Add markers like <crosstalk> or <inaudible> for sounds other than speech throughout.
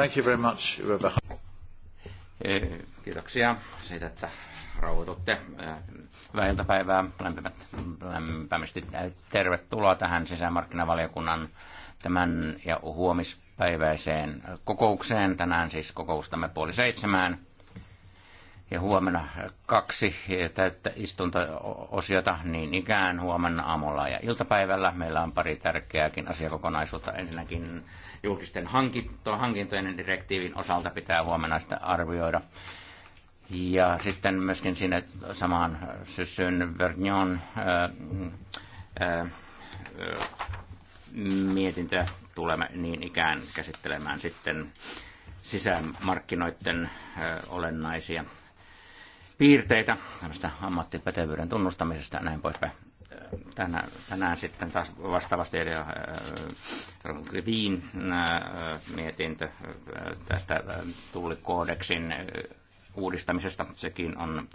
Thank you very much, eh, Kiitoksia siitä, että rauhoitutte eh, väiltä Lämpimät, lämpimästi tervetuloa tähän sisämarkkinavaliokunnan tämän ja huomispäiväiseen kokoukseen. Tänään siis kokoustamme puoli seitsemään ja huomenna kaksi täyttä istunto niin ikään huomenna aamulla ja iltapäivällä. Meillä on pari tärkeääkin asiakokonaisuutta. Ensinnäkin julkisten hankintojen direktiivin osalta pitää huomenna sitä arvioida. Ja sitten myöskin sinne samaan syssyn Vergnon äh, äh, äh, mietintö tulemme niin ikään käsittelemään sitten sisämarkkinoiden olennaisia piirteitä tämmöistä ammattipätevyyden tunnustamisesta ja näin poispäin. Tänään, tänään sitten taas vastaavasti eli äh, Viin äh, mietintö äh, tästä tullikoodeksin uudistamisesta. Sekin on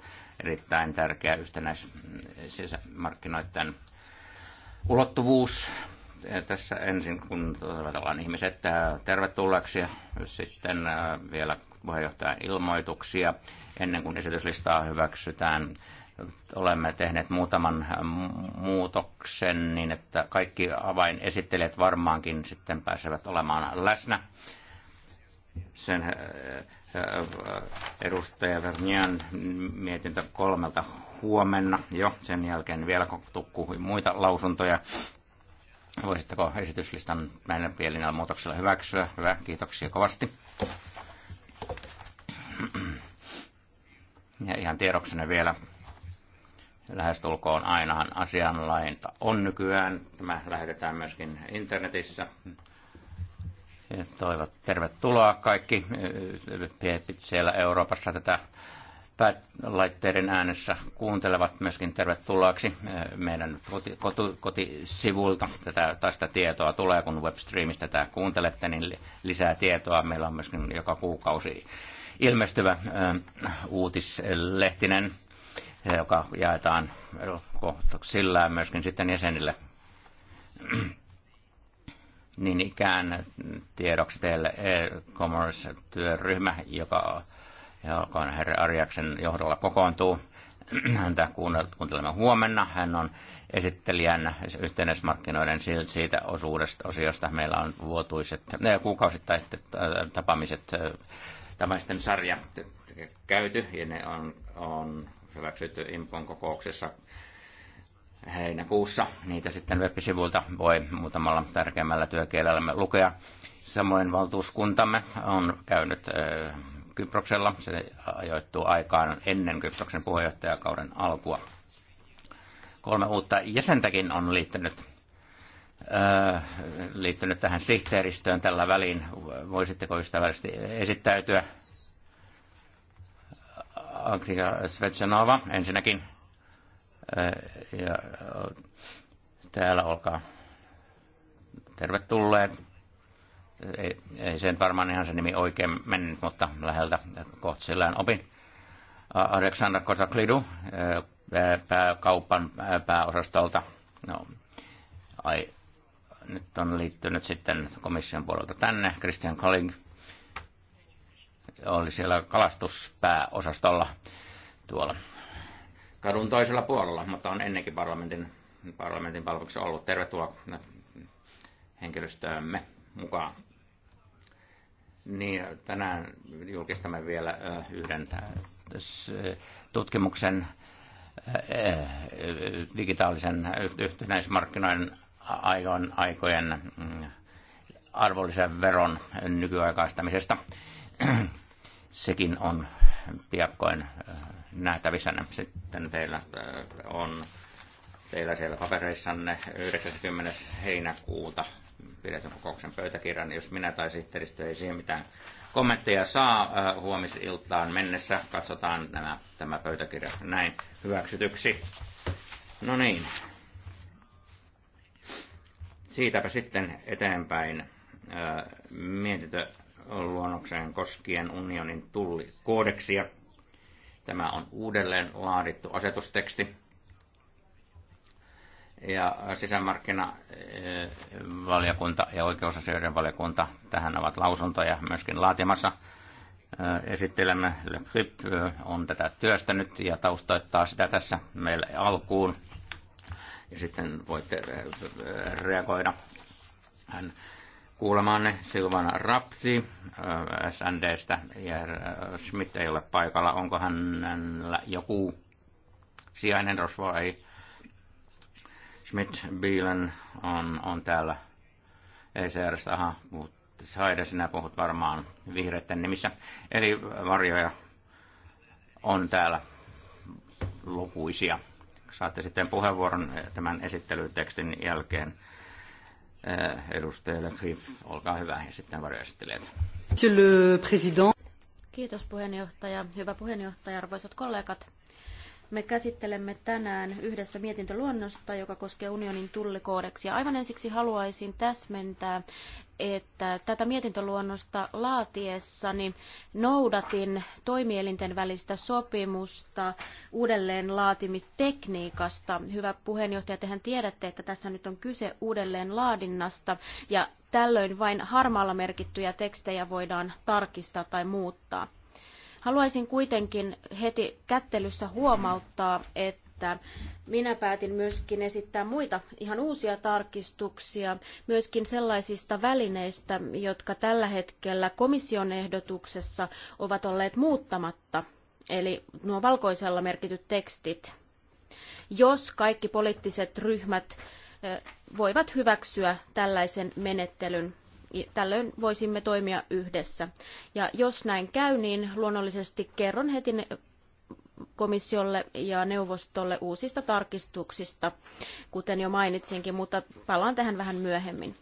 erittäin tärkeä yhtenäis sisämarkkinoiden ulottuvuus. Tässä ensin kun toivotellaan ihmiset tervetulleeksi ja sitten vielä puheenjohtajan ilmoituksia ennen kuin esityslistaa hyväksytään. Olemme tehneet muutaman äh, muutoksen niin, että kaikki avainesittelijät varmaankin sitten pääsevät olemaan läsnä. Sen äh, äh, edustaja Vernian mietintö kolmelta huomenna jo. Sen jälkeen vielä tukkuu muita lausuntoja. Voisitteko esityslistan näiden pielinä muutoksella hyväksyä? Hyvä, kiitoksia kovasti. Ja ihan tiedoksenne vielä, lähestulkoon ainahan asianlainta on nykyään. Tämä lähetetään myöskin internetissä. Ja toivot tervetuloa kaikki siellä Euroopassa tätä laitteiden äänessä kuuntelevat myöskin tervetulleeksi eh, meidän koti, koti, kotisivulta. Tätä, tästä tietoa tulee, kun webstreamista tätä kuuntelette, niin lisää tietoa. Meillä on myöskin joka kuukausi ilmestyvä eh, uutislehtinen, eh, joka jaetaan sillä myöskin sitten jäsenille niin ikään tiedoksi teille e-commerce-työryhmä, joka joka herra Arjaksen johdolla kokoontuu. <clears throat> Häntä kuuntelemme huomenna. Hän on esittelijänä yhteydesmarkkinoiden siitä osuudesta, osiosta. Meillä on vuotuiset, ne kuukausittaiset äh, tapaamiset, äh, tämmöisten sarja käyty, ja ne on, on hyväksytty Impon kokouksessa heinäkuussa. Niitä sitten web-sivulta voi muutamalla tärkeimmällä työkielellämme lukea. Samoin valtuuskuntamme on käynyt äh, Kyproksella. Se ajoittuu aikaan ennen Kyproksen puheenjohtajakauden alkua. Kolme uutta jäsentäkin on liittynyt, äh, liittynyt tähän sihteeristöön tällä väliin. Voisitteko ystävällisesti esittäytyä? Agrika Svetsanova ensinnäkin. Äh, ja, täällä olkaa tervetulleet ei, ei sen varmaan ihan se nimi oikein mennyt, mutta läheltä kohtsillaan opin. Aleksandr Kotaklidu pääkaupan pääosastolta. No, ai, nyt on liittynyt sitten komission puolelta tänne. Christian Kalling oli siellä kalastuspääosastolla tuolla kadun toisella puolella, mutta on ennenkin parlamentin, parlamentin palveluksi ollut. Tervetuloa henkilöstöömme mukaan. Niin, tänään julkistamme vielä yhden tutkimuksen digitaalisen yhtenäismarkkinoiden aikojen arvollisen veron nykyaikaistamisesta. Sekin on piakkoin nähtävissä. Sitten teillä on teillä siellä papereissanne 90. heinäkuuta pidetyn kokouksen pöytäkirjan, jos minä tai sihteeristö ei siihen mitään kommentteja saa äh, huomisiltaan mennessä. Katsotaan nämä, tämä pöytäkirja näin hyväksytyksi. No niin. Siitäpä sitten eteenpäin äh, luonnokseen koskien unionin tullikoodeksia. Tämä on uudelleen laadittu asetusteksti ja sisämarkkinavaliokunta eh, ja oikeusasioiden valiokunta tähän ovat lausuntoja myöskin laatimassa. Eh, esittelemme Le Crip eh, on tätä työstänyt ja taustoittaa sitä tässä meille alkuun. Ja sitten voitte reagoida hän kuulemaanne Silvana Rapsi SNDstä ja Schmidt ei ole paikalla. Onko hänellä joku sijainen? Rosvo ei Schmidt Bielen on, on täällä ECRstä. Aha, mutta Saida, sinä puhut varmaan vihreiden nimissä. Eli varjoja on täällä lukuisia. Saatte sitten puheenvuoron tämän esittelytekstin jälkeen eh, edustajalle Griff. Olkaa hyvä ja sitten varjoesittelijät. Kiitos puheenjohtaja. Hyvä puheenjohtaja, arvoisat kollegat. Me käsittelemme tänään yhdessä mietintöluonnosta, joka koskee unionin tullikoodeksia. Aivan ensiksi haluaisin täsmentää, että tätä mietintöluonnosta laatiessani noudatin toimielinten välistä sopimusta uudelleen laatimistekniikasta. Hyvä puheenjohtaja, tehän tiedätte, että tässä nyt on kyse uudelleen laadinnasta ja tällöin vain harmaalla merkittyjä tekstejä voidaan tarkistaa tai muuttaa. Haluaisin kuitenkin heti kättelyssä huomauttaa, että minä päätin myöskin esittää muita ihan uusia tarkistuksia, myöskin sellaisista välineistä, jotka tällä hetkellä komission ehdotuksessa ovat olleet muuttamatta, eli nuo valkoisella merkityt tekstit. Jos kaikki poliittiset ryhmät eh, voivat hyväksyä tällaisen menettelyn Tällöin voisimme toimia yhdessä. Ja jos näin käy, niin luonnollisesti kerron heti komissiolle ja neuvostolle uusista tarkistuksista, kuten jo mainitsinkin, mutta palaan tähän vähän myöhemmin.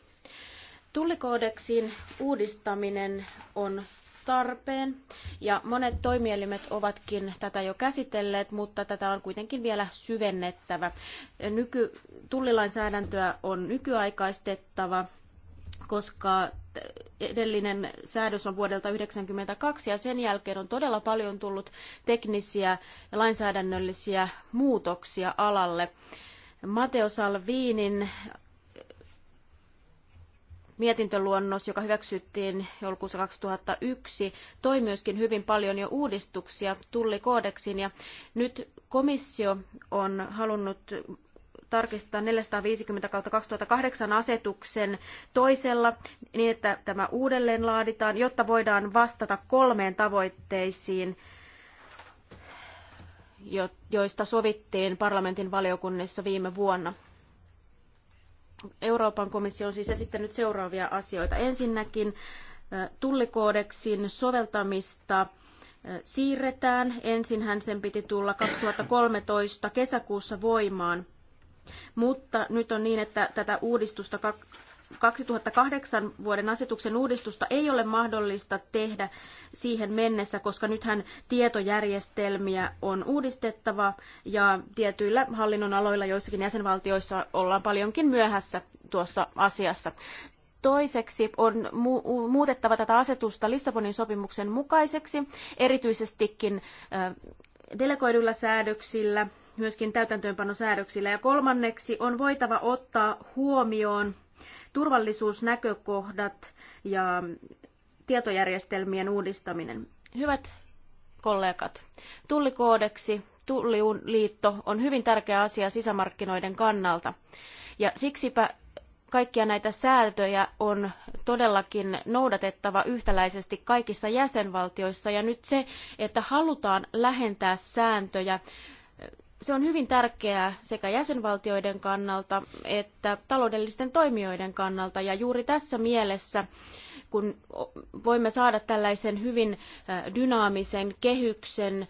Tullikoodeksin uudistaminen on tarpeen ja monet toimielimet ovatkin tätä jo käsitelleet, mutta tätä on kuitenkin vielä syvennettävä. Nyky, tullilainsäädäntöä on nykyaikaistettava koska edellinen säädös on vuodelta 1992 ja sen jälkeen on todella paljon tullut teknisiä ja lainsäädännöllisiä muutoksia alalle. Matteo Salviinin mietintöluonnos, joka hyväksyttiin joulukuussa 2001, toi myöskin hyvin paljon jo uudistuksia tullikoodeksiin ja nyt komissio on halunnut tarkistaa 450 2008 asetuksen toisella niin, että tämä uudelleen laaditaan, jotta voidaan vastata kolmeen tavoitteisiin, joista sovittiin parlamentin valiokunnissa viime vuonna. Euroopan komissio on siis esittänyt seuraavia asioita. Ensinnäkin tullikoodeksin soveltamista siirretään. Ensinhän sen piti tulla 2013 kesäkuussa voimaan. Mutta nyt on niin, että tätä uudistusta 2008 vuoden asetuksen uudistusta ei ole mahdollista tehdä siihen mennessä, koska nythän tietojärjestelmiä on uudistettava ja tietyillä hallinnon aloilla joissakin jäsenvaltioissa ollaan paljonkin myöhässä tuossa asiassa. Toiseksi on muutettava tätä asetusta Lissabonin sopimuksen mukaiseksi, erityisestikin delegoiduilla säädöksillä – myöskin täytäntöönpanosäädöksillä. Ja kolmanneksi on voitava ottaa huomioon turvallisuusnäkökohdat ja tietojärjestelmien uudistaminen. Hyvät kollegat, tullikoodeksi Tulliliitto on hyvin tärkeä asia sisämarkkinoiden kannalta. Ja siksipä kaikkia näitä sääntöjä on todellakin noudatettava yhtäläisesti kaikissa jäsenvaltioissa ja nyt se, että halutaan lähentää sääntöjä se on hyvin tärkeää sekä jäsenvaltioiden kannalta että taloudellisten toimijoiden kannalta. Ja juuri tässä mielessä, kun voimme saada tällaisen hyvin dynaamisen kehyksen,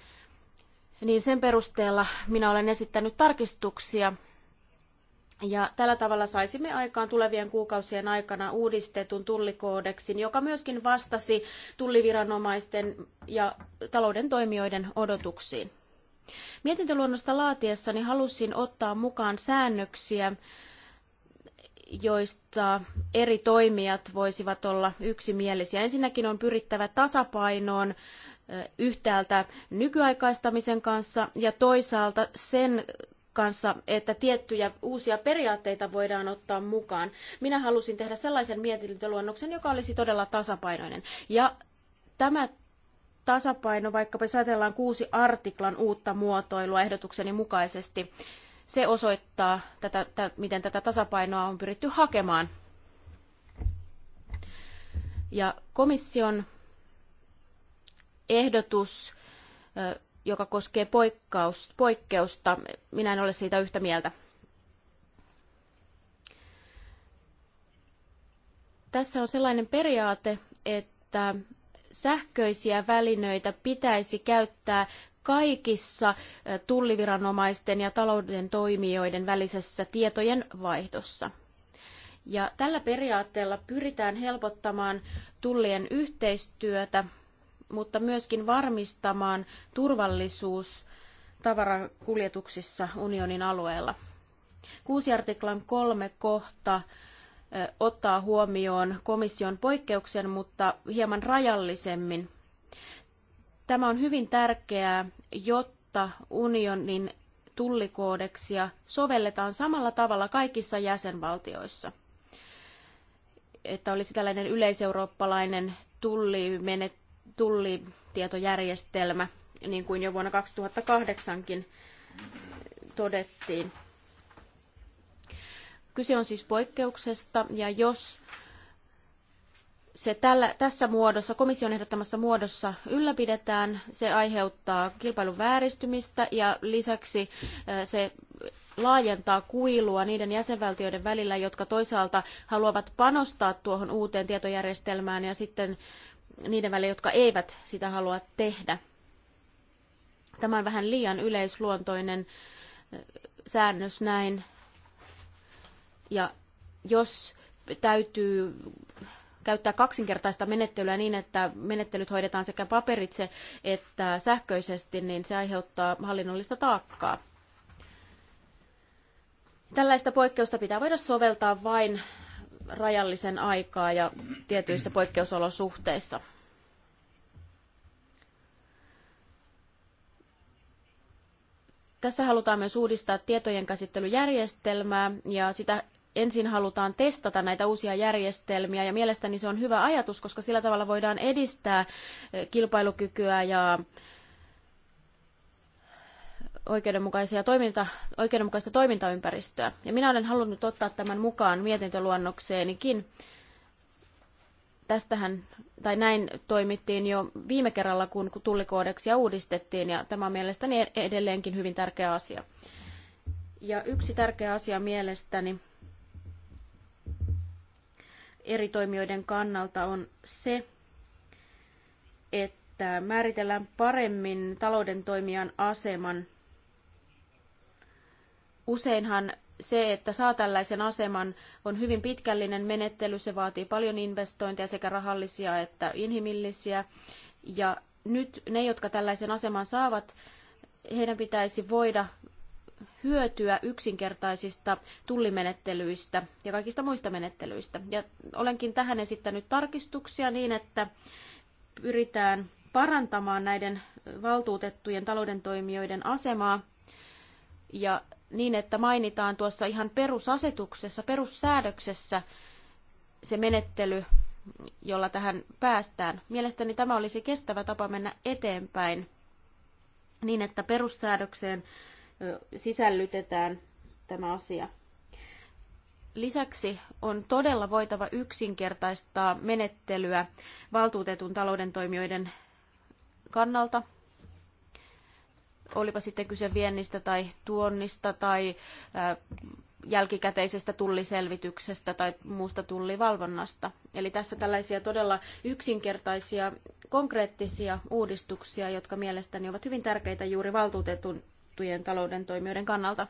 niin sen perusteella minä olen esittänyt tarkistuksia. Ja tällä tavalla saisimme aikaan tulevien kuukausien aikana uudistetun tullikoodeksin, joka myöskin vastasi tulliviranomaisten ja talouden toimijoiden odotuksiin. Mietintöluonnosta laatiessani halusin ottaa mukaan säännöksiä, joista eri toimijat voisivat olla yksimielisiä. Ensinnäkin on pyrittävä tasapainoon yhtäältä nykyaikaistamisen kanssa ja toisaalta sen kanssa, että tiettyjä uusia periaatteita voidaan ottaa mukaan. Minä halusin tehdä sellaisen mietintöluonnoksen, joka olisi todella tasapainoinen. Ja tämä tasapaino, vaikka jos ajatellaan kuusi artiklan uutta muotoilua ehdotukseni mukaisesti, se osoittaa, tätä, tä, miten tätä tasapainoa on pyritty hakemaan. Ja komission ehdotus, joka koskee poikkaus, poikkeusta, minä en ole siitä yhtä mieltä. Tässä on sellainen periaate, että sähköisiä välineitä pitäisi käyttää kaikissa tulliviranomaisten ja talouden toimijoiden välisessä tietojen vaihdossa. Ja tällä periaatteella pyritään helpottamaan tullien yhteistyötä, mutta myöskin varmistamaan turvallisuus tavarakuljetuksissa unionin alueella. Kuusi artiklan kolme kohta ottaa huomioon komission poikkeuksen, mutta hieman rajallisemmin. Tämä on hyvin tärkeää, jotta unionin tullikoodeksia sovelletaan samalla tavalla kaikissa jäsenvaltioissa. Että olisi tällainen yleiseurooppalainen tullimenet, tullitietojärjestelmä, niin kuin jo vuonna 2008kin todettiin. Kyse on siis poikkeuksesta, ja jos se tällä, tässä muodossa, komission ehdottamassa muodossa ylläpidetään, se aiheuttaa kilpailun vääristymistä ja lisäksi eh, se laajentaa kuilua niiden jäsenvaltioiden välillä, jotka toisaalta haluavat panostaa tuohon uuteen tietojärjestelmään ja sitten niiden välillä, jotka eivät sitä halua tehdä. Tämä on vähän liian yleisluontoinen eh, säännös näin ja jos täytyy käyttää kaksinkertaista menettelyä niin, että menettelyt hoidetaan sekä paperitse että sähköisesti, niin se aiheuttaa hallinnollista taakkaa. Tällaista poikkeusta pitää voida soveltaa vain rajallisen aikaa ja tietyissä poikkeusolosuhteissa. Tässä halutaan myös uudistaa tietojenkäsittelyjärjestelmää ja sitä ensin halutaan testata näitä uusia järjestelmiä ja mielestäni se on hyvä ajatus, koska sillä tavalla voidaan edistää eh, kilpailukykyä ja oikeudenmukaisia toiminta, oikeudenmukaista toimintaympäristöä. Ja minä olen halunnut ottaa tämän mukaan mietintöluonnokseenikin. Tästähän, tai näin toimittiin jo viime kerralla, kun tullikoodeksia uudistettiin, ja tämä on mielestäni e-, edelleenkin hyvin tärkeä asia. Ja yksi tärkeä asia mielestäni eri toimijoiden kannalta on se, että määritellään paremmin talouden toimijan aseman. Useinhan se, että saa tällaisen aseman, on hyvin pitkällinen menettely. Se vaatii paljon investointeja, sekä rahallisia että inhimillisiä. Ja nyt ne, jotka tällaisen aseman saavat, heidän pitäisi voida hyötyä yksinkertaisista tullimenettelyistä ja kaikista muista menettelyistä. Ja olenkin tähän esittänyt tarkistuksia niin, että pyritään parantamaan näiden valtuutettujen talouden toimijoiden asemaa ja niin, että mainitaan tuossa ihan perusasetuksessa, perussäädöksessä se menettely, jolla tähän päästään. Mielestäni tämä olisi kestävä tapa mennä eteenpäin niin, että perussäädökseen sisällytetään tämä asia. Lisäksi on todella voitava yksinkertaistaa menettelyä valtuutetun talouden toimijoiden kannalta, olipa sitten kyse viennistä tai tuonnista tai jälkikäteisestä tulliselvityksestä tai muusta tullivalvonnasta. Eli tässä tällaisia todella yksinkertaisia, konkreettisia uudistuksia, jotka mielestäni ovat hyvin tärkeitä juuri valtuutetun tuttujen talouden toimijoiden kannalta.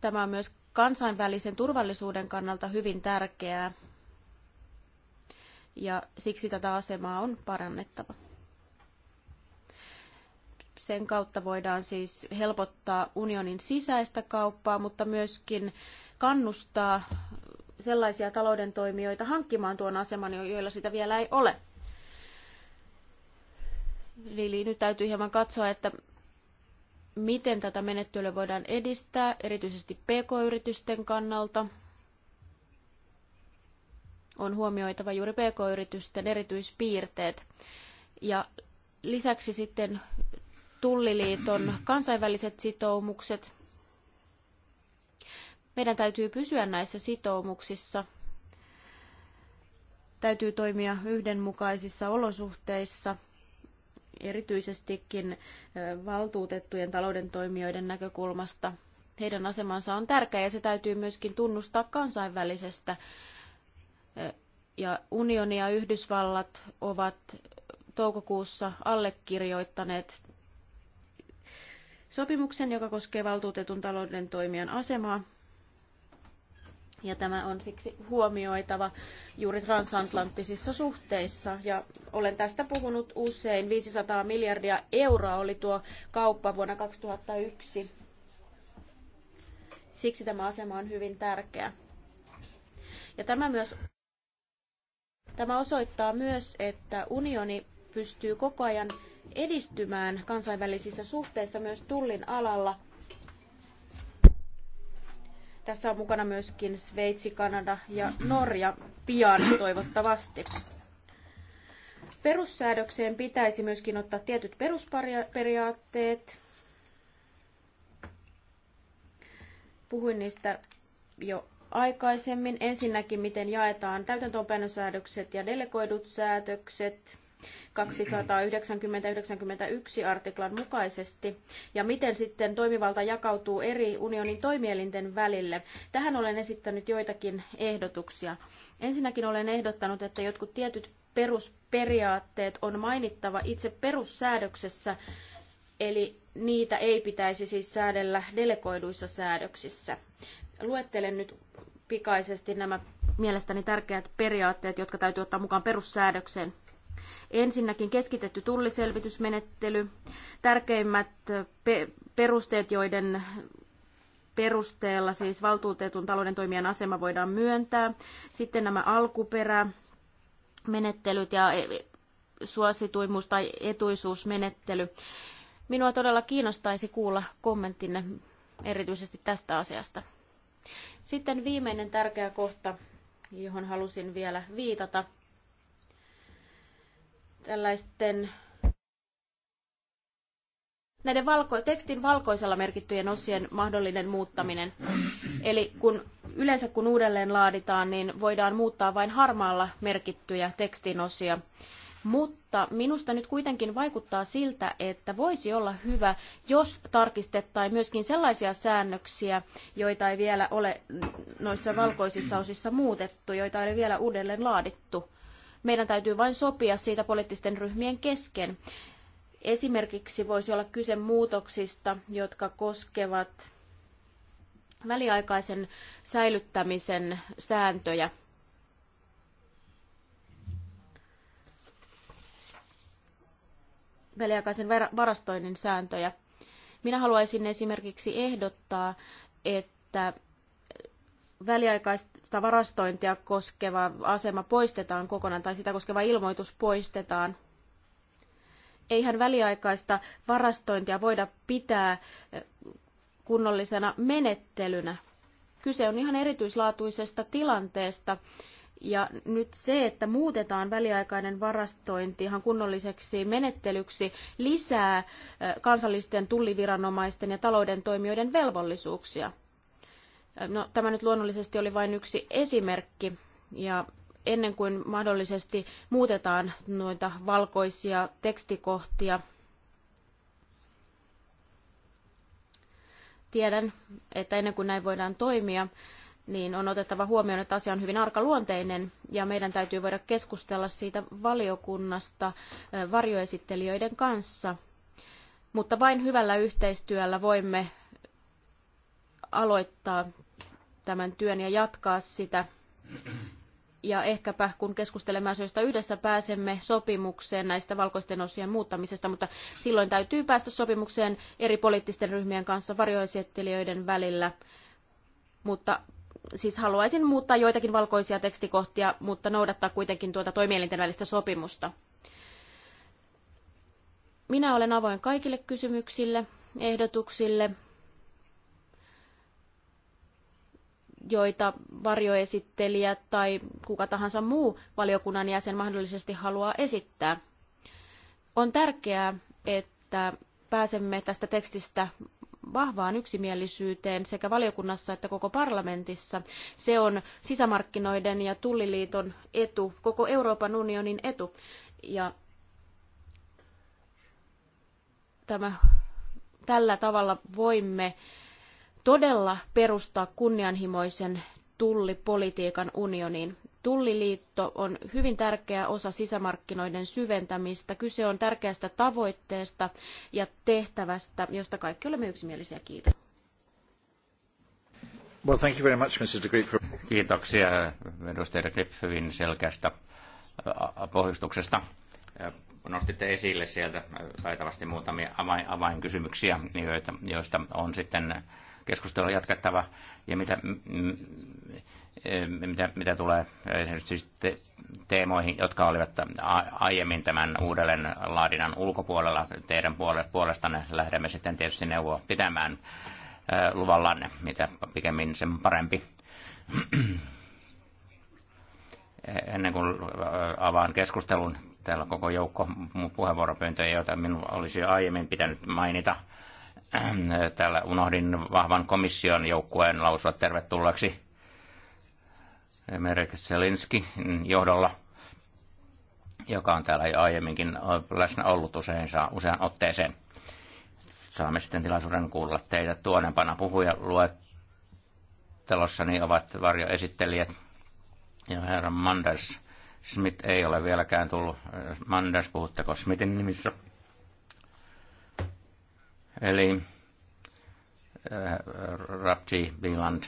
Tämä on myös kansainvälisen turvallisuuden kannalta hyvin tärkeää ja siksi tätä asemaa on parannettava. Sen kautta voidaan siis helpottaa unionin sisäistä kauppaa, mutta myöskin kannustaa sellaisia talouden toimijoita hankkimaan tuon aseman, joilla sitä vielä ei ole. Lili, nyt täytyy hieman katsoa, että miten tätä menettelyä voidaan edistää, erityisesti pk-yritysten kannalta. On huomioitava juuri pk-yritysten erityispiirteet. Ja lisäksi sitten Tulliliiton kansainväliset sitoumukset. Meidän täytyy pysyä näissä sitoumuksissa. Täytyy toimia yhdenmukaisissa olosuhteissa – erityisestikin valtuutettujen talouden toimijoiden näkökulmasta. Heidän asemansa on tärkeä ja se täytyy myöskin tunnustaa kansainvälisestä. Ja unioni ja Yhdysvallat ovat toukokuussa allekirjoittaneet sopimuksen, joka koskee valtuutetun talouden toimijan asemaa. Ja tämä on siksi huomioitava juuri transatlanttisissa suhteissa. Ja olen tästä puhunut usein. 500 miljardia euroa oli tuo kauppa vuonna 2001. Siksi tämä asema on hyvin tärkeä. Ja tämä, myös, tämä osoittaa myös, että unioni pystyy koko ajan edistymään kansainvälisissä suhteissa myös tullin alalla – tässä on mukana myöskin Sveitsi, Kanada ja Norja pian toivottavasti. Perussäädökseen pitäisi myöskin ottaa tietyt perusperiaatteet. Puhuin niistä jo aikaisemmin. Ensinnäkin, miten jaetaan täytäntöönpanosäädökset ja delegoidut säädökset – 290-91 artiklan mukaisesti ja miten sitten toimivalta jakautuu eri unionin toimielinten välille. Tähän olen esittänyt joitakin ehdotuksia. Ensinnäkin olen ehdottanut, että jotkut tietyt perusperiaatteet on mainittava itse perussäädöksessä, eli niitä ei pitäisi siis säädellä delegoiduissa säädöksissä. Luettelen nyt pikaisesti nämä mielestäni tärkeät periaatteet, jotka täytyy ottaa mukaan perussäädökseen. Ensinnäkin keskitetty tulliselvitysmenettely, tärkeimmät perusteet, joiden perusteella siis valtuutetun talouden toimijan asema voidaan myöntää. Sitten nämä alkuperämenettelyt ja e-, suosituimuus- tai etuisuusmenettely. Minua todella kiinnostaisi kuulla kommenttinne erityisesti tästä asiasta. Sitten viimeinen tärkeä kohta, johon halusin vielä viitata, tällaisten näiden valko- tekstin valkoisella merkittyjen osien mahdollinen muuttaminen. Eli kun yleensä kun uudelleen laaditaan, niin voidaan muuttaa vain harmaalla merkittyjä tekstin osia. Mutta minusta nyt kuitenkin vaikuttaa siltä, että voisi olla hyvä, jos tarkistettaisiin myöskin sellaisia säännöksiä, joita ei vielä ole noissa valkoisissa osissa muutettu, joita ei vielä uudelleen laadittu. Meidän täytyy vain sopia siitä poliittisten ryhmien kesken. Esimerkiksi voisi olla kyse muutoksista, jotka koskevat väliaikaisen säilyttämisen sääntöjä. väliaikaisen varastoinnin sääntöjä. Minä haluaisin esimerkiksi ehdottaa, että väliaikaista varastointia koskeva asema poistetaan kokonaan tai sitä koskeva ilmoitus poistetaan. Eihän väliaikaista varastointia voida pitää kunnollisena menettelynä. Kyse on ihan erityislaatuisesta tilanteesta. Ja nyt se, että muutetaan väliaikainen varastointi ihan kunnolliseksi menettelyksi, lisää kansallisten tulliviranomaisten ja talouden toimijoiden velvollisuuksia. No, tämä nyt luonnollisesti oli vain yksi esimerkki ja ennen kuin mahdollisesti muutetaan noita valkoisia tekstikohtia, tiedän, että ennen kuin näin voidaan toimia, niin on otettava huomioon, että asia on hyvin arkaluonteinen ja meidän täytyy voida keskustella siitä valiokunnasta varjoesittelijöiden kanssa. Mutta vain hyvällä yhteistyöllä voimme aloittaa tämän työn ja jatkaa sitä. Ja ehkäpä kun keskustelemme asioista yhdessä, pääsemme sopimukseen näistä valkoisten osien muuttamisesta, mutta silloin täytyy päästä sopimukseen eri poliittisten ryhmien kanssa varjoesittelijöiden välillä. Mutta siis haluaisin muuttaa joitakin valkoisia tekstikohtia, mutta noudattaa kuitenkin tuota toimielinten välistä sopimusta. Minä olen avoin kaikille kysymyksille, ehdotuksille joita varjoesittelijä tai kuka tahansa muu valiokunnan jäsen mahdollisesti haluaa esittää. On tärkeää, että pääsemme tästä tekstistä vahvaan yksimielisyyteen sekä valiokunnassa että koko parlamentissa. Se on sisämarkkinoiden ja tulliliiton etu, koko Euroopan unionin etu. Ja tämä, tällä tavalla voimme todella perustaa kunnianhimoisen tullipolitiikan unioniin. Tulliliitto on hyvin tärkeä osa sisämarkkinoiden syventämistä. Kyse on tärkeästä tavoitteesta ja tehtävästä, josta kaikki olemme yksimielisiä. Kiitos. Well, thank you very much, Mr. De Grip. Kiitoksia edustaja De Grip hyvin selkeästä pohjustuksesta. Nostitte esille sieltä taitavasti muutamia avainkysymyksiä, joista on sitten keskustelua jatkettava. Ja mitä, mitä, mitä tulee esimerkiksi teemoihin, jotka olivat aiemmin tämän uudelleen laadinnan ulkopuolella teidän puolestanne, lähdemme sitten tietysti neuvoa pitämään luvallanne, mitä pikemmin sen parempi. <clears throat> Ennen kuin avaan keskustelun, täällä on koko joukko puheenvuoropyyntöjä, joita minun olisi aiemmin pitänyt mainita Äh, täällä unohdin vahvan komission joukkueen lausua tervetulleeksi Merek Selinski mm, johdolla, joka on täällä jo aiemminkin läsnä ollut usein, saa usean otteeseen. Saamme sitten tilaisuuden kuulla teitä tuonempana puhuja luettelossani ovat varjoesittelijät ja herra Manders. Smith ei ole vieläkään tullut. Manders, puhutteko Smithin nimissä? Eli äh, Rapti Biland,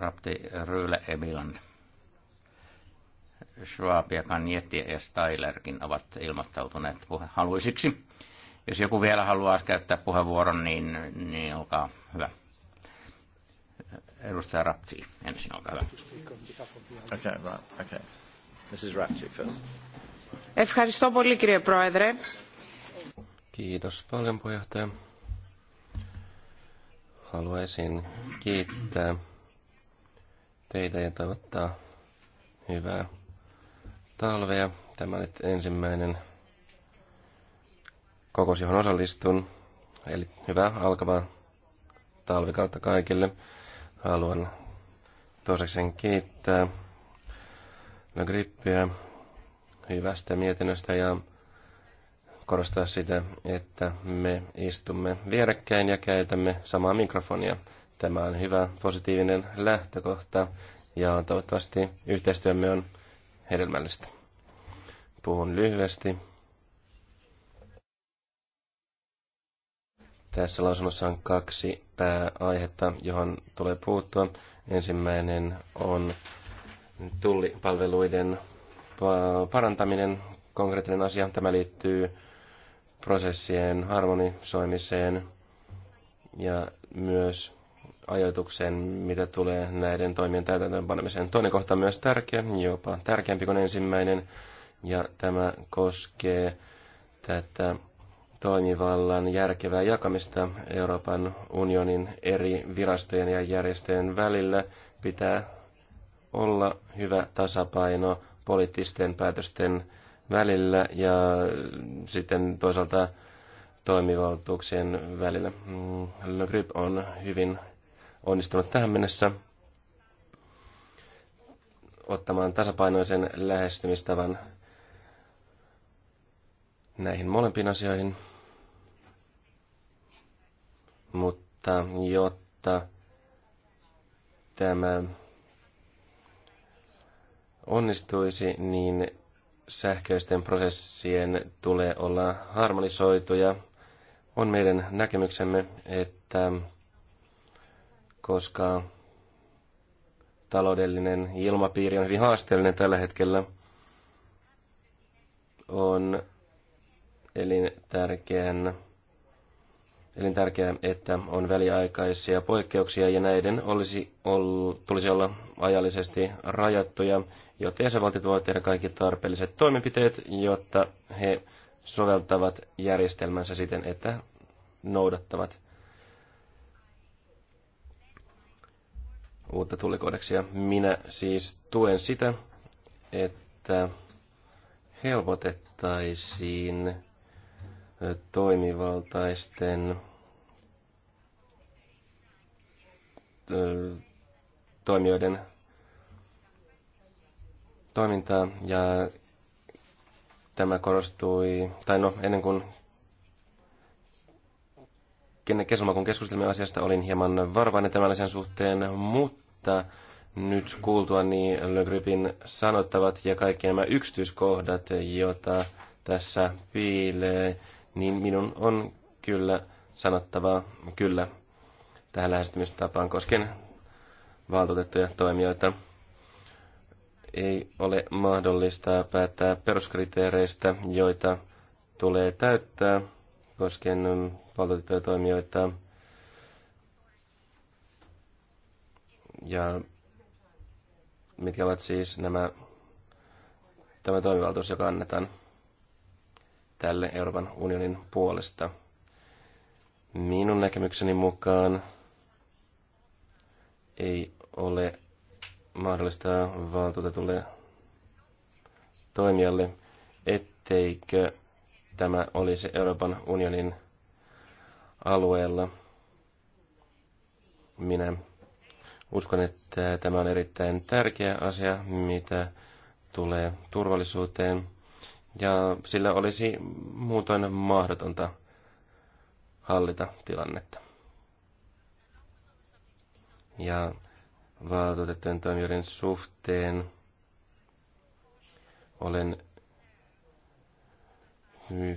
Rapti e Ebiland, Schwab ja Kanjetti ja Stylerkin ovat ilmoittautuneet haluisiksi. Jos joku vielä haluaa käyttää puheenvuoron, niin, niin olkaa hyvä. Edustaja Rapti, ensin olkaa hyvä. Okay, right, okay. Mrs. Rapti first. Ευχαριστώ πολύ κύριε Πρόεδρε. Kiitos paljon puheenjohtaja. Haluaisin kiittää teitä ja toivottaa hyvää talvea. Tämä on ensimmäinen kokous, johon osallistun. Eli hyvää alkavaa talvikautta kaikille. Haluan toisekseen kiittää Le Grippiä hyvästä mietinnöstä ja korostaa sitä, että me istumme vierekkäin ja käytämme samaa mikrofonia. Tämä on hyvä positiivinen lähtökohta ja toivottavasti yhteistyömme on hedelmällistä. Puhun lyhyesti. Tässä lausunnossa on kaksi pääaihetta, johon tulee puuttua. Ensimmäinen on tullipalveluiden parantaminen, konkreettinen asia. Tämä liittyy prosessien harmonisoimiseen ja myös ajatukseen, mitä tulee näiden toimien täytäntöönpanemiseen. Toinen kohta on myös tärkeä, jopa tärkeämpi kuin ensimmäinen, ja tämä koskee tätä toimivallan järkevää jakamista Euroopan unionin eri virastojen ja järjestöjen välillä pitää olla hyvä tasapaino poliittisten päätösten välillä ja sitten toisaalta toimivaltuuksien välillä. Mm, Le Grip on hyvin onnistunut tähän mennessä ottamaan tasapainoisen lähestymistavan näihin molempiin asioihin. Mutta jotta tämä onnistuisi, niin sähköisten prosessien tulee olla harmonisoituja. On meidän näkemyksemme, että koska taloudellinen ilmapiiri on hyvin haasteellinen tällä hetkellä, on elintärkeän elintärkeää, että on väliaikaisia poikkeuksia ja näiden olisi ol, tulisi olla ajallisesti rajattuja, jotta jäsenvaltiot voivat tehdä kaikki tarpeelliset toimenpiteet, jotta he soveltavat järjestelmänsä siten, että noudattavat uutta tullikodeksia. Minä siis tuen sitä, että helpotettaisiin toimivaltaisten toimijoiden toimintaa ja tämä korostui, tai no ennen kuin kesällä kun keskustelimme asiasta, olin hieman varvainen tämän asian suhteen, mutta nyt kuultua niin Le Gripin sanottavat ja kaikki nämä yksityiskohdat, joita tässä piilee, niin minun on kyllä sanottava kyllä tähän lähestymistapaan koskien valtuutettuja toimijoita. Ei ole mahdollista päättää peruskriteereistä, joita tulee täyttää koskien valtuutettuja toimijoita. Ja mitkä ovat siis nämä, tämä toimivaltuus, joka annetaan tälle Euroopan unionin puolesta. Minun näkemykseni mukaan ei ole mahdollista valtuutetulle toimijalle, etteikö tämä olisi Euroopan unionin alueella. Minä uskon, että tämä on erittäin tärkeä asia, mitä tulee turvallisuuteen, ja sillä olisi muutoin mahdotonta hallita tilannetta ja valtuutettujen toimijoiden suhteen olen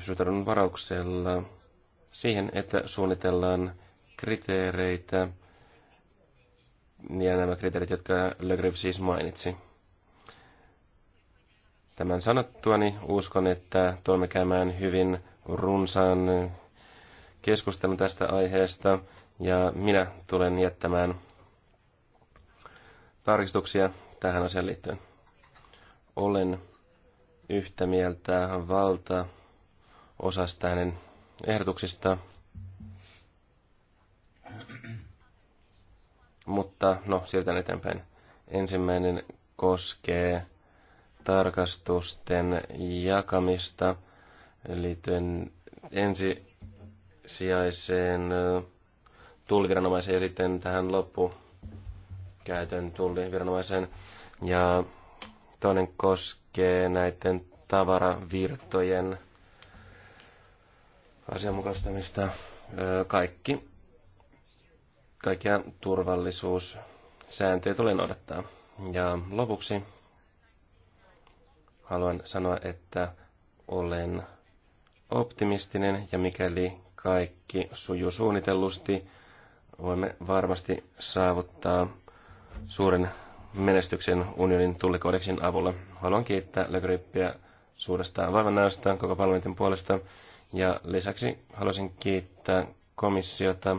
suhtaudun varauksella siihen, että suunnitellaan kriteereitä ja nämä kriteerit, jotka Le Grif siis mainitsi. Tämän sanottuani uskon, että tulemme käymään hyvin runsaan keskustelun tästä aiheesta ja minä tulen jättämään tarkistuksia tähän asiaan liittyen. Olen yhtä mieltä valta osasta hänen ehdotuksista. Mutta no, siirrytään eteenpäin. Ensimmäinen koskee tarkastusten jakamista liittyen ensisijaiseen tulviranomaiseen ja sitten tähän loppu käytön viranomaisen. Ja toinen koskee näiden tavaravirtojen asianmukaistamista. Kaikki, kaikkia turvallisuussääntöjä tulee noudattaa. Ja lopuksi haluan sanoa, että olen optimistinen ja mikäli kaikki sujuu suunnitellusti, voimme varmasti saavuttaa suuren menestyksen unionin tullikodeksin avulla. Haluan kiittää Le Grippiä suuresta vaivannäöstä koko parlamentin puolesta. Ja lisäksi haluaisin kiittää komissiota.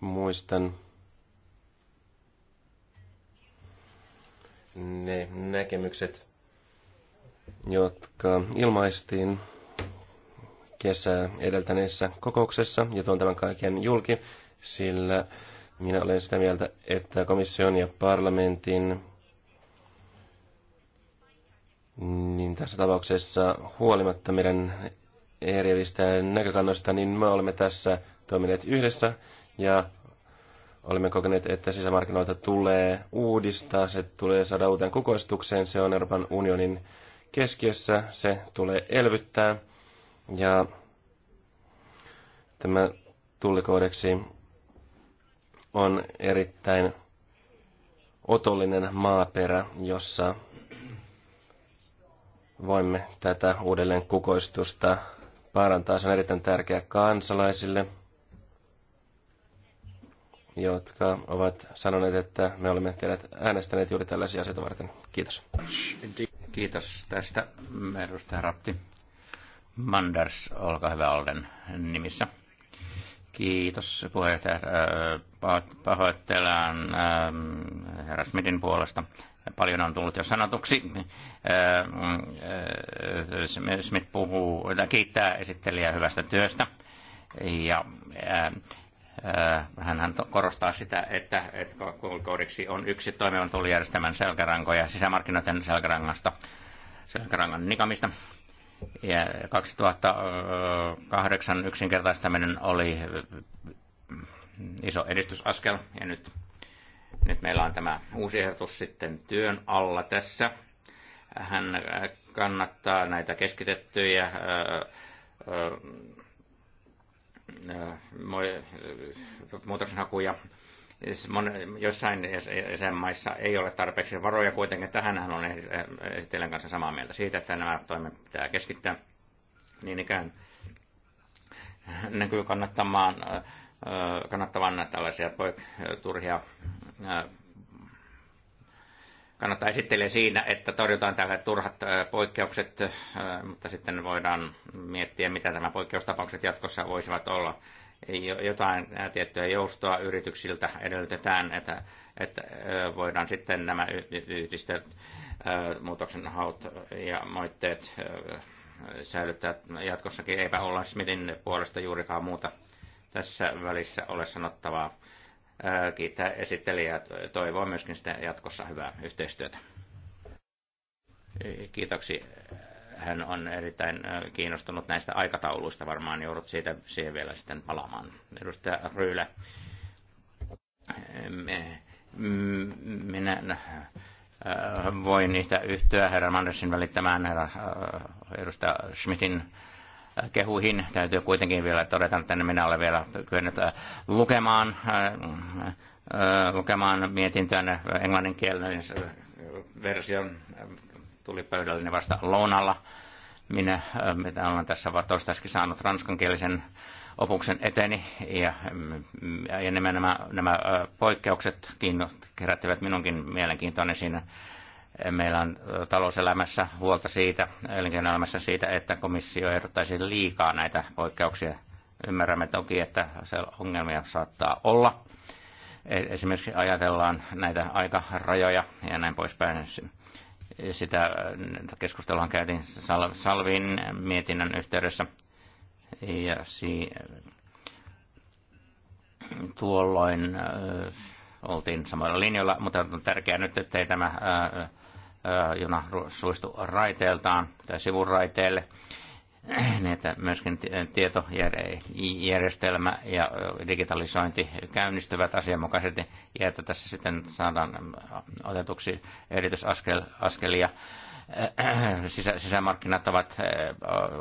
Muistan ne näkemykset, jotka ilmaistiin kesää edeltäneessä kokouksessa, ja tuon tämän kaiken julki, sillä minä olen sitä mieltä, että komission ja parlamentin niin tässä tapauksessa huolimatta meidän eriävistä näkökannoista, niin me olemme tässä toimineet yhdessä ja olemme kokeneet, että sisämarkkinoita tulee uudistaa, se tulee saada uuteen kukoistukseen, se on Euroopan unionin keskiössä, se tulee elvyttää ja tämä tullikoodeksi on erittäin otollinen maaperä, jossa voimme tätä uudelleen kukoistusta parantaa. Se on erittäin tärkeä kansalaisille, jotka ovat sanoneet, että me olemme teidät äänestäneet juuri tällaisia asioita varten. Kiitos. Kiitos tästä, edustaja Rapti. Manders, olkaa hyvä Olden nimissä. Kiitos puheenjohtaja. Pahoittelen herra Smithin puolesta. Paljon on tullut jo sanotuksi. Smith puhuu, kiittää esittelijää hyvästä työstä. Ja hän korostaa sitä, että, että koodiksi on yksi toimivan tulijärjestelmän selkärankoja sisämarkkinoiden selkärangasta, selkärangan nikamista. Ja 2008 yksinkertaistaminen oli iso edistysaskel ja nyt, nyt meillä on tämä uusi ehdotus sitten työn alla tässä. Hän kannattaa näitä keskitettyjä ää, ää, muutoksenhakuja Siis jossain jäsenmaissa ei ole tarpeeksi varoja kuitenkin. Tähänhän on esittelen kanssa samaa mieltä siitä, että nämä toimet pitää keskittää niin ikään näkyy kannattamaan, kannattavan tällaisia poik- turhia kannattaa esittelee siinä, että torjutaan tällaiset turhat poikkeukset, mutta sitten voidaan miettiä, mitä nämä poikkeustapaukset jatkossa voisivat olla jotain tiettyä joustoa yrityksiltä edellytetään, että, että voidaan sitten nämä yhdistetyt muutoksenhaut ja moitteet säilyttää jatkossakin. Eipä olla Smithin siis puolesta juurikaan muuta tässä välissä ole sanottavaa. Kiittää esittelijää. Toivoo myöskin sitä jatkossa hyvää yhteistyötä. Kiitoksia hän on erittäin äh, kiinnostunut näistä aikatauluista. Varmaan joudut siitä siihen vielä sitten palaamaan. Edustaja Ryylä, eh, mm, minä äh, voin niitä yhtyä herra Mandersin välittämään herra, äh, edustaja Schmidtin kehuihin. Täytyy kuitenkin vielä todeta, että en minä olen vielä kyennyt lukemaan, lukemaan mietintöä englanninkielinen version tuli niin vasta lounalla. Minä, äh, mitä olen tässä toistaiseksi saanut ranskankielisen opuksen eteni ja, mm, ja nämä, nämä, nämä poikkeukset kiinnost, herättivät minunkin mielenkiintoinen siinä. Meillä on talouselämässä huolta siitä, elinkeinoelämässä siitä, että komissio ehdottaisi liikaa näitä poikkeuksia. Ymmärrämme toki, että se ongelmia saattaa olla. E-, esimerkiksi ajatellaan näitä aikarajoja ja näin poispäin sitä äh, keskustelua käytiin Salvin mietinnön yhteydessä. Ja si, tuolloin äh, oltiin samoilla linjoilla, mutta on tärkeää nyt, ettei tämä äh, äh, juna suistu raiteeltaan tai sivuraiteelle. Äh, niin että myöskin tietojärjestelmä ja digitalisointi käynnistyvät asianmukaisesti ja että tässä sitten saadaan otetuksi erityisaskelia. Sisä, sisämarkkinat ovat,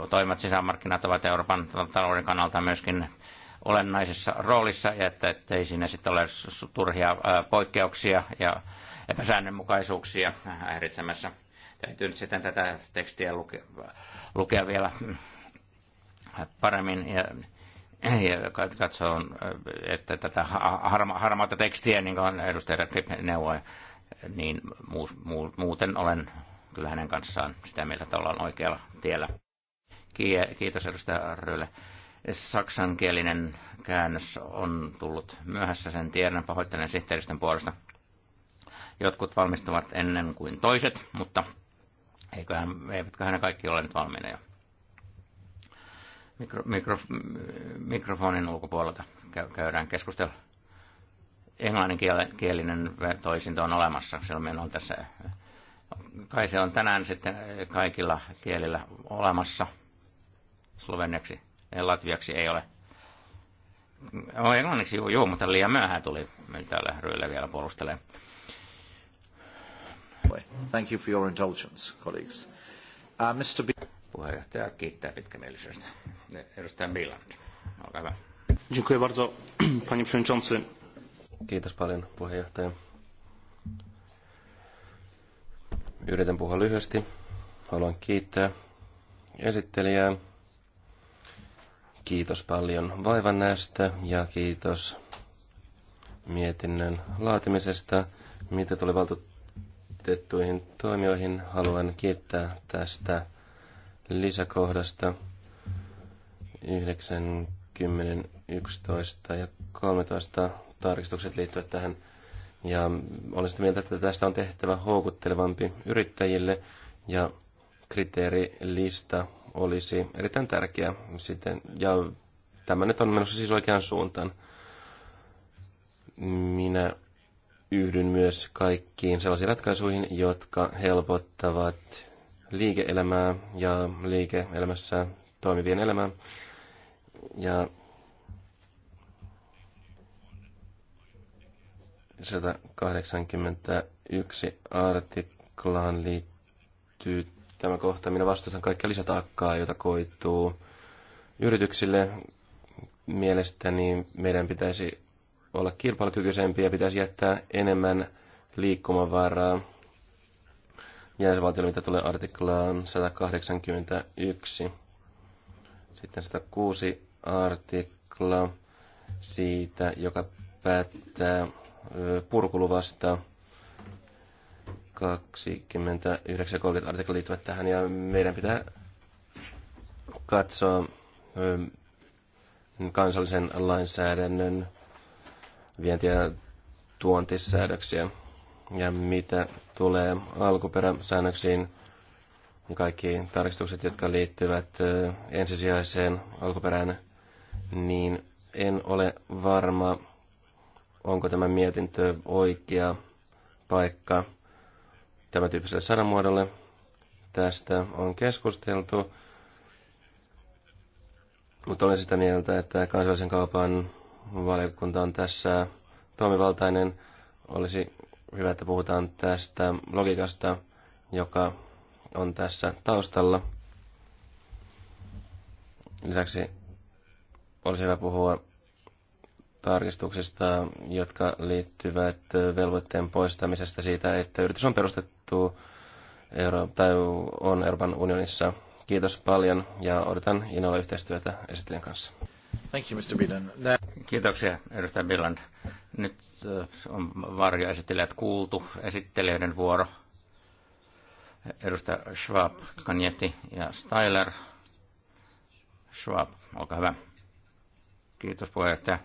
toimivat sisämarkkinat ovat Euroopan talouden kannalta myöskin olennaisessa roolissa ja että ei siinä sitten ole turhia poikkeuksia ja epäsäännönmukaisuuksia häiritsemässä täytyy nyt sitten tätä tekstiä luke, lukea vielä paremmin ja, ja katsoa, että tätä harma, harmaata tekstiä, niin kuin edustaja Rekip neuvoi, niin muus, mu, muuten olen kyllä hänen kanssaan sitä mieltä, että ollaan oikealla tiellä. Kiitos edustaja Rölle. Saksankielinen käännös on tullut myöhässä, sen tiedän pahoittelen sihteeristön puolesta. Jotkut valmistuvat ennen kuin toiset, mutta Eiköhän, eivätköhän ne kaikki ole nyt valmiina jo. Mikro, mikro, mikrofonin ulkopuolelta käydään keskustelua. Englanninkielinen toisinto on olemassa, silloin on tässä. Kai se on tänään sitten kaikilla kielillä olemassa. Slovenneksi, ei latviaksi ei ole. No, englanniksi juu, juu, mutta liian myöhään tuli meiltä ryillä vielä puolustelee. Anyway, thank you for your indulgence, colleagues. Uh, Mr. Puheenjohtaja kiittää pitkämielisyydestä. Edustaja olkaa hyvä. Dziękuję bardzo, <clears throat> panie przewodniczący. Kiitos paljon, puheenjohtaja. Yritän puhua lyhyesti. Haluan kiittää esittelijää. Kiitos paljon vaivan näistä ja kiitos mietinnön laatimisesta, mitä tuli valtuutta ehdotettuihin toimijoihin. Haluan kiittää tästä lisäkohdasta 9, 10, 11 ja 13 tarkistukset liittyvät tähän. Ja olen sitä mieltä, että tästä on tehtävä houkuttelevampi yrittäjille ja kriteerilista olisi erittäin tärkeä. Sitten, ja tämä nyt on menossa siis oikeaan suuntaan. Minä yhdyn myös kaikkiin sellaisiin ratkaisuihin, jotka helpottavat liike-elämää ja liike-elämässä toimivien elämää. Ja 181 artiklaan liittyy tämä kohta. Minä vastustan kaikkea lisätaakkaa, jota koituu yrityksille. Mielestäni meidän pitäisi olla ja pitäisi jättää enemmän liikkumavaraa jäsenvaltiolle, mitä tulee artiklaan 181. Sitten 106 artikla siitä, joka päättää purkuluvasta 29 30 artikla liittyvät tähän ja meidän pitää katsoa kansallisen lainsäädännön vienti- ja tuontisäädöksiä. Ja mitä tulee alkuperäsäännöksiin, niin kaikki tarkistukset, jotka liittyvät ensisijaiseen alkuperään, niin en ole varma, onko tämä mietintö oikea paikka tämän tyyppiselle sanamuodolle. Tästä on keskusteltu, mutta olen sitä mieltä, että kansallisen kaupan valiokunta on tässä toimivaltainen. Olisi hyvä, että puhutaan tästä logiikasta, joka on tässä taustalla. Lisäksi olisi hyvä puhua tarkistuksista, jotka liittyvät velvoitteen poistamisesta siitä, että yritys on perustettu Euro- tai on Euroopan unionissa. Kiitos paljon ja odotan innolla yhteistyötä esittelijän kanssa. Thank you, Mr. Bidan. Kiitoksia, edustaja Billand. Nyt äh, on varjoesittelijät kuultu, esittelijöiden vuoro. Edustaja Schwab, Kanjetti ja Styler. Schwab, olkaa hyvä. Kiitos puheenjohtaja.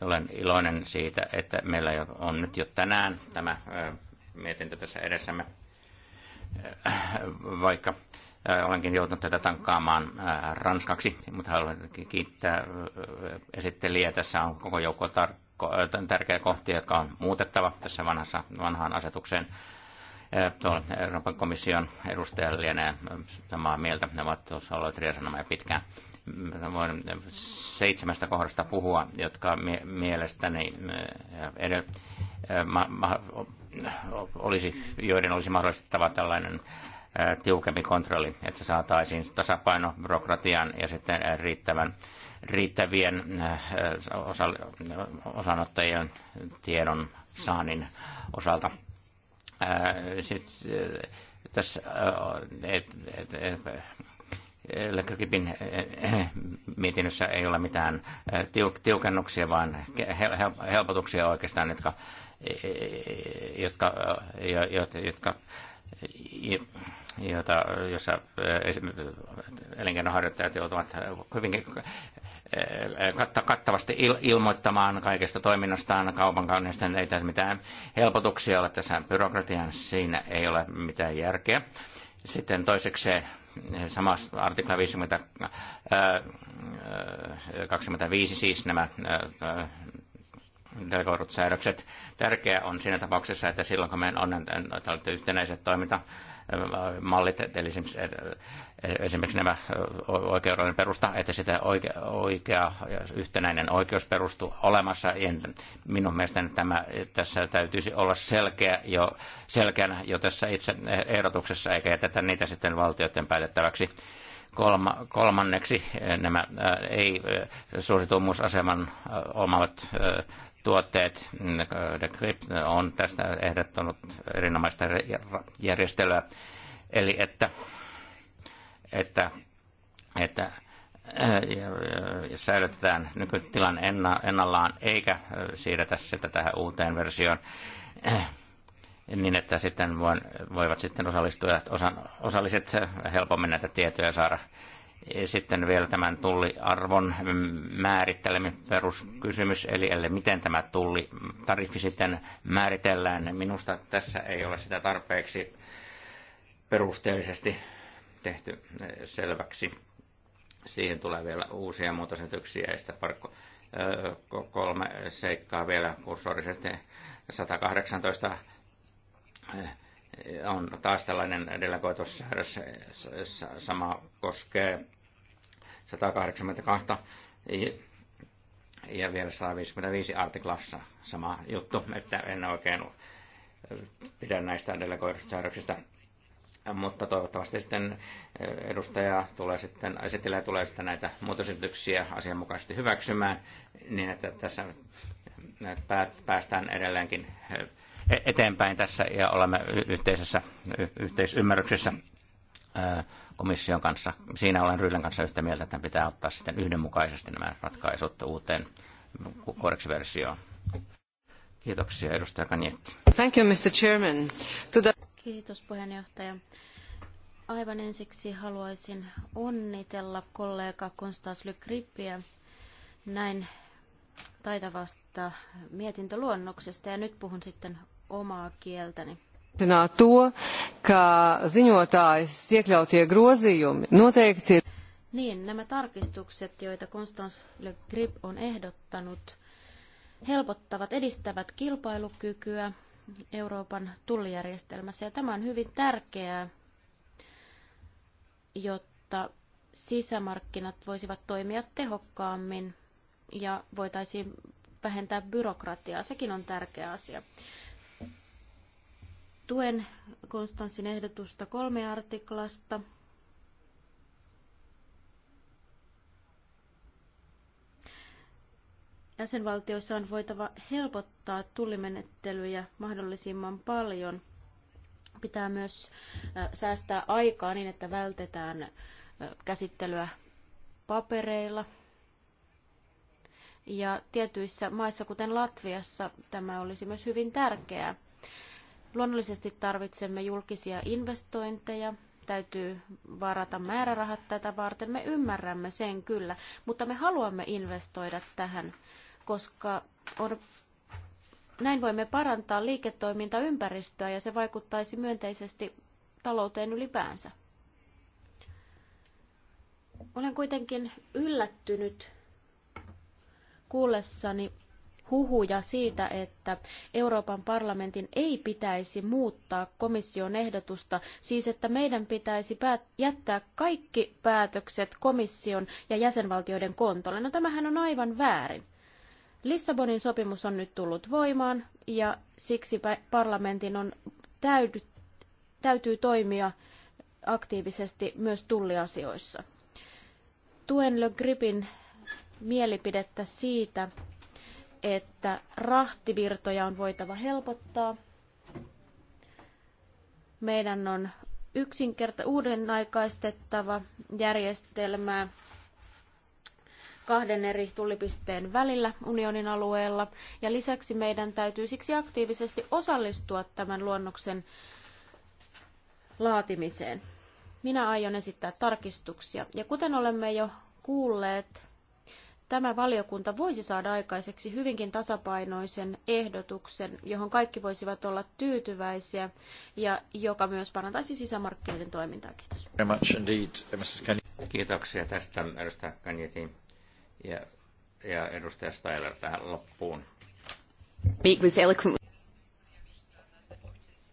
Olen iloinen siitä, että meillä on nyt jo tänään tämä äh, mietintö tässä edessämme, äh, vaikka Olenkin joutunut tätä tankkaamaan ranskaksi, mutta haluan kiittää esittelijää. Tässä on koko joukko tar- tärkeä kohtia, jotka on muutettava tässä vanhassa, vanhaan asetukseen. Tuolla Euroopan komission edustaja lienee samaa mieltä. Ne ovat tuossa olleet riesanomaan pitkään. Mm, voin seitsemästä kohdasta puhua, jotka mie- mielestäni edellä ma- ma- olisi, joiden olisi mahdollistettava tällainen tiukempi kontrolli, että saataisiin tasapaino byrokratian ja sitten riittävän, riittävien osa, osanottajien tiedon saannin osalta. Sitten tässä et, et, et, mietinnössä ei ole mitään tiukennuksia, vaan helpotuksia oikeastaan, jotka, jotka, jotka, jotka jota, jossa elinkeinoharjoittajat joutuvat hyvinkin kattavasti ilmoittamaan kaikesta toiminnastaan kaupankäynnistä. Ei tässä mitään helpotuksia ole tässä byrokratian, siinä ei ole mitään järkeä. Sitten toiseksi samassa artikla 50, 25 siis nämä delegoidut säädökset. Tärkeää on siinä tapauksessa, että silloin kun meidän on yhtenäiset toiminta mallit, eli esimerkiksi, esimerkiksi nämä oikeudellinen perusta, että sitä oikea, oikea yhtenäinen oikeus perustuu olemassa. Minun mielestäni tämä tässä täytyisi olla selkeä jo, selkeänä jo tässä itse ehdotuksessa, eikä jätetä niitä sitten valtioiden päätettäväksi. Kolma, kolmanneksi eh, nämä eh, ei eh, suositumuusaseman omavat tuotteet. Mm, on tästä ehdottanut erinomaista järjestelyä. Eli että, että, että äh, säilytetään nykytilan ennallaan eikä äh, siirretä sitä tähän uuteen versioon äh, niin, että sitten voivat sitten osallistua, osalliset helpommin näitä tietoja saada sitten vielä tämän tulliarvon määritteleminen peruskysymys, eli, eli miten tämä tulli tariffi sitten määritellään. Minusta tässä ei ole sitä tarpeeksi perusteellisesti tehty eh, selväksi. Siihen tulee vielä uusia muutosetyksiä ja sitä parkko, eh, kolme seikkaa vielä kursorisesti. 118 on taas tällainen delegoitussäädös, sama koskee 182 ja vielä 155 artiklassa sama juttu, että en oikein pidä näistä delegoidusta säädöksistä. Mutta toivottavasti sitten edustaja tulee sitten, esittelee tulee sitten näitä muutosesityksiä asianmukaisesti hyväksymään, niin että tässä päästään edelleenkin E- eteenpäin tässä ja olemme yhteisessä yhteisymmärryksessä komission kanssa. Siinä olen Ryhlän kanssa yhtä mieltä, että pitää ottaa sitten yhdenmukaisesti nämä ratkaisut uuteen korkeaksi Kiitoksia, edustaja Kanietti. Thank you, Mr. Chairman. To the... Kiitos, puheenjohtaja. Aivan ensiksi haluaisin onnitella kollega Konstas Lykrippiä näin taitavasta mietintöluonnoksesta ja nyt puhun sitten omaa kieltäni. To, ka ziņotājas iekļautie grozījumi noteikti ir. Niin, nämä tarkistukset, joita Constance Le Grip on ehdottanut, helpottavat, edistävät kilpailukykyä Euroopan tullijärjestelmässä. Ja tämä on hyvin tärkeää, jotta sisämarkkinat voisivat toimia tehokkaammin ja voitaisiin vähentää byrokratiaa. Sekin on tärkeä asia. Tuen Konstanssin ehdotusta kolme artiklasta. Jäsenvaltioissa on voitava helpottaa tullimenettelyjä mahdollisimman paljon. Pitää myös säästää aikaa niin, että vältetään käsittelyä papereilla. Ja tietyissä maissa, kuten Latviassa, tämä olisi myös hyvin tärkeää Luonnollisesti tarvitsemme julkisia investointeja, täytyy varata määrärahat tätä varten. Me ymmärrämme sen kyllä, mutta me haluamme investoida tähän, koska on, näin voimme parantaa liiketoimintaympäristöä ja se vaikuttaisi myönteisesti talouteen ylipäänsä. Olen kuitenkin yllättynyt kuullessani huhuja siitä, että Euroopan parlamentin ei pitäisi muuttaa komission ehdotusta, siis että meidän pitäisi jättää kaikki päätökset komission ja jäsenvaltioiden kontolle. No tämähän on aivan väärin. Lissabonin sopimus on nyt tullut voimaan ja siksi parlamentin on täydy, täytyy toimia aktiivisesti myös tulliasioissa. Tuen Le Gripin mielipidettä siitä, että rahtivirtoja on voitava helpottaa. Meidän on yksinkerta uudenaikaistettava järjestelmää kahden eri tullipisteen välillä unionin alueella. Ja lisäksi meidän täytyy siksi aktiivisesti osallistua tämän luonnoksen laatimiseen. Minä aion esittää tarkistuksia. Ja kuten olemme jo kuulleet, tämä valiokunta voisi saada aikaiseksi hyvinkin tasapainoisen ehdotuksen, johon kaikki voisivat olla tyytyväisiä ja joka myös parantaisi sisämarkkinoiden toimintaa. Kiitos. Very much indeed, Mrs. Kiitoksia tästä edustaja Kanjetin ja, ja edustaja Styler tähän loppuun.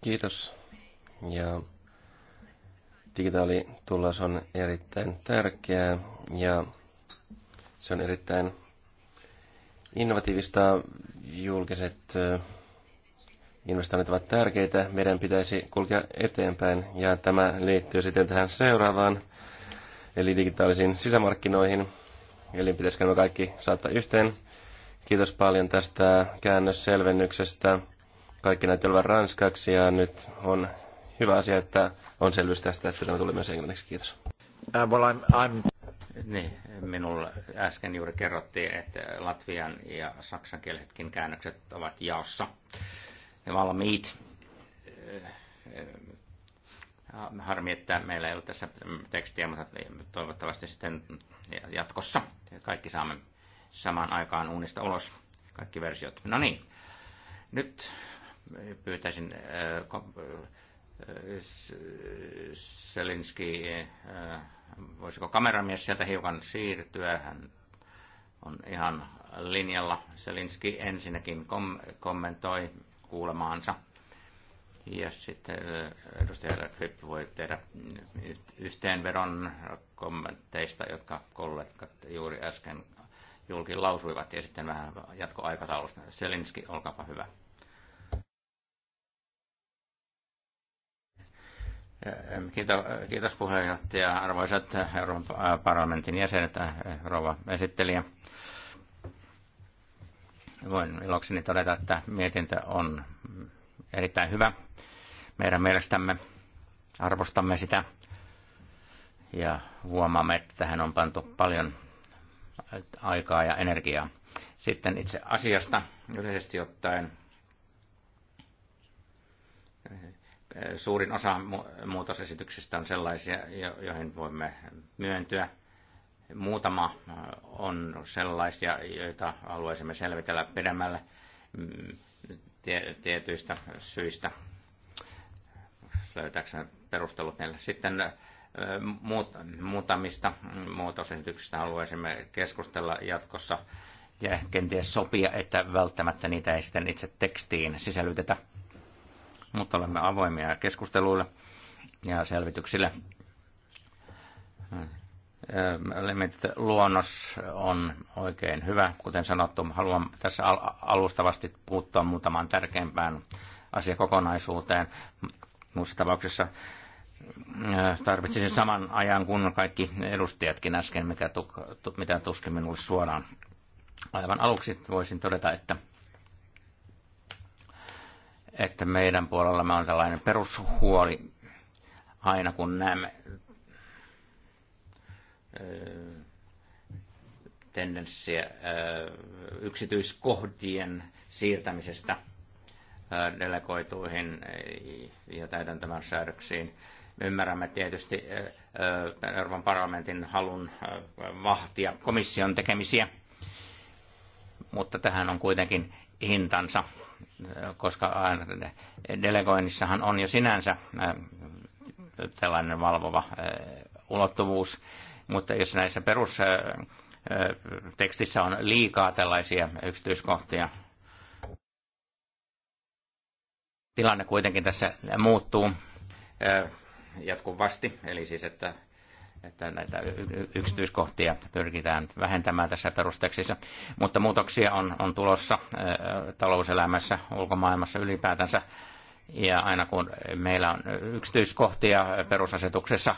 Kiitos. Ja digitaalitulos on erittäin tärkeää ja se on erittäin innovatiivista. Julkiset investoinnit ovat tärkeitä. Meidän pitäisi kulkea eteenpäin ja tämä liittyy sitten tähän seuraavaan eli digitaalisiin sisämarkkinoihin. Eli pitäisikö me kaikki saattaa yhteen. Kiitos paljon tästä käännösselvennyksestä. Kaikki näytti olevan ranskaksi ja nyt on hyvä asia, että on selvyys tästä, että tämä tuli myös englanniksi. Kiitos. Uh, well, I'm, I'm... Niin, minulle äsken juuri kerrottiin, että latvian ja saksankielisetkin käännökset ovat jaossa. Ja valmiit. Äh, äh, harmi, että meillä ei ole tässä tekstiä, mutta toivottavasti sitten jatkossa kaikki saamme samaan aikaan uunista ulos kaikki versiot. No niin, nyt pyytäisin äh, Selinski voisiko kameramies sieltä hiukan siirtyä, hän on ihan linjalla. Selinski ensinnäkin kom- kommentoi kuulemaansa. Ja sitten äh, edustaja Rekvip voi tehdä yhteenvedon kommentteista, jotka kollegat juuri äsken julki lausuivat, ja sitten vähän jatkoaikataulusta. Selinski, olkaapa hyvä. Kiitos, puheenjohtaja, arvoisat Euroopan parlamentin jäsenet, rouva esittelijä. Voin ilokseni todeta, että mietintö on erittäin hyvä meidän mielestämme. Arvostamme sitä ja huomaamme, että tähän on pantu paljon aikaa ja energiaa. Sitten itse asiasta yleisesti ottaen Suurin osa muutosesityksistä on sellaisia, joihin voimme myöntyä. Muutama on sellaisia, joita haluaisimme selvitellä pidemmälle mm, tietyistä syistä löytääksemme perustelut niille. Sitten muut, muutamista muutosesityksistä haluaisimme keskustella jatkossa ja kenties sopia, että välttämättä niitä ei sitten itse tekstiin sisällytetä mutta olemme avoimia keskusteluille ja selvityksille. Limited luonnos on oikein hyvä. Kuten sanottu, haluan tässä alustavasti puuttua muutamaan tärkeimpään asiakokonaisuuteen. Muussa tapauksessa tarvitsisin saman ajan kuin kaikki edustajatkin äsken, mikä tuk, mitä tuskin minulle suoraan. Aivan aluksi voisin todeta, että että meidän puolellamme on tällainen perushuoli aina kun näemme tendenssiä yksityiskohtien siirtämisestä delegoituihin ja täytäntämään säädöksiin. Ymmärrämme tietysti Euroopan parlamentin halun vahtia komission tekemisiä, mutta tähän on kuitenkin hintansa koska delegoinnissahan on jo sinänsä äh, tällainen valvova äh, ulottuvuus, mutta jos näissä perustekstissä äh, on liikaa tällaisia yksityiskohtia, tilanne kuitenkin tässä muuttuu jatkuvasti, eli siis että että näitä yksityiskohtia pyrkitään vähentämään tässä perustekstissä. Mutta muutoksia on, on tulossa talouselämässä, ulkomaailmassa ylipäätänsä. Ja aina kun meillä on yksityiskohtia perusasetuksessa,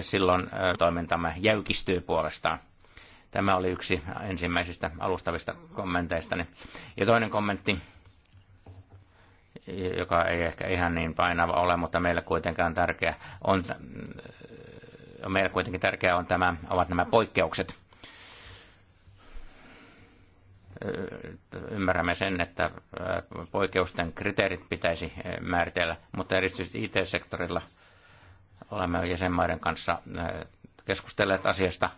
silloin toimintamme jäykistyy puolestaan. Tämä oli yksi ensimmäisistä alustavista kommenteistani. Ja toinen kommentti, joka ei ehkä ihan niin painava ole, mutta meille kuitenkaan tärkeä, on meillä kuitenkin tärkeää on tämä, ovat nämä poikkeukset. Ymmärrämme sen, että poikkeusten kriteerit pitäisi määritellä, mutta erityisesti IT-sektorilla olemme jäsenmaiden kanssa keskustelleet asiasta,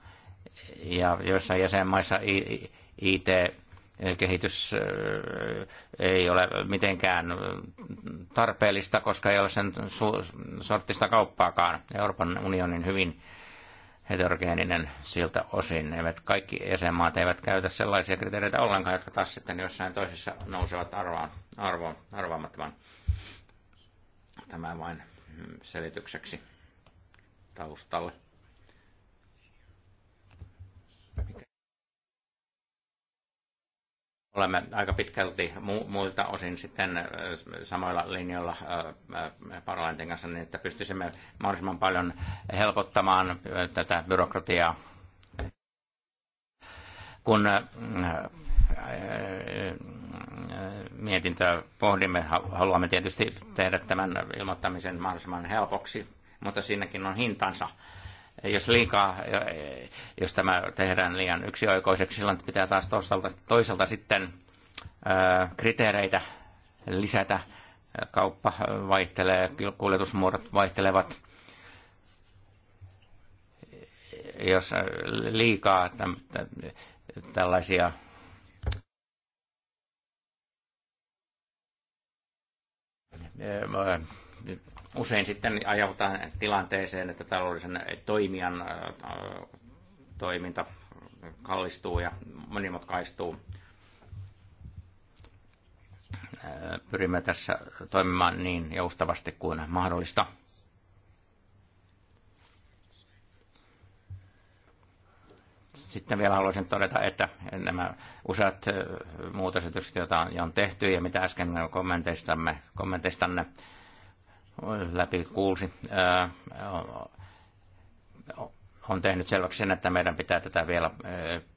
ja joissain jäsenmaissa IT kehitys ei ole mitenkään tarpeellista, koska ei ole sen sorttista kauppaakaan. Euroopan unionin hyvin heterogeeninen siltä osin. Eivät kaikki jäsenmaat eivät käytä sellaisia kriteereitä ollenkaan, jotka taas sitten jossain toisessa nousevat arvoon, arvoon arvaamattoman. Tämä vain selitykseksi taustalle. olemme aika pitkälti mu- muilta osin sitten äh, samoilla linjoilla äh, äh, parlamentin kanssa niin, että pystyisimme mahdollisimman paljon helpottamaan tätä byrokratiaa. Kun mietintöä pohdimme, haluamme tietysti tehdä tämän ilmoittamisen mahdollisimman helpoksi, mutta siinäkin on hintansa jos liikaa, e, jos tämä tehdään liian yksioikoiseksi, silloin pitää taas toisaalta, toisaalta sitten kriteereitä lisätä. Kauppa vaihtelee, kuljetusmuodot vaihtelevat. Jos liikaa tällaisia usein sitten ajautaan tilanteeseen, että taloudellisen toimijan äh, toiminta kallistuu ja monimutkaistuu. Äh, pyrimme tässä toimimaan niin joustavasti kuin mahdollista. Sitten vielä haluaisin todeta, että nämä useat äh, muutosesitykset, joita on tehty ja mitä äsken kommenteistamme, kommenteistanne läpi kuulsi, on tehnyt selväksi sen, että meidän pitää tätä vielä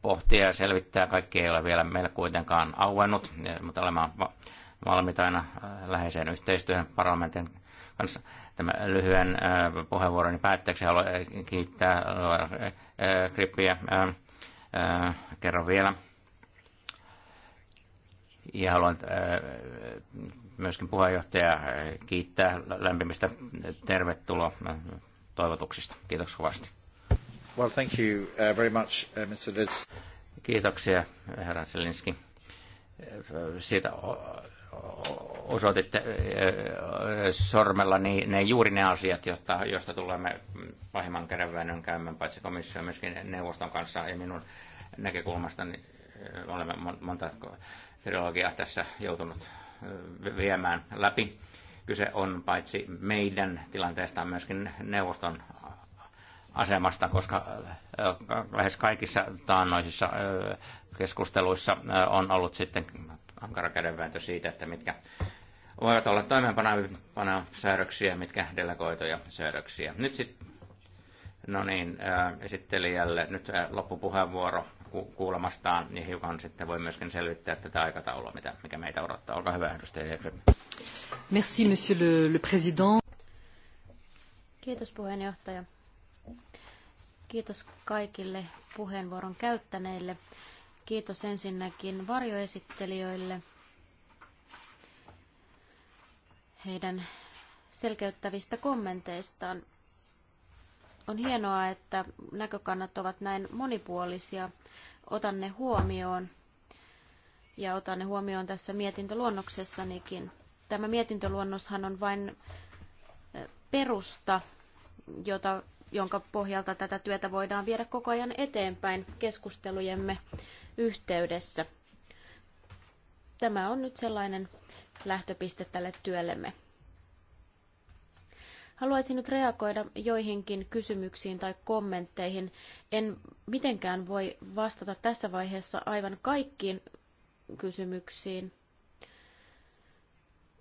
pohtia ja selvittää. Kaikki ei ole vielä meille kuitenkaan auennut, mutta olemme valmiita aina läheiseen yhteistyöhön parlamentin kanssa. Tämän lyhyen puheenvuoroni päätteeksi haluan kiittää Krippiä. Kerron vielä. Ja haluan myöskin puheenjohtaja kiittää lämpimistä tervetuloa toivotuksista. Kiitoksia kovasti. Well, thank you uh, very much, uh, Mr. Liz. Kiitoksia, herra Selinski. Siitä osoititte e, sormella ne, juuri ne asiat, josta, joista tulemme pahimman kerran käymään paitsi komissio myöskin neuvoston kanssa ja minun näkökulmastani e, olemme monta trilogiaa tässä joutunut viemään läpi. Kyse on paitsi meidän tilanteesta myöskin neuvoston asemasta, koska äh, lähes kaikissa taannoisissa äh, keskusteluissa äh, on ollut sitten ankara kädenvääntö siitä, että mitkä voivat olla toimeenpanoja säädöksiä, mitkä delegoituja säädöksiä. Nyt sitten, no niin, esittelijälle nyt loppupuheenvuoro kuulemastaan, niin hiukan sitten voi myöskin selvittää tätä aikataulua, mitä, mikä meitä odottaa. Olkaa hyvä, edustaja Merci, monsieur le, le président. Kiitos puheenjohtaja. Kiitos kaikille puheenvuoron käyttäneille. Kiitos ensinnäkin varjoesittelijöille heidän selkeyttävistä kommenteistaan. On hienoa, että näkökannat ovat näin monipuolisia. Otan ne huomioon ja otan ne huomioon tässä mietintöluonnoksessanikin. Tämä mietintöluonnoshan on vain eh, perusta, jota, jonka pohjalta tätä työtä voidaan viedä koko ajan eteenpäin keskustelujemme yhteydessä. Tämä on nyt sellainen lähtöpiste tälle työllemme. Haluaisin nyt reagoida joihinkin kysymyksiin tai kommentteihin. En mitenkään voi vastata tässä vaiheessa aivan kaikkiin kysymyksiin.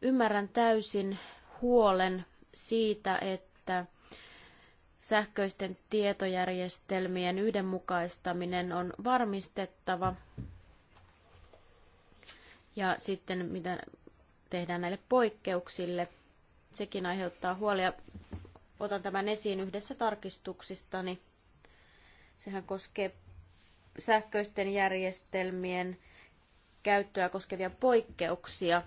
Ymmärrän täysin huolen siitä, että sähköisten tietojärjestelmien yhdenmukaistaminen on varmistettava. Ja sitten mitä tehdään näille poikkeuksille – sekin aiheuttaa huolia. Otan tämän esiin yhdessä tarkistuksistani. Sehän koskee sähköisten järjestelmien käyttöä koskevia poikkeuksia.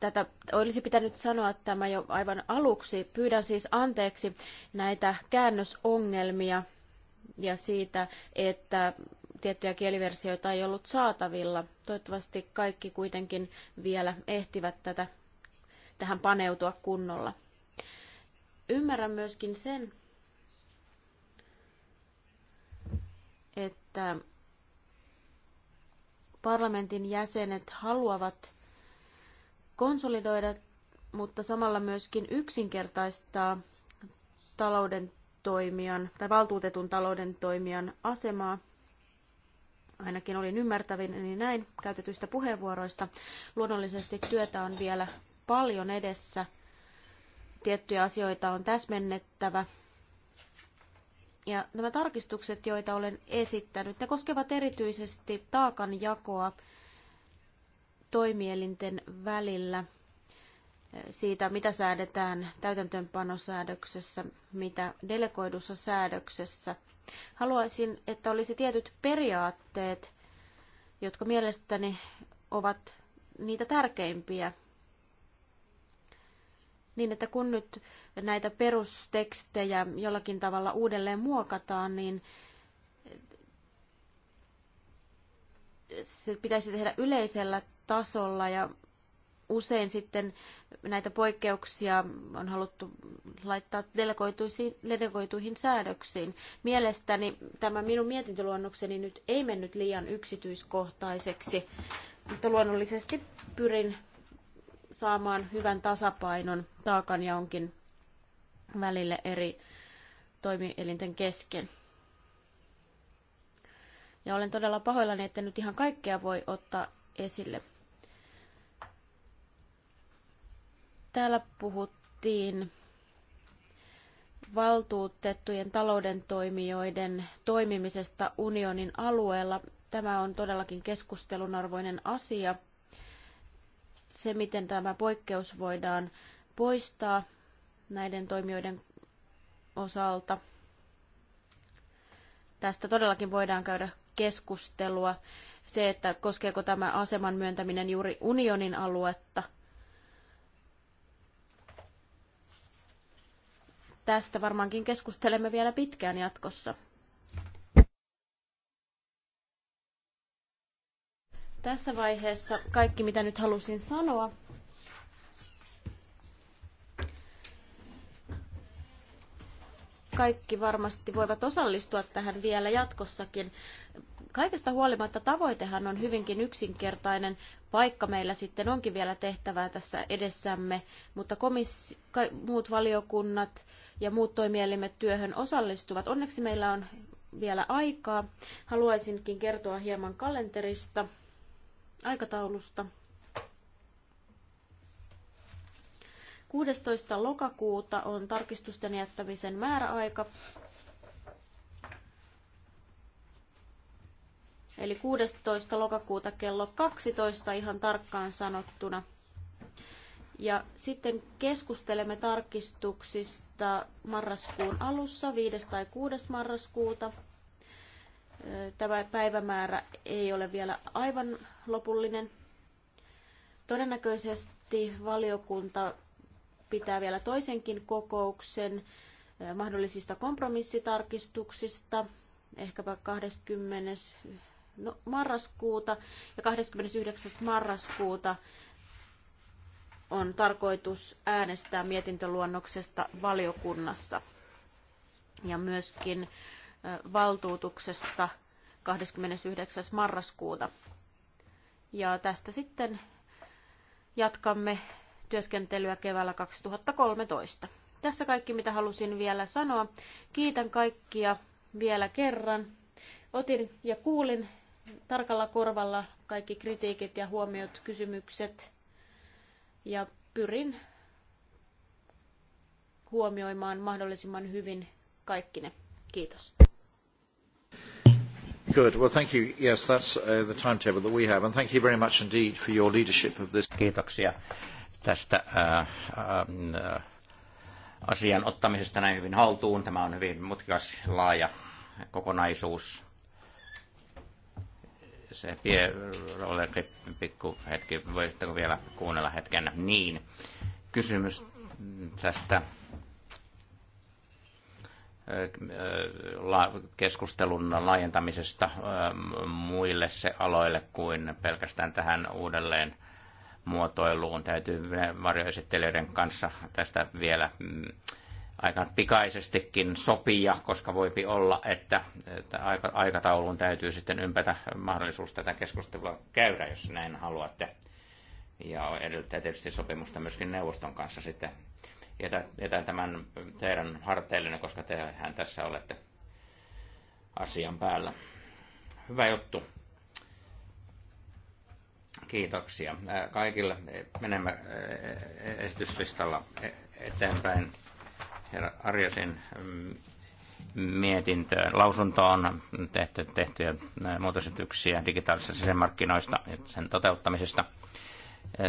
Tätä olisi pitänyt sanoa tämä jo aivan aluksi. Pyydän siis anteeksi näitä käännösongelmia ja siitä, että tiettyjä kieliversioita ei ollut saatavilla. Toivottavasti kaikki kuitenkin vielä ehtivät tätä tähän paneutua kunnolla. Ymmärrän myöskin sen, että parlamentin jäsenet haluavat konsolidoida, mutta samalla myöskin yksinkertaistaa talouden toimijan tai valtuutetun talouden toimijan asemaa. Ainakin olin ymmärtävin, niin näin käytetyistä puheenvuoroista. Luonnollisesti työtä on vielä paljon edessä. Tiettyjä asioita on täsmennettävä. Ja nämä tarkistukset, joita olen esittänyt, ne koskevat erityisesti taakanjakoa toimielinten välillä eh, siitä, mitä säädetään täytäntöönpanosäädöksessä, mitä delegoidussa säädöksessä. Haluaisin, että olisi tietyt periaatteet, jotka mielestäni ovat niitä tärkeimpiä niin että kun nyt näitä perustekstejä jollakin tavalla uudelleen muokataan, niin se pitäisi tehdä yleisellä tasolla ja usein sitten näitä poikkeuksia on haluttu laittaa delegoituihin, delegoituihin säädöksiin. Mielestäni tämä minun mietintöluonnokseni nyt ei mennyt liian yksityiskohtaiseksi, mutta luonnollisesti pyrin saamaan hyvän tasapainon taakanjaonkin välille eri toimielinten kesken. Ja olen todella pahoillani, että nyt ihan kaikkea voi ottaa esille. Täällä puhuttiin valtuutettujen talouden toimijoiden toimimisesta unionin alueella. Tämä on todellakin keskustelun arvoinen asia – se, miten tämä poikkeus voidaan poistaa näiden toimijoiden osalta. Tästä todellakin voidaan käydä keskustelua. Se, että koskeeko tämä aseman myöntäminen juuri unionin aluetta. Tästä varmaankin keskustelemme vielä pitkään jatkossa. Tässä vaiheessa kaikki, mitä nyt halusin sanoa. Kaikki varmasti voivat osallistua tähän vielä jatkossakin. Kaikesta huolimatta tavoitehan on hyvinkin yksinkertainen, vaikka meillä sitten onkin vielä tehtävää tässä edessämme, mutta komissi- ka- muut valiokunnat ja muut toimielimet työhön osallistuvat. Onneksi meillä on vielä aikaa. Haluaisinkin kertoa hieman kalenterista aikataulusta. 16. lokakuuta on tarkistusten jättämisen määräaika. Eli 16. lokakuuta kello 12 ihan tarkkaan sanottuna. Ja sitten keskustelemme tarkistuksista marraskuun alussa, 5. tai 6. marraskuuta. Tämä päivämäärä ei ole vielä aivan lopullinen. Todennäköisesti valiokunta pitää vielä toisenkin kokouksen eh, mahdollisista kompromissitarkistuksista, ehkäpä 20. No, marraskuuta ja 29. marraskuuta on tarkoitus äänestää mietintöluonnoksesta valiokunnassa. Ja myöskin valtuutuksesta 29. marraskuuta. Ja tästä sitten jatkamme työskentelyä keväällä 2013. Tässä kaikki, mitä halusin vielä sanoa. Kiitän kaikkia vielä kerran. Otin ja kuulin tarkalla korvalla kaikki kritiikit ja huomiot, kysymykset. Ja pyrin huomioimaan mahdollisimman hyvin kaikki ne. Kiitos. Good. Well, thank you. Yes, that's uh, the timetable that we have. And thank you very much indeed for your leadership of this. Kiitoksia tästä äh, uh, asian ottamisesta näin hyvin haltuun. Tämä on hyvin mutkikas, laaja kokonaisuus. Se vie rollerki pikku hetki. Voitteko vielä kuunnella hetken? Niin. Kysymys tästä keskustelun laajentamisesta muille se aloille kuin pelkästään tähän uudelleen muotoiluun. Täytyy varjoesittelijöiden kanssa tästä vielä mm, aika pikaisestikin sopia, koska voipi olla, että, että aikatauluun täytyy sitten ympätä mahdollisuus tätä keskustelua käydä, jos näin haluatte. Ja edellyttää tietysti sopimusta myöskin neuvoston kanssa sitten jätän, tämän teidän harteillenne, koska tehän tässä olette asian päällä. Hyvä juttu. Kiitoksia kaikille. Menemme esityslistalla e-, eteenpäin. Herra Arjosin mm, mietintöön, lausuntoon tehty, tehtyjä muutosityksiä digitaalisista sisämarkkinoista ja sen toteuttamisesta –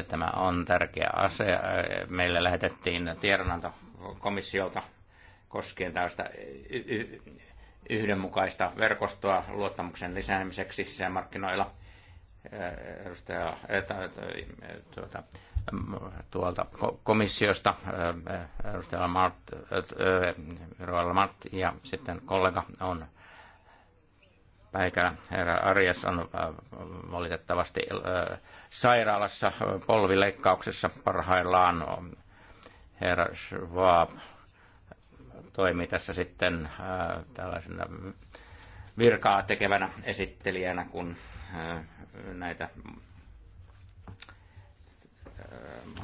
Tämä on tärkeä asia. Meille lähetettiin tiedonanto komissiolta koskien tällaista yhdenmukaista verkostoa luottamuksen lisäämiseksi sisämarkkinoilla. Edustaja tuota, tuolta komissiosta, edustaja Mart, e- Royal ja sitten kollega on Päikälä. Herra Arias on äh, valitettavasti äh, sairaalassa polvileikkauksessa parhaillaan. Herra Schwab toimi tässä sitten tällaisena virkaa tekevänä esittelijänä, kun näitä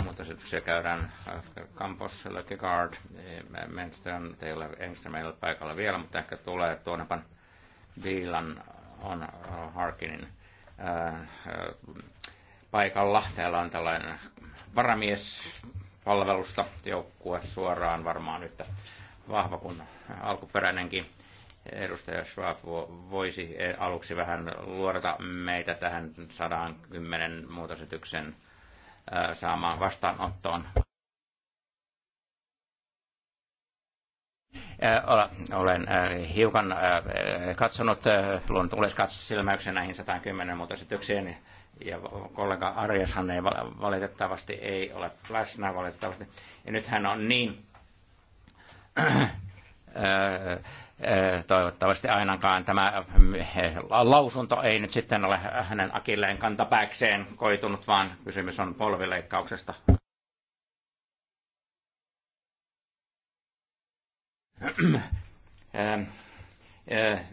muutosetuksia käydään Campos, Lökkegaard, Menström, teillä Engström ei ole paikalla vielä, mutta ehkä tulee tuonnepan Viilan on Harkinin paikalla. Täällä on tällainen varamies palvelusta joukkue suoraan varmaan nyt vahva kuin alkuperäinenkin. Edustaja Schwab voisi aluksi vähän luodata meitä tähän 110 muutosetyksen saamaan vastaanottoon. Olen hiukan katsonut, luonut uleskatsot näihin 110 muutosesityksiin ja kollega Arjeshan ei valitettavasti ei ole läsnä valitettavasti. Ja nyt hän on niin <clears throat> äh, äh, toivottavasti ainakaan tämä äh, lausunto ei nyt sitten ole hänen akilleen kantapääkseen koitunut, vaan kysymys on polvileikkauksesta.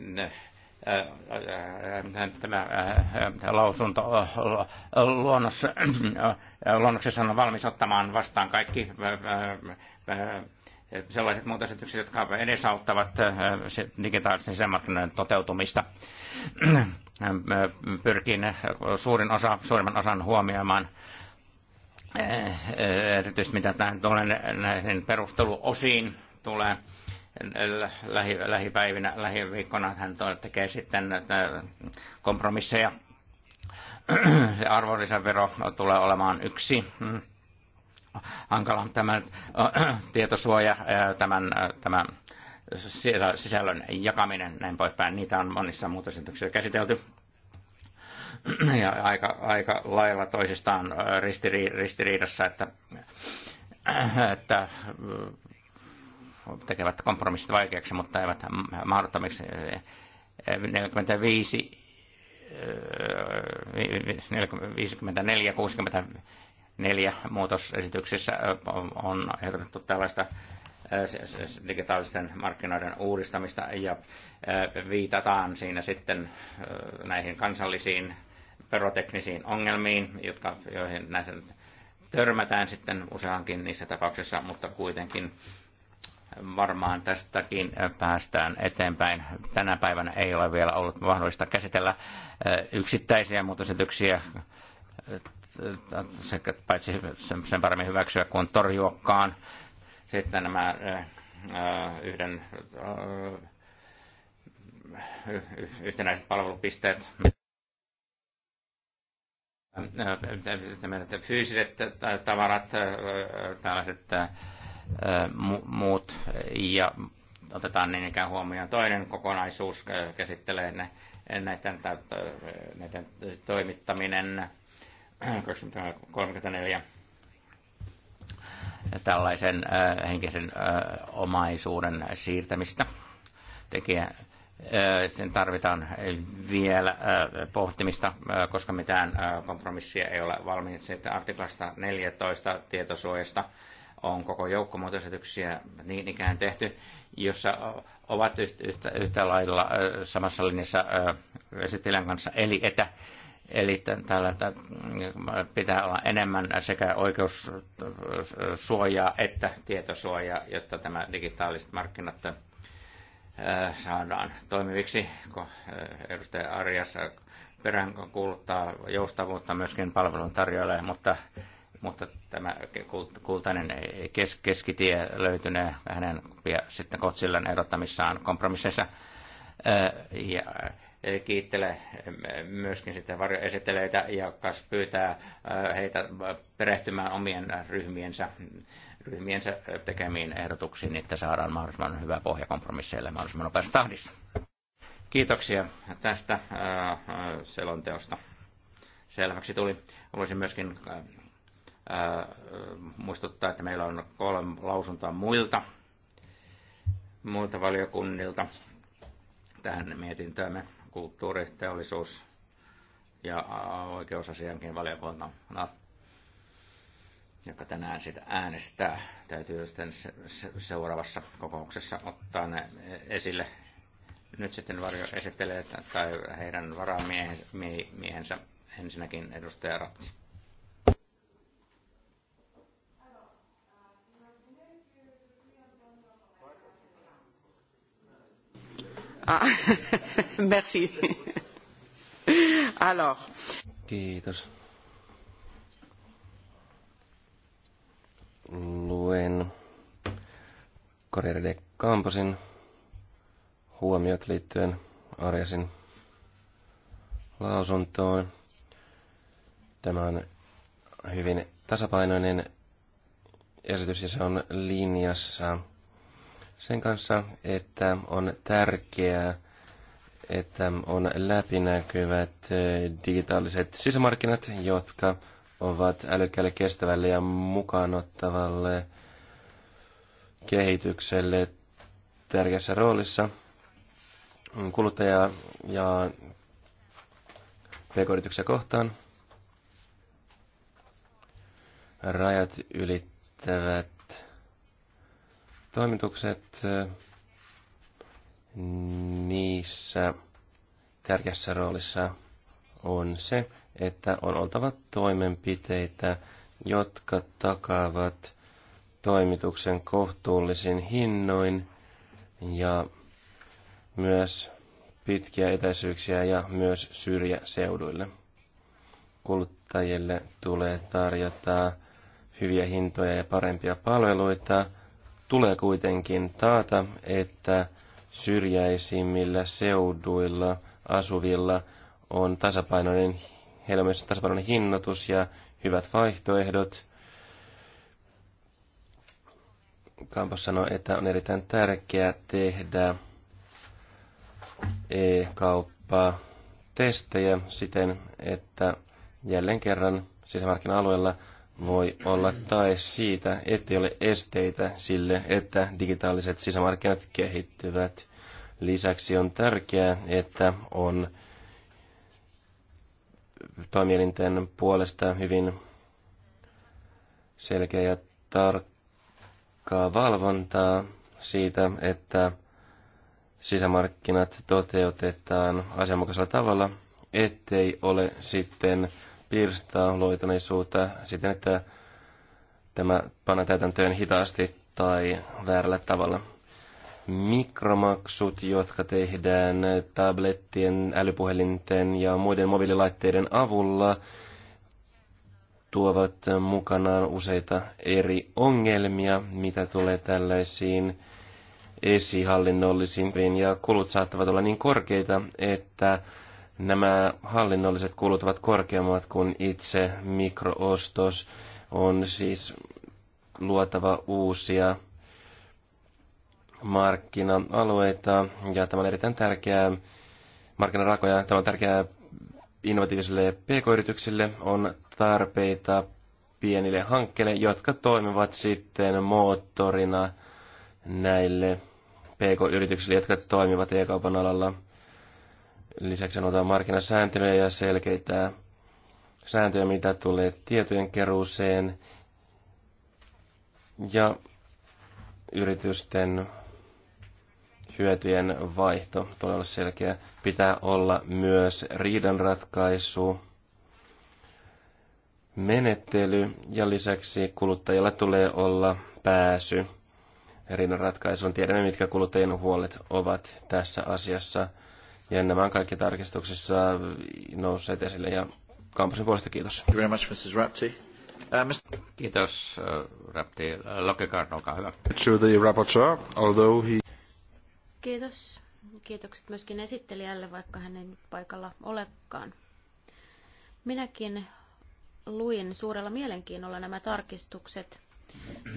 <clears throat> tämä äh, äh, lausunto äh, luonnos, luonnoksessa on valmis ottamaan vastaan kaikki sellaiset muutokset, jotka edesauttavat digitaalisten sisämarkkinoiden toteutumista. Pyrkin suurin osa, suurimman osan huomioimaan erityisesti mitä tähän näihin perusteluosiin tulee lähi, lähipäivinä, lähiviikkona hän tekee sitten äh, kompromisseja. <clears throat> Se arvonlisävero tulee olemaan yksi mm. hankala tämä äh, <clears throat> tietosuoja, äh, tämän, tämän sisällön jakaminen, näin poispäin. Niitä on monissa muutosintoksissa käsitelty <clears throat> ja aika, aika lailla toisistaan ristiri, ristiriidassa, että, että tekevät kompromissit vaikeaksi, mutta eivät mahdottomiksi. 45, 54, 64 muutosesityksissä on ehdotettu tällaista digitaalisten markkinoiden uudistamista ja viitataan siinä sitten näihin kansallisiin veroteknisiin ongelmiin, jotka, joihin näissä törmätään sitten useankin niissä tapauksissa, mutta kuitenkin varmaan tästäkin päästään eteenpäin. Tänä päivänä ei ole vielä ollut mahdollista käsitellä eh, yksittäisiä muutosetyksiä, eh, paitsi sen paremmin hyväksyä kuin torjuokkaan. Sitten nämä eh, yhden, yhtenäiset palvelupisteet fyysiset tavarat, tällaiset muut ja otetaan niin ikään huomioon toinen kokonaisuus, käsittelee ne, näiden, näiden toimittaminen 34 tällaisen henkisen omaisuuden siirtämistä tekijä. Sen tarvitaan vielä pohtimista, koska mitään kompromissia ei ole valmiin. Sitten artiklasta 14 tietosuojasta on koko joukko muutosesityksiä niin ikään tehty, jossa ovat yhtä, yhtä lailla samassa linjassa esittelijän kanssa, eli että Eli tällä mm, pitää olla enemmän sekä oikeussuojaa että tietosuojaa, jotta tämä digitaaliset markkinat saadaan toimiviksi, kun edustaja Arjas perään kuuluttaa joustavuutta myöskin palveluntarjoajille, mutta mutta tämä kultainen kes, keskitie löytynee hänen sitten Kotsillan erottamissaan kompromisseissa. Ja kiittelee myöskin sitten varjoesitteleitä ja kas pyytää heitä perehtymään omien ryhmiensä, ryhmiensä tekemiin ehdotuksiin, niin että saadaan mahdollisimman hyvä pohja kompromisseille mahdollisimman nopeassa tahdissa. Kiitoksia tästä selonteosta. Selväksi tuli. Voisin myöskin muistuttaa, että meillä on kolme lausuntoa muilta, muilta valiokunnilta tähän mietintöömme kulttuuri, teollisuus ja oikeusasiankin valiokunta, no, joka tänään sitä äänestää. Täytyy sitten seuraavassa kokouksessa ottaa ne esille. Nyt sitten varjo esittelee tai heidän varamiehensä ensinnäkin edustaja Ratsi. Ah, <laughs> merci. Alors. Kiitos. Luen Corriere de Camposin huomiot liittyen Arjasin lausuntoon. Tämä on hyvin tasapainoinen esitys ja se on linjassa sen kanssa, että on tärkeää, että on läpinäkyvät digitaaliset sisämarkkinat, jotka ovat älykkäälle, kestävälle ja mukaanottavalle kehitykselle tärkeässä roolissa. Kuluttaja ja pk kohtaan. Rajat ylittävät Toimitukset niissä tärkeässä roolissa on se, että on oltava toimenpiteitä, jotka takaavat toimituksen kohtuullisin hinnoin ja myös pitkiä etäisyyksiä ja myös syrjäseuduille. Kuluttajille tulee tarjota hyviä hintoja ja parempia palveluita Tulee kuitenkin taata, että syrjäisimmillä seuduilla asuvilla on tasapainoinen, heillä on myös tasapainoinen hinnoitus ja hyvät vaihtoehdot. Kampos sanoi, että on erittäin tärkeää tehdä e-kauppaa testejä siten, että jälleen kerran sisämarkkina-alueella – voi olla tae siitä, ettei ole esteitä sille, että digitaaliset sisämarkkinat kehittyvät. Lisäksi on tärkeää, että on toimielinten puolesta hyvin selkeä ja tarkkaa valvontaa siitä, että sisämarkkinat toteutetaan asianmukaisella tavalla, ettei ole sitten pirstaloituneisuutta siten, että tämä panna täytäntöön hitaasti tai väärällä tavalla. Mikromaksut, jotka tehdään tablettien, älypuhelinten ja muiden mobiililaitteiden avulla, tuovat mukanaan useita eri ongelmia, mitä tulee tällaisiin esihallinnollisiin ja kulut saattavat olla niin korkeita, että Nämä hallinnolliset kulut ovat korkeammat kuin itse mikroostos. On siis luotava uusia markkina-alueita ja tämä on erittäin tärkeää markkinarakoja. Tämä on tärkeää innovatiivisille pk-yrityksille. On tarpeita pienille hankkeille, jotka toimivat sitten moottorina näille pk-yrityksille, jotka toimivat e-kaupan alalla – Lisäksi anotaan markkinasääntelyä ja selkeitä sääntöjä, mitä tulee tietojen keruuseen ja yritysten hyötyjen vaihto tulee olla selkeä. Pitää olla myös riidanratkaisu, menettely ja lisäksi kuluttajilla tulee olla pääsy riidanratkaisuun. Tiedämme, mitkä kuluttajien huolet ovat tässä asiassa. Ja nämä on kaikki tarkistuksissa nousseet esille. Ja kampusin puolesta kiitos. Very much, Mrs. Rapti. Uh, kiitos, uh, Rapti. Lokekarn, olkaa hyvä. To the rapporteur, although he... Kiitos. Kiitokset myöskin esittelijälle, vaikka hän ei nyt paikalla olekaan. Minäkin luin suurella mielenkiinnolla nämä tarkistukset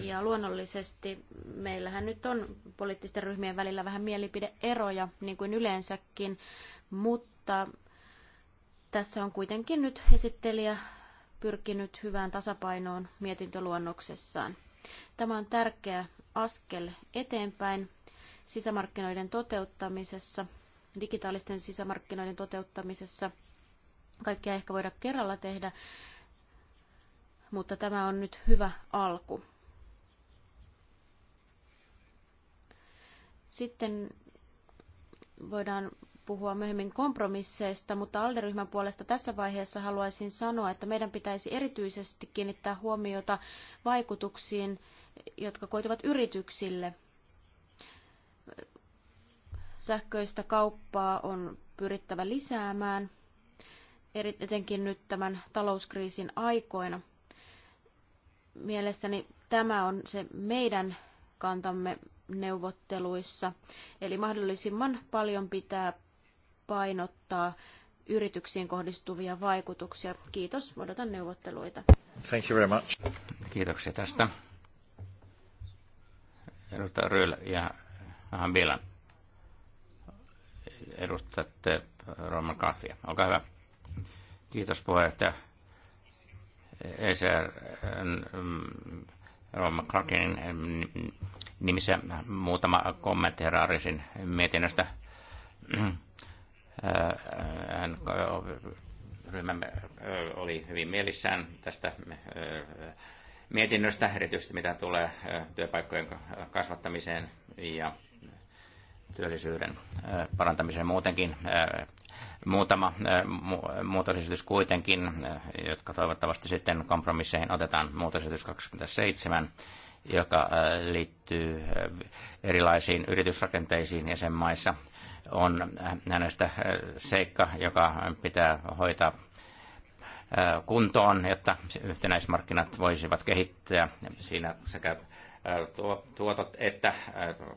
ja luonnollisesti meillähän nyt on poliittisten ryhmien välillä vähän mielipideeroja, niin kuin yleensäkin, mutta tässä on kuitenkin nyt esittelijä pyrkinyt hyvään tasapainoon mietintöluonnoksessaan. Tämä on tärkeä askel eteenpäin sisämarkkinoiden toteuttamisessa, digitaalisten sisämarkkinoiden toteuttamisessa. Kaikkea ehkä voida kerralla tehdä, mutta tämä on nyt hyvä alku. Sitten voidaan puhua myöhemmin kompromisseista, mutta alderyhmän puolesta tässä vaiheessa haluaisin sanoa, että meidän pitäisi erityisesti kiinnittää huomiota vaikutuksiin, jotka koituvat yrityksille. Sähköistä kauppaa on pyrittävä lisäämään, etenkin nyt tämän talouskriisin aikoina mielestäni tämä on se meidän kantamme neuvotteluissa. Eli mahdollisimman paljon pitää painottaa yrityksiin kohdistuvia vaikutuksia. Kiitos, odotan neuvotteluita. Thank you very much. Kiitoksia tästä. Edustaja Ryl ja Ahan vielä. Edustatte Roman Kaffia. Olkaa hyvä. Kiitos puheenjohtaja ECR mm, mm, Roma Clarkin mm, nimissä muutama kommentti arisin mietinnöstä. Äh, hän äh, ryhmämme äh, oli hyvin mielissään tästä mietinnöstä, erityisesti mitä tulee työpaikkojen kasvattamiseen ja työllisyyden parantamiseen muutenkin. Muutama muutosesitys kuitenkin, jotka toivottavasti sitten kompromisseihin otetaan. Muutosesitys 27, joka liittyy erilaisiin yritysrakenteisiin jäsenmaissa, on hänestä seikka, joka pitää hoitaa kuntoon, jotta yhtenäismarkkinat voisivat kehittyä. Siinä sekä tuotot että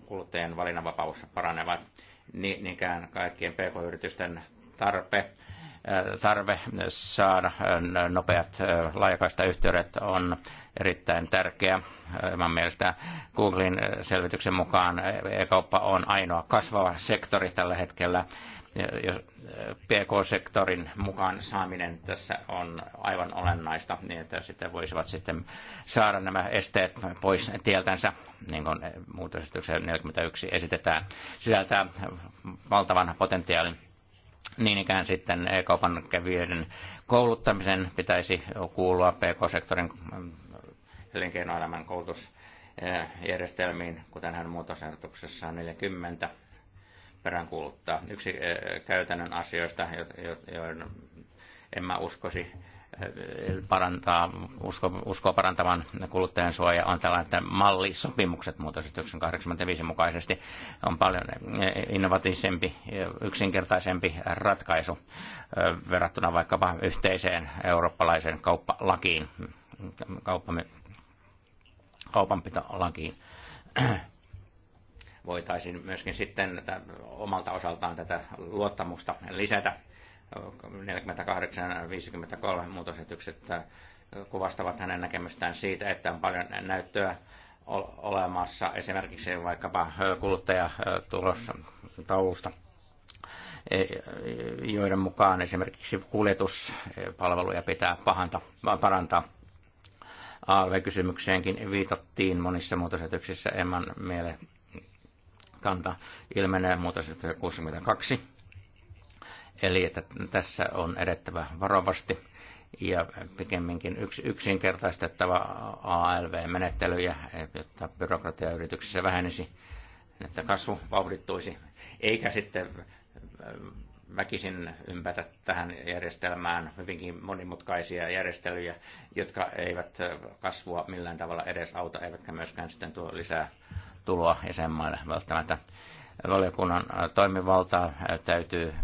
kuluttajien valinnanvapaus paranevat, niin niinkään kaikkien pk-yritysten tarpe, tarve saada nopeat laajakaista yhteydet on erittäin tärkeä. Mä mielestä Googlen selvityksen mukaan e-kauppa on ainoa kasvava sektori tällä hetkellä, Äh, PK-sektorin mukaan saaminen tässä on aivan olennaista, niin että sitten voisivat sitten saada nämä esteet pois tieltänsä, niin kuin äh, muutosesityksen 41 esitetään, sisältää valtavan potentiaalin. Niin ikään sitten e-kaupan kävijöiden kouluttamisen pitäisi kuulua PK-sektorin äh, elinkeinoelämän koulutusjärjestelmiin, kuten hän muutosehdotuksessa 40 peräänkuuluttaa. Yksi eh, käytännön asioista, joiden en mä uskosi eh, parantaa, usko, uskoa parantavan kuluttajan suoja on tällainen, että mallisopimukset muutos 1985 mukaisesti on paljon eh, innovatiivisempi, yksinkertaisempi ratkaisu verrattuna vaikkapa yhteiseen eurooppalaiseen kauppalakiin, kauppamme, kaupanpitolakiin voitaisiin myöskin sitten omalta osaltaan tätä luottamusta lisätä. 48-53 muutosetykset äh, kuvastavat hänen näkemystään siitä, että on paljon näyttöä olemassa esimerkiksi vaikkapa äh, kuluttajatulossa äh, taulusta e, joiden mukaan esimerkiksi kuljetuspalveluja e, pitää pahanta, parantaa. ALV-kysymykseenkin viitattiin monissa muutosetyksissä Emman miele, kanta ilmenee muuta 62. Eli että tässä on edettävä varovasti ja pikemminkin yks, yksinkertaistettava ALV-menettelyjä, jotta byrokratia yrityksissä vähenisi, että kasvu vauhdittuisi, eikä sitten väkisin ympätä tähän järjestelmään hyvinkin monimutkaisia järjestelyjä, jotka eivät kasvua millään tavalla edes auta, eivätkä myöskään sitten tuo lisää tuloa jäsenmaille välttämättä. Valiokunnan toimivaltaa täytyy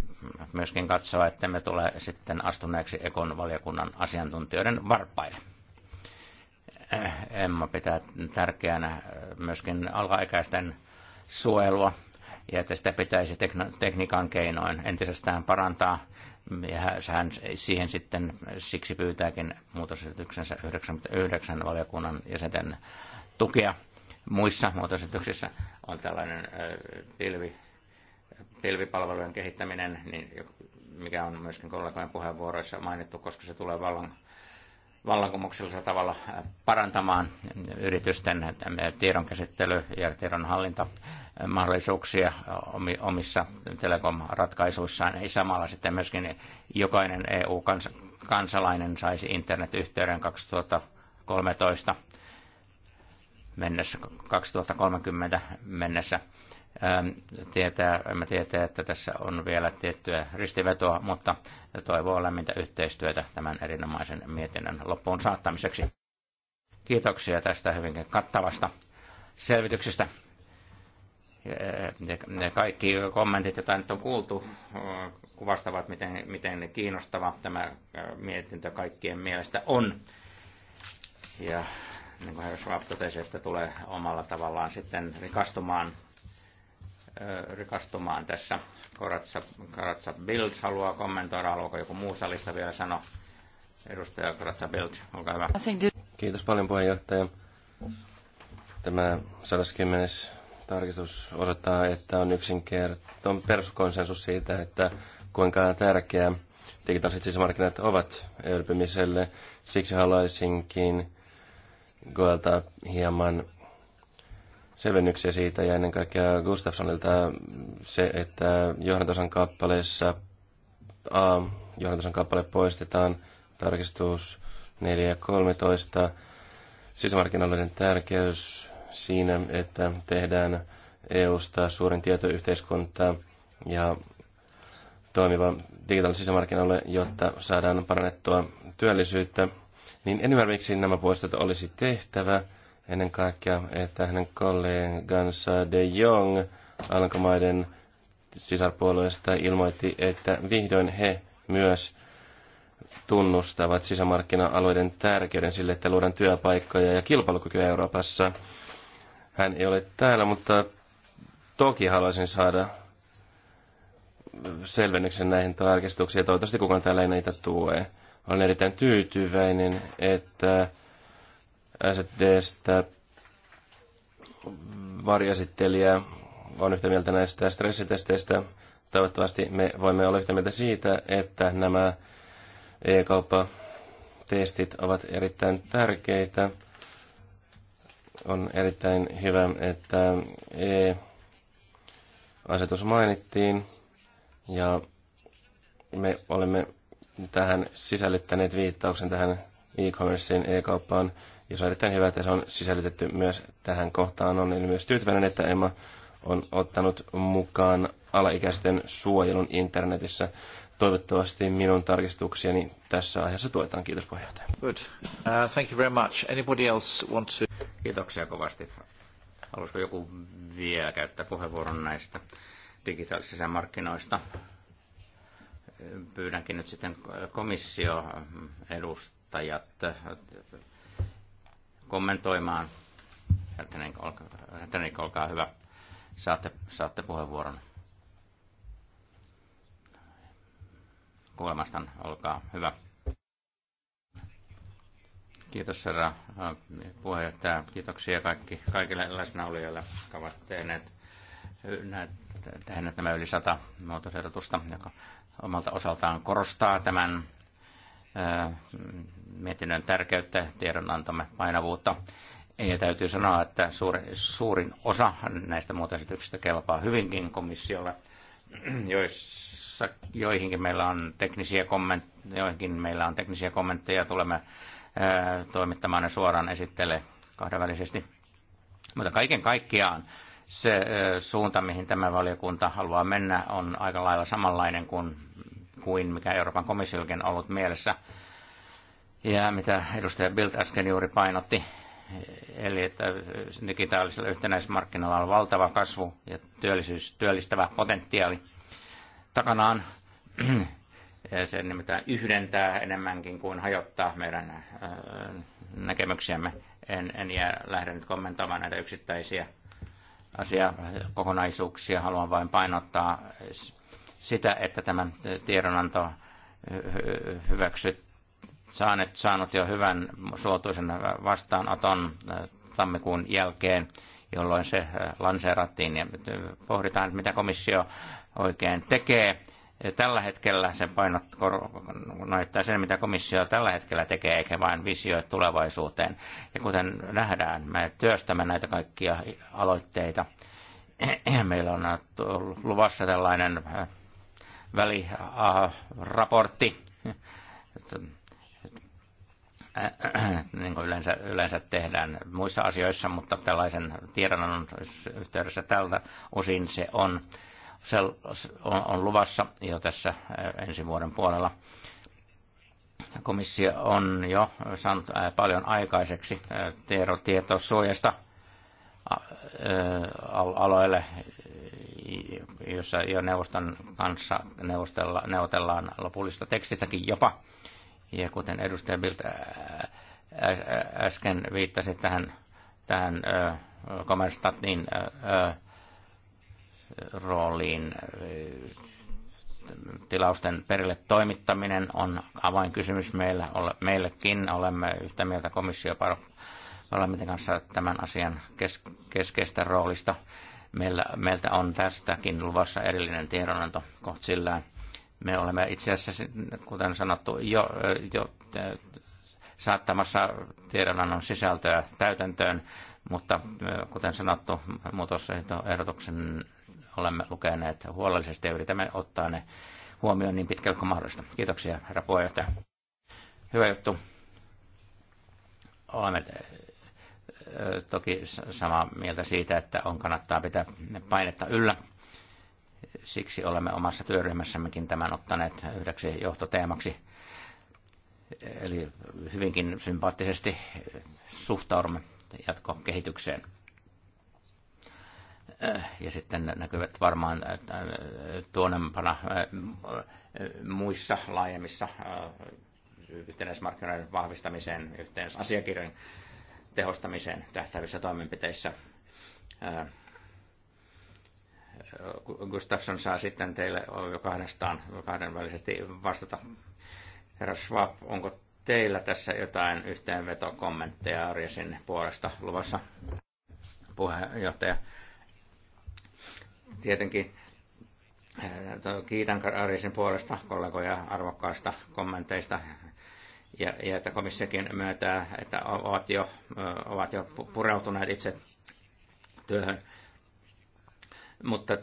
myöskin katsoa, että me tulee sitten astuneeksi Ekon valiokunnan asiantuntijoiden varpaille. Emma pitää tärkeänä myöskin alaikäisten suojelua ja että sitä pitäisi tekniikan keinoin entisestään parantaa. Ja sehän siihen sitten siksi pyytääkin muutosyrityksensä 99 valiokunnan jäsenten tukea muissa muotoesityksissä on tällainen pilvi, pilvipalvelujen kehittäminen, niin, mikä on myöskin kollegojen puheenvuoroissa mainittu, koska se tulee vallan, vallankumouksellisella tavalla parantamaan yritysten tiedonkäsittely- ja tiedonhallintamahdollisuuksia omissa telekom-ratkaisuissaan. Ei samalla sitten myöskin jokainen EU-kansalainen saisi internetyhteyden 2013 mennessä, 2030 mennessä. Ähm, tietää, me tietää, että tässä on vielä tiettyä ristivetoa, mutta toivoo lämmintä yhteistyötä tämän erinomaisen mietinnön loppuun saattamiseksi. Kiitoksia tästä hyvinkin kattavasta selvityksestä. Ne kaikki kommentit, joita nyt on kuultu, kuvastavat, miten, miten kiinnostava tämä mietintö kaikkien mielestä on. Ja niin kuin herra Schwab totesi, että tulee omalla tavallaan sitten rikastumaan, rikastumaan tässä. Koratsa, Koratsa Bild haluaa kommentoida, haluaako joku muu salista vielä sanoa? Edustaja Koratsa Bild, olkaa hyvä. Kiitos paljon puheenjohtaja. Tämä 110. tarkistus osoittaa, että on yksinkertainen peruskonsensus siitä, että kuinka tärkeä digitaaliset sisämarkkinat ovat elpymiselle. Siksi haluaisinkin Goelta hieman selvennyksiä siitä ja ennen kaikkea Gustafsonilta se, että johdantosan kappaleessa A, johdantosan kappale poistetaan, tarkistus 4.13, sisämarkkinoiden tärkeys siinä, että tehdään EUsta suurin tietoyhteiskunta ja toimiva digitaalinen sisämarkkinoille, jotta saadaan parannettua työllisyyttä niin esimerkiksi nämä poistot olisi tehtävä. Ennen kaikkea, että hänen kollegansa De Jong Alankomaiden sisarpuolueesta ilmoitti, että vihdoin he myös tunnustavat sisämarkkina-alueiden tärkeyden sille, että luodaan työpaikkoja ja kilpailukykyä Euroopassa. Hän ei ole täällä, mutta toki haluaisin saada selvennyksen näihin tarkistuksiin. Toivottavasti kukaan täällä ei näitä tue. Olen erittäin tyytyväinen, että SDstä varjasittelijä on yhtä mieltä näistä stressitesteistä. Toivottavasti me voimme olla yhtä mieltä siitä, että nämä e-kauppatestit ovat erittäin tärkeitä. On erittäin hyvä, että e-asetus mainittiin ja me olemme tähän sisällyttäneet viittauksen tähän e-commercein, e-kauppaan, ja se on erittäin hyvä, että se on sisällytetty myös tähän kohtaan. Olen myös tyytyväinen, että Emma on ottanut mukaan alaikäisten suojelun internetissä. Toivottavasti minun tarkistukseni tässä aiheessa tuetaan. Kiitos puheenjohtaja. Good. Uh, thank you very much. Anybody else want to... Kiitoksia kovasti. Haluaisiko joku vielä käyttää puheenvuoron näistä digitaalisista markkinoista? pyydänkin nyt sitten komissioedustajat kommentoimaan. Hertenik, olkaa, hyvä. Saatte, saatte puheenvuoron. Kuulemastan, olkaa hyvä. Kiitos herra äh, puheenjohtaja. Kiitoksia kaikki, kaikille läsnäolijoille, jotka ovat tehneet, tehneet nämä yli sata muutosehdotusta, joka omalta osaltaan korostaa tämän mietinnön tärkeyttä, tiedonantamme painavuutta. Ja täytyy sanoa, että suuri, suurin osa näistä muutosesityksistä kelpaa hyvinkin komissiolle, joissa, joihinkin meillä on teknisiä kommentteja, joihinkin meillä on teknisiä kommentteja, tulemme ää, toimittamaan ne suoraan esittele kahdenvälisesti. Mutta kaiken kaikkiaan se suunta, mihin tämä valiokunta haluaa mennä, on aika lailla samanlainen kuin, kuin mikä Euroopan komissiokin on ollut mielessä. Ja mitä edustaja Bild äsken juuri painotti, eli että digitaalisella yhtenäismarkkinalla on valtava kasvu ja työllisyys, työllistävä potentiaali takanaan. <clears throat> Se nimittäin yhdentää enemmänkin kuin hajottaa meidän näkemyksiämme. En, en jää, lähde nyt kommentoimaan näitä yksittäisiä asiakokonaisuuksia. Haluan vain painottaa sitä, että tämä tiedonanto hyväksyt, saanet, saanut jo hyvän suotuisen vastaanoton tammikuun jälkeen, jolloin se lanseerattiin. Ja pohditaan, mitä komissio oikein tekee tällä hetkellä se painot näyttää sen, mitä komissio tällä hetkellä tekee, eikä vain visioi tulevaisuuteen. Ja kuten nähdään, me työstämme näitä kaikkia aloitteita. <clears throat> Meillä on luvassa tällainen äh, väliraportti, <clears throat> niin kuin yleensä, yleensä tehdään muissa asioissa, mutta tällaisen tiedonannon yhteydessä tältä osin se on se on luvassa jo tässä äh, ensi vuoden puolella. Komissio on jo saanut äh, paljon aikaiseksi äh, tietosuojasta aloille, jossa jo neuvoston kanssa neuvotellaan lopullista tekstistäkin jopa. Ja kuten edustaja Bilt äsken viittasi tähän, tähän Komerstatin niin, rooliin. Tilausten perille toimittaminen on avainkysymys meillä, meillekin. Olemme yhtä mieltä komissio parlamentin kanssa tämän asian kes, keskeistä roolista. Meillä, meiltä on tästäkin luvassa erillinen tiedonanto kohtsillään. Me olemme itse asiassa, kuten sanottu, jo, jo saattamassa tiedonannon sisältöä täytäntöön, mutta kuten sanottu, muutosehdotuksen olemme lukeneet huolellisesti ja yritämme ottaa ne huomioon niin pitkälle kuin mahdollista. Kiitoksia, herra puheenjohtaja. Hyvä juttu. Olemme eh, eh, toki samaa mieltä siitä, että on kannattaa pitää painetta yllä. Siksi olemme omassa työryhmässämmekin tämän ottaneet yhdeksi johtoteemaksi. Eli hyvinkin sympaattisesti suhtaudumme jatkokehitykseen. Äh, ja sitten näkyvät varmaan äh, äh, tuonempana muissa laajemmissa yhtenäismarkkinoiden vahvistamiseen, asiakirjan tehostamiseen tähtävissä toimenpiteissä. Gustafsson saa sitten teille jo kahdestaan kahdenvälisesti vastata. Herra Schwab, onko teillä tässä jotain yhteenvetokommentteja Arjesin puolesta luvassa? Puheenjohtaja Tietenkin kiitän Karisin puolesta kollegoja arvokkaista kommenteista ja, ja että komissiokin myötää, että ovat jo, ovat jo pureutuneet itse työhön. Mutta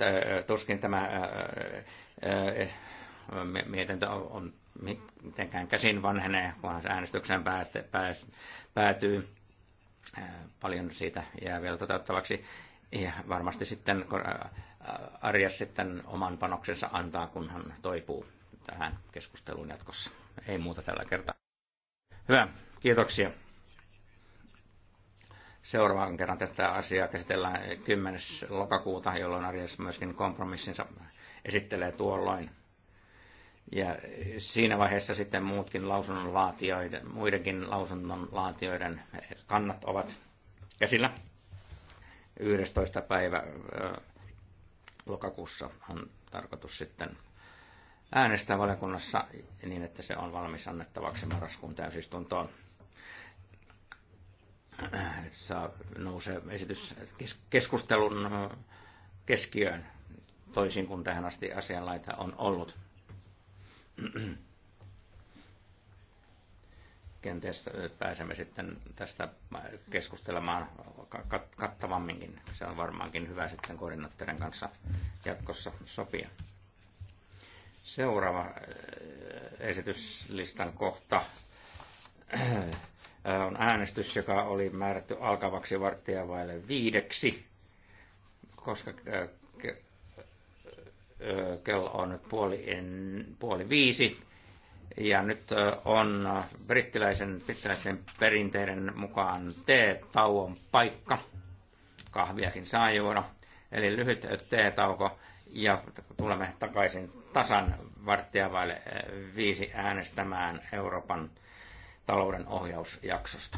tuskin tämä mietintö on mitenkään käsin vanhenee, kunhan se äänestykseen päätyy. Paljon siitä jää vielä toteuttavaksi ja varmasti sitten Arja sitten oman panoksensa antaa, kun hän toipuu tähän keskusteluun jatkossa. Ei muuta tällä kertaa. Hyvä, kiitoksia. Seuraavan kerran tästä asiaa käsitellään 10. lokakuuta, jolloin Arjas myöskin kompromissinsa esittelee tuolloin. Ja siinä vaiheessa sitten muutkin lausunnonlaatioiden, muidenkin lausunnonlaatioiden kannat ovat käsillä. 11. päivä lokakuussa on tarkoitus sitten äänestää valiokunnassa niin, että se on valmis annettavaksi marraskuun täysistuntoon. Saa nousee esitys keskustelun keskiöön toisin kuin tähän asti asianlaita on ollut kenties pääsemme sitten tästä keskustelemaan kattavamminkin. Se on varmaankin hyvä sitten koordinaattorin kanssa jatkossa sopia. Seuraava äh, esityslistan kohta äh, on äänestys, joka oli määrätty alkavaksi varttia vaille viideksi, koska äh, kello on nyt puoli, en, puoli viisi ja nyt on brittiläisen, brittiläisen perinteiden mukaan teetauon paikka. Kahviakin saa juoda. Eli lyhyt teetauko ja tulemme takaisin tasan varttia vaille viisi äänestämään Euroopan talouden ohjausjaksosta.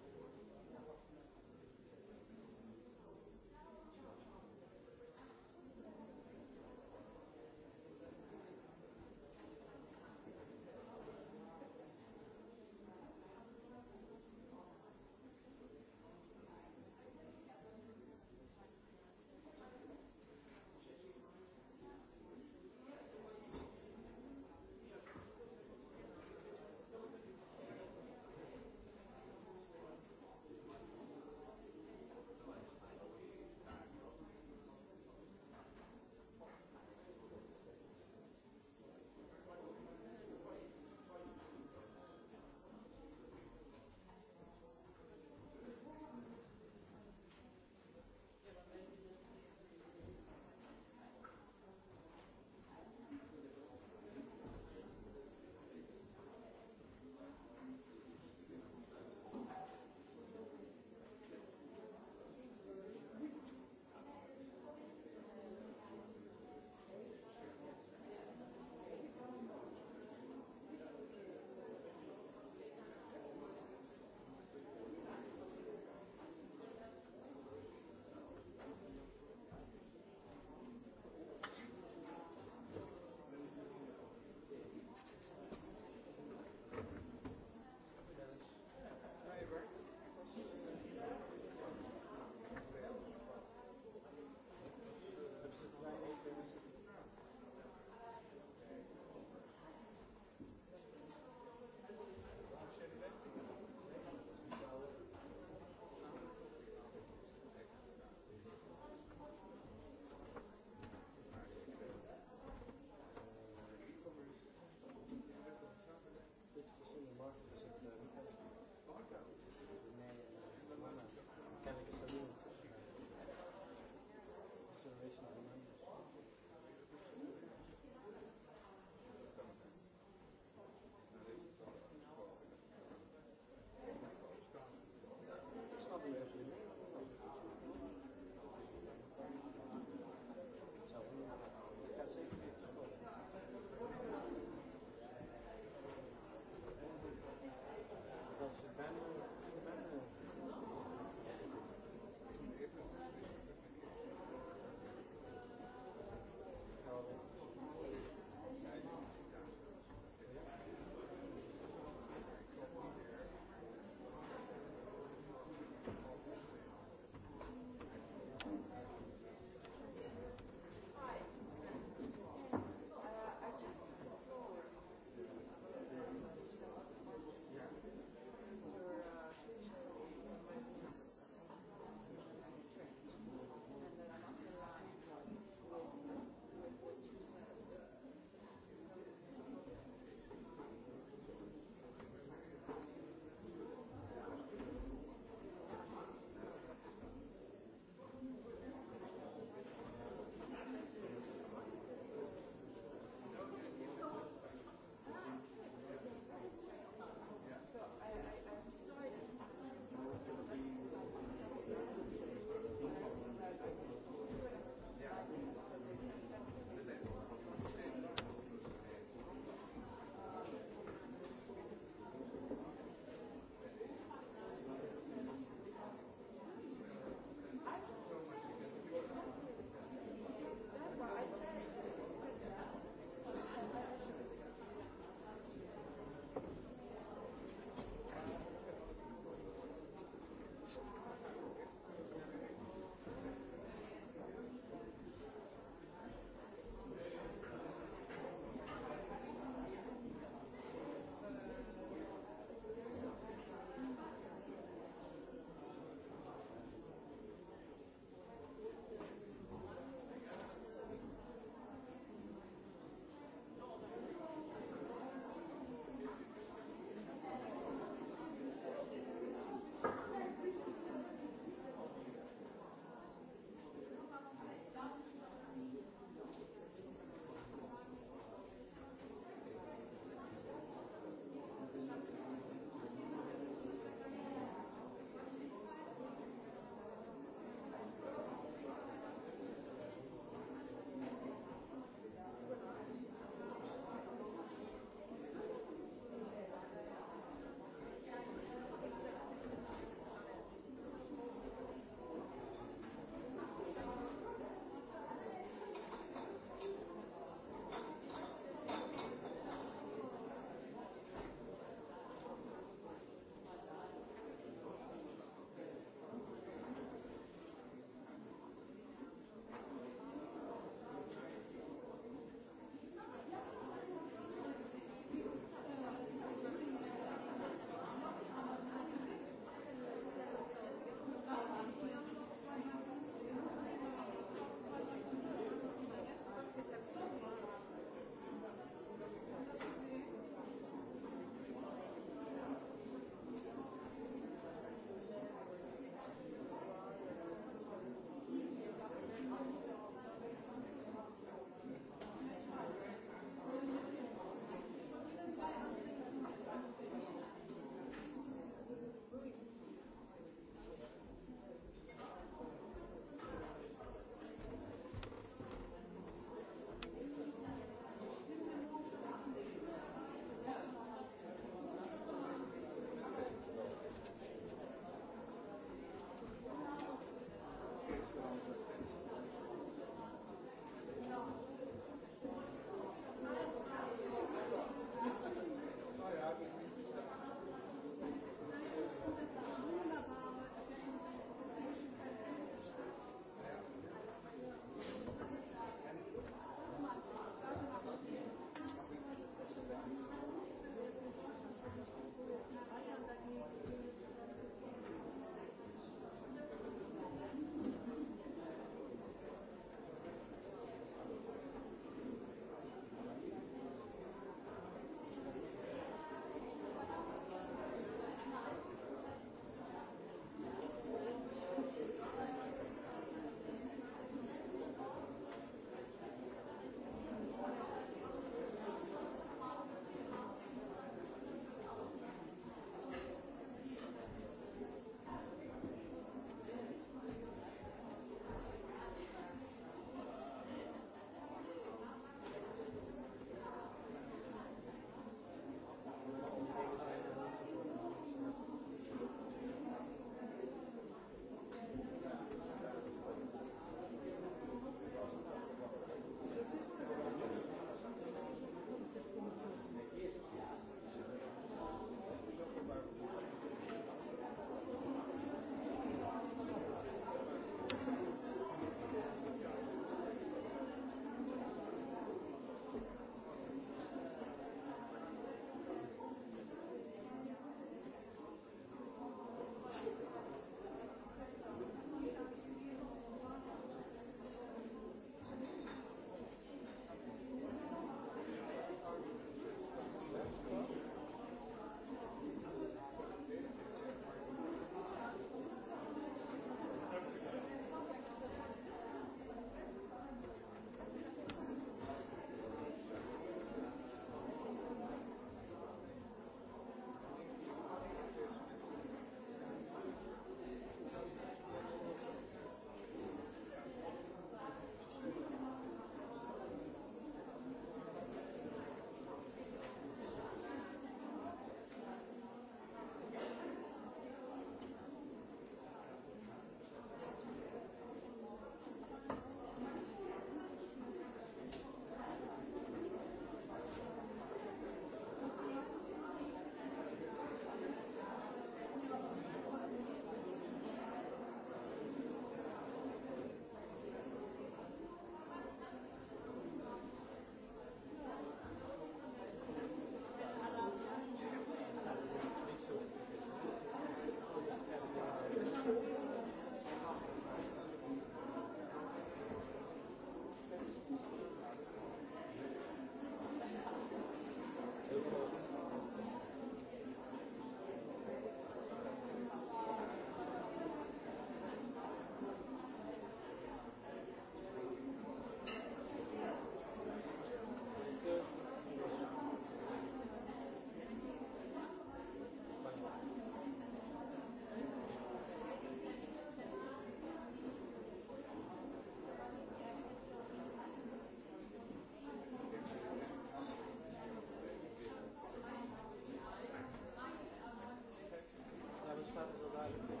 Status orales.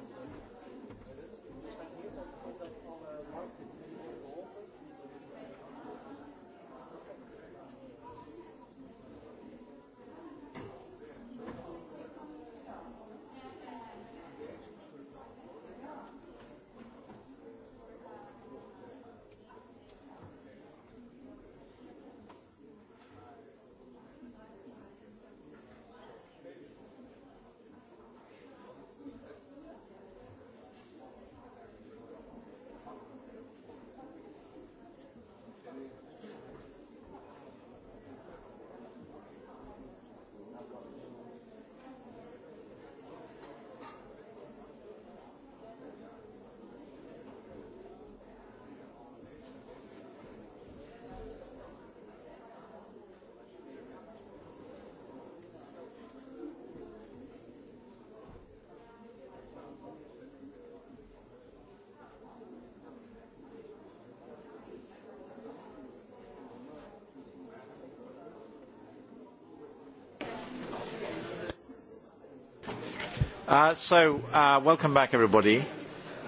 Uh, uh, welcome back everybody.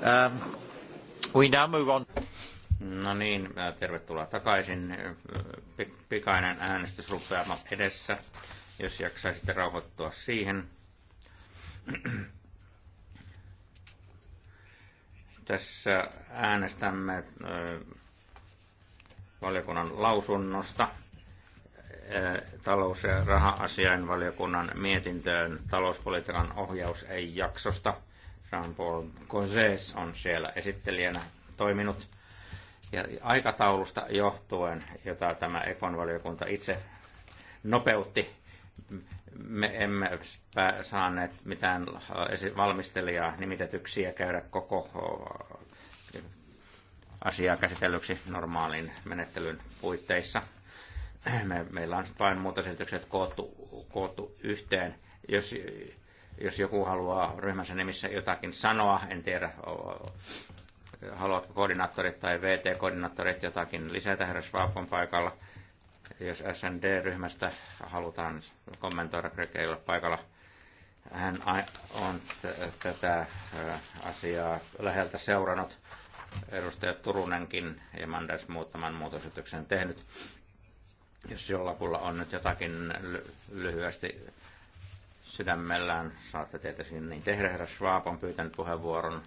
Um, we now move on. No niin, uh, tervetuloa takaisin. Pikainen äänestys rupeama edessä, jos jaksaisitte rauhoittua siihen. <clears throat> Tässä äänestämme valiokunnan lausunnosta – talous- ja raha-asiainvaliokunnan mietintöön talouspolitiikan ohjaus ei jaksosta. Jean-Paul Gauzès on siellä esittelijänä toiminut. Ja aikataulusta johtuen, jota tämä Ekon valiokunta itse nopeutti, me emme saaneet mitään valmistelijaa nimitetyksiä käydä koko asiaa käsitellyksi normaalin menettelyn puitteissa <clears throat> me, meillä on vain muutosesitykset koottu, koottu yhteen. Jos, jos joku haluaa ryhmänsä nimissä jotakin sanoa, en tiedä, haluatko koordinaattorit tai VT-koordinaattorit jotakin lisätä, herra Schwab on paikalla. Jos SND-ryhmästä halutaan kommentoida, Greg ei ole paikalla. Hän on tätä asiaa läheltä seurannut. Edustaja Turunenkin ja Manders muutaman muutosytyksen tehnyt jos jollakulla on nyt jotakin lyhyesti sydämellään, saatte tietenkin niin tehdä. Herra Schwab on pyytänyt puheenvuoron,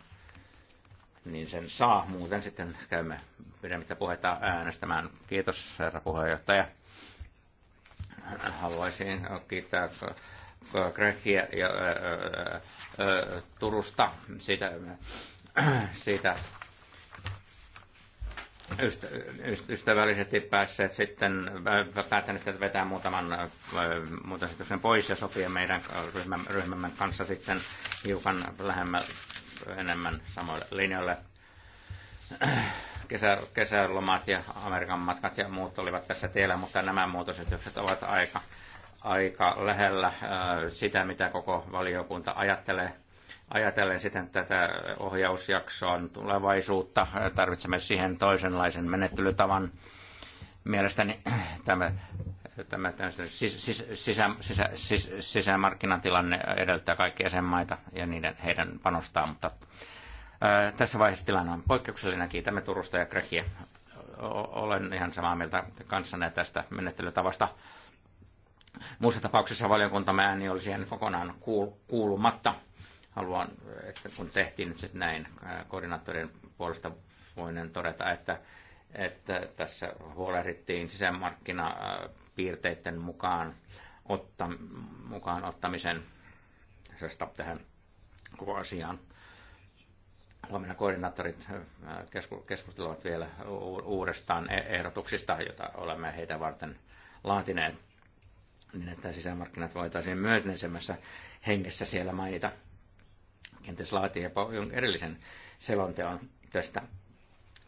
niin sen saa. Muuten sitten käymme pidemmittä puhetta äänestämään. Kiitos, herra puheenjohtaja. Haluaisin kiittää Grekkiä ja Turusta siitä, siitä ystävällisesti päässeet sitten äh, päättäneet, että vetää muutaman äh, muuten pois ja sopia meidän ryhmämme kanssa sitten hiukan lähemmän enemmän samoille linjoille. Kesä, kesälomat ja Amerikan matkat ja muut olivat tässä tiellä, mutta nämä muutosesitykset ovat aika, aika lähellä äh, sitä, mitä koko valiokunta ajattelee Ajatellen sitten tätä ohjausjaksoa tulevaisuutta, tarvitsemme siihen toisenlaisen menettelytavan. Mielestäni tämä, tämä siis sis, sis, sisä, sisä, sis, sisämarkkinatilanne edellyttää kaikkia jäsenmaita ja niiden, heidän panostaa, mutta ää, tässä vaiheessa tilanne on poikkeuksellinen. Kiitämme Turusta ja Krehiä. Olen ihan samaa mieltä kanssanne tästä menettelytavasta. Muussa tapauksessa valiokuntamme ääni olisi jäänyt kokonaan kuulumatta haluan, että kun tehtiin nyt sitten näin koordinaattorin puolesta, voinen todeta, että, että tässä huolehdittiin sisämarkkinapiirteiden mukaan, otta, mukaan ottamisen tähän koko asiaan. Huomenna koordinaattorit keskustelevat vielä uudestaan e-, ehdotuksista, joita olemme heitä varten laatineet, niin että sisämarkkinat voitaisiin myönteisemmässä hengessä siellä mainita kenties laatii jopa erillisen selonteon tästä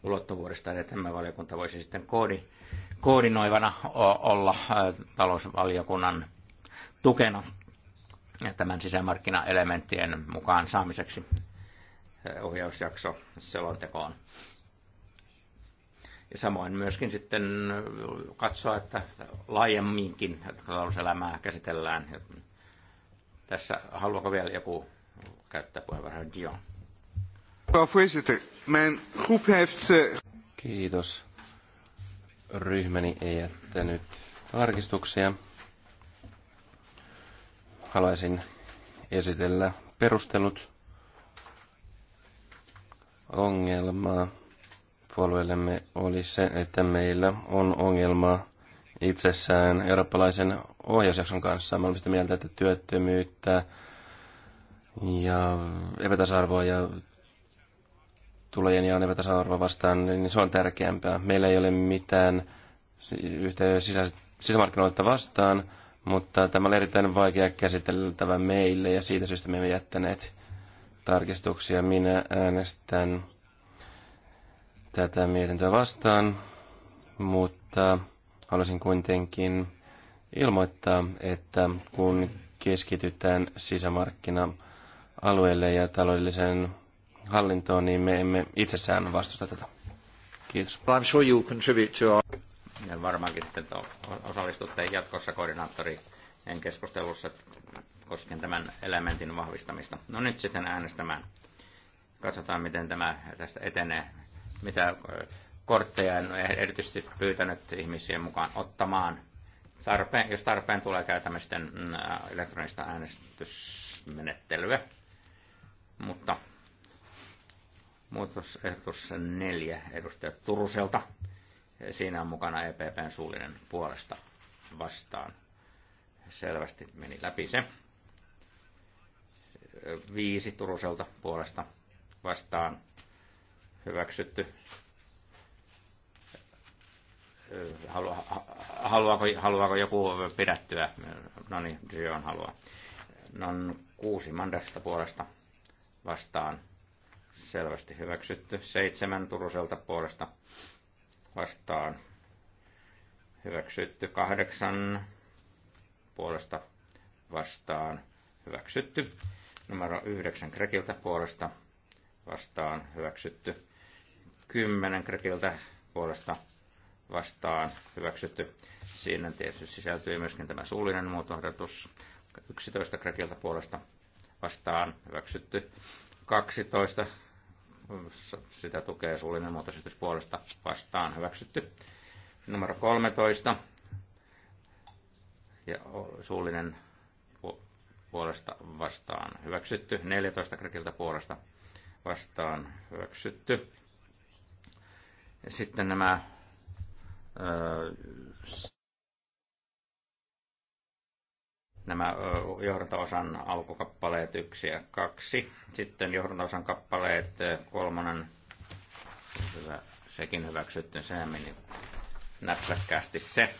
ulottuvuudesta, että tämä valiokunta voisi sitten koodi, koordinoivana olla talousvaliokunnan tukena tämän sisämarkkinaelementtien mukaan saamiseksi ohjausjakso selontekoon. Ja samoin myöskin sitten katsoa, että laajemminkin talouselämää käsitellään. Tässä haluaako vielä joku käyttää Dion. Eh, Kiitos. Ryhmäni ei jättänyt tarkistuksia. Haluaisin esitellä perustelut ongelmaa puolueellemme oli se, että meillä on ongelmaa itsessään eurooppalaisen ohjausjakson kanssa. Mä olen sitä mieltä, että työttömyyttä ja epätasa-arvoa ja tulojen ja epätasa-arvoa vastaan, niin se on tärkeämpää. Meillä ei ole mitään yhtä sisä, sisämarkkinoita vastaan, mutta tämä oli erittäin vaikea käsiteltävä meille ja siitä syystä me emme jättäneet tarkistuksia. Minä äänestän tätä mietintöä vastaan, mutta haluaisin kuitenkin ilmoittaa, että kun keskitytään sisämarkkinoihin, alueelle ja taloudelliseen hallintoon, niin me emme itsessään vastusta tätä. Kiitos. I'm sure you contribute to our... Ja varmaankin että osallistutte jatkossa koordinaattori en keskustelussa koskien tämän elementin vahvistamista. No nyt sitten äänestämään. Katsotaan, miten tämä tästä etenee. Mitä kortteja en erityisesti pyytänyt ihmisiä mukaan ottamaan. Tarpeen, jos tarpeen tulee käytämme sitten mm, elektronista äänestysmenettelyä mutta muutosehdotus neljä edustaja Turuselta. Siinä on mukana EPPn suullinen puolesta vastaan. Selvästi meni läpi se. Viisi Turuselta puolesta vastaan hyväksytty. Haluaako, haluaako joku pidättyä? No niin, Dion haluaa. No kuusi Mandasta puolesta vastaan selvästi hyväksytty. Seitsemän Turuselta puolesta vastaan hyväksytty. Kahdeksan puolesta vastaan hyväksytty. Numero yhdeksän Krekiltä puolesta vastaan hyväksytty. Kymmenen Krekiltä puolesta vastaan hyväksytty. Siinä tietysti sisältyy myöskin tämä suullinen muotoehdotus. 11 Krekiltä puolesta vastaan hyväksytty 12. Sitä tukee suullinen muutosesitys puolesta vastaan hyväksytty. Numero 13. Ja suullinen puolesta vastaan hyväksytty. 14 krikiltä puolesta vastaan hyväksytty. Sitten nämä nämä johdantoosan alkukappaleet yksi ja kaksi. Sitten johdantoosan kappaleet kolmonen, hyvä, sekin hyväksytty, sehän meni näppäkkäästi se.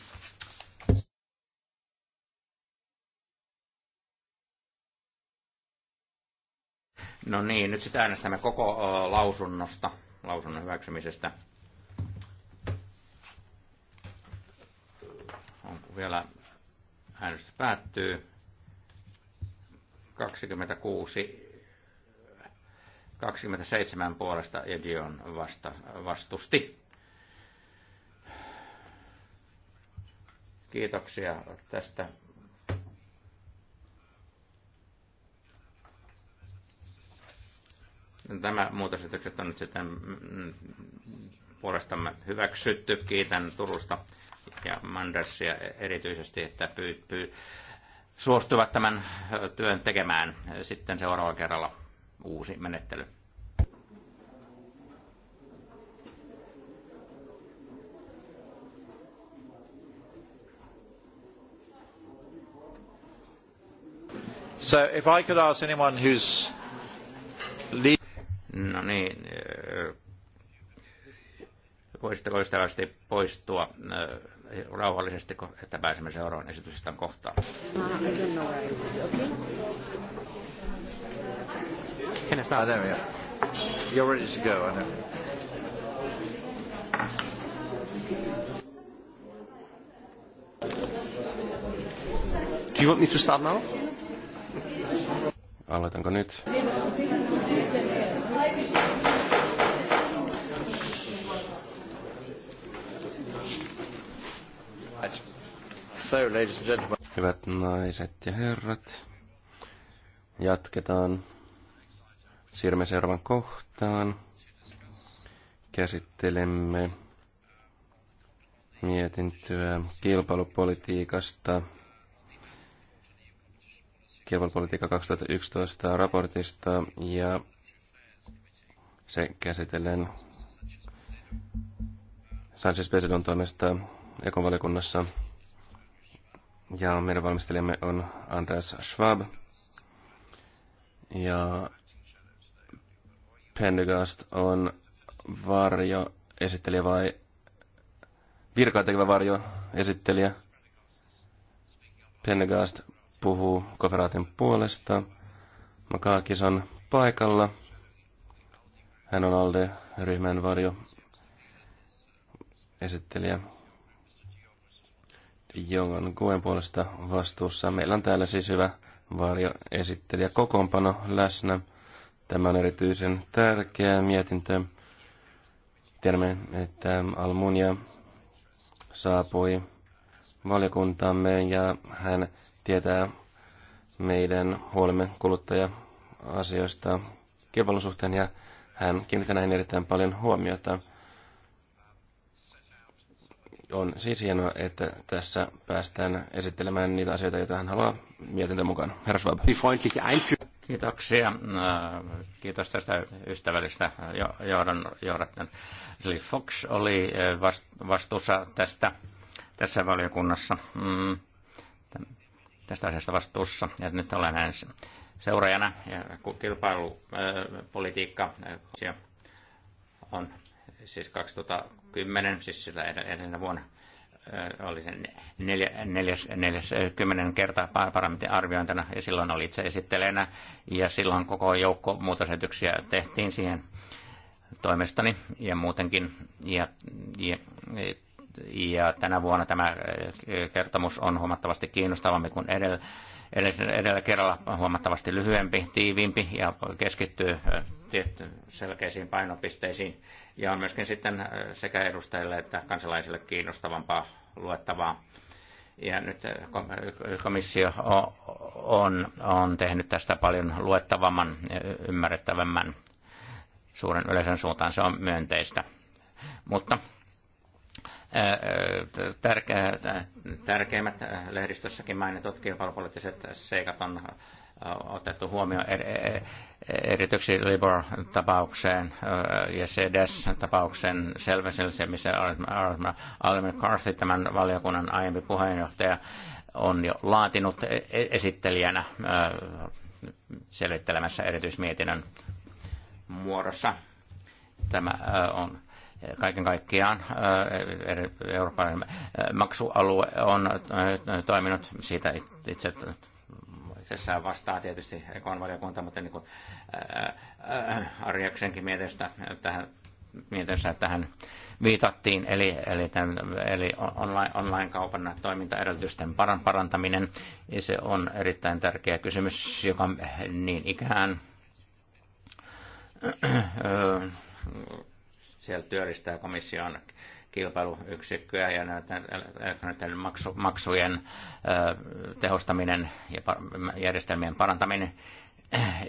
No niin, nyt sitä äänestämme koko lausunnosta, lausunnon hyväksymisestä. Onko vielä Äänestys päättyy. 26 27 puolesta Edion vasta, vastusti. Kiitoksia tästä Tämä muutosesitykset on nyt sitten mm, puolestamme hyväksytty. Kiitän Turusta ja Mandersia erityisesti, että pyy, pyy, suostuvat tämän työn tekemään sitten seuraavalla kerralla uusi menettely. So if I could ask anyone who's... No niin, koistavasti poistua äh, rauhallisesti, että pääsemme seuraavan esitysistan kohtaan. Can I start? Oh, there we are. You're ready to go, I know. Do you want me to start now? Aloitanko nyt? So, ladies and gentlemen. Hyvät naiset ja herrat, jatketaan. Siirrymme seuraavan kohtaan. Käsittelemme mietintöä kilpailupolitiikasta, kilpailupolitiikka 2011 raportista ja se käsitellen Sanchez Presidon toimesta ekonvaliokunnassa ja meidän valmistelijamme on Andreas Schwab. Ja Pendergast on varjo esittelijä vai virkaa tekevä varjo esittelijä. Pendergast puhuu koferaatin puolesta. Makaakis on paikalla. Hän on Alde-ryhmän varjo esittelijä jonka Kuen puolesta vastuussa. Meillä on täällä siis hyvä varjoesittelijä kokoonpano läsnä. Tämä on erityisen tärkeä mietintö. Tiedämme, että Almunia saapui valiokuntamme ja hän tietää meidän huolemme kuluttaja-asioista kilpailun suhteen ja hän kiinnittää näihin erittäin paljon huomiota. On siis hienoa, että tässä päästään esittelemään niitä asioita, joita hän haluaa mietintä mukaan. Herra Schwab. Kiitoksia. Äh, kiitos tästä ystävällistä johdon johdattelun. Eli Fox oli äh, vastuussa tästä tässä valiokunnassa, mm. tästä asiasta vastuussa, ja nyt olen hänen seuraajana, ja kilpailupolitiikka äh, on siis 2000 Kymmenen siis sillä edellisenä vuonna oli sen neljä, neljäs, neljäs, kymmenen kertaa parametin arviointina ja silloin oli itse esittelijänä ja silloin koko joukko muutosetyksiä tehtiin siihen toimestani ja muutenkin. Ja, ja, ja tänä vuonna tämä äh, kertomus on huomattavasti kiinnostavampi kuin edellä, edellä kerralla, huomattavasti lyhyempi, tiiviimpi ja keskittyy äh, tietty selkeisiin painopisteisiin. Ja on myöskin sitten äh, sekä edustajille että kansalaisille kiinnostavampaa luettavaa. Ja nyt komissio on, on tehnyt tästä paljon luettavamman ja ymmärrettävämmän suuren yleisön suuntaan. Se on myönteistä. Mutta tärkeimmät lehdistössäkin mainitut kilpailupoliittiset seikat on otettu huomioon erityisesti Libor-tapaukseen ja CDS-tapauksen missä Alan McCarthy, tämän valiokunnan aiempi puheenjohtaja, on jo laatinut e, e, esittelijänä selvittelemässä erityismietinnön muodossa. Tämä on kaiken kaikkiaan eh, Euroopan eh, maksualue on eh, toiminut siitä itse vastaa tietysti Ekon valiokunta, mutta niin kuin Arjaksenkin mielestä tähän mietinnössä tähän viitattiin, eli, eli, tämän, eli online, online-kaupan toimintaedellytysten parantaminen, se on erittäin tärkeä kysymys, joka niin ikään siellä työllistää komission kilpailuyksikköä ja näiden elektronisten maksu, maksujen ö, tehostaminen ja järjestelmien parantaminen.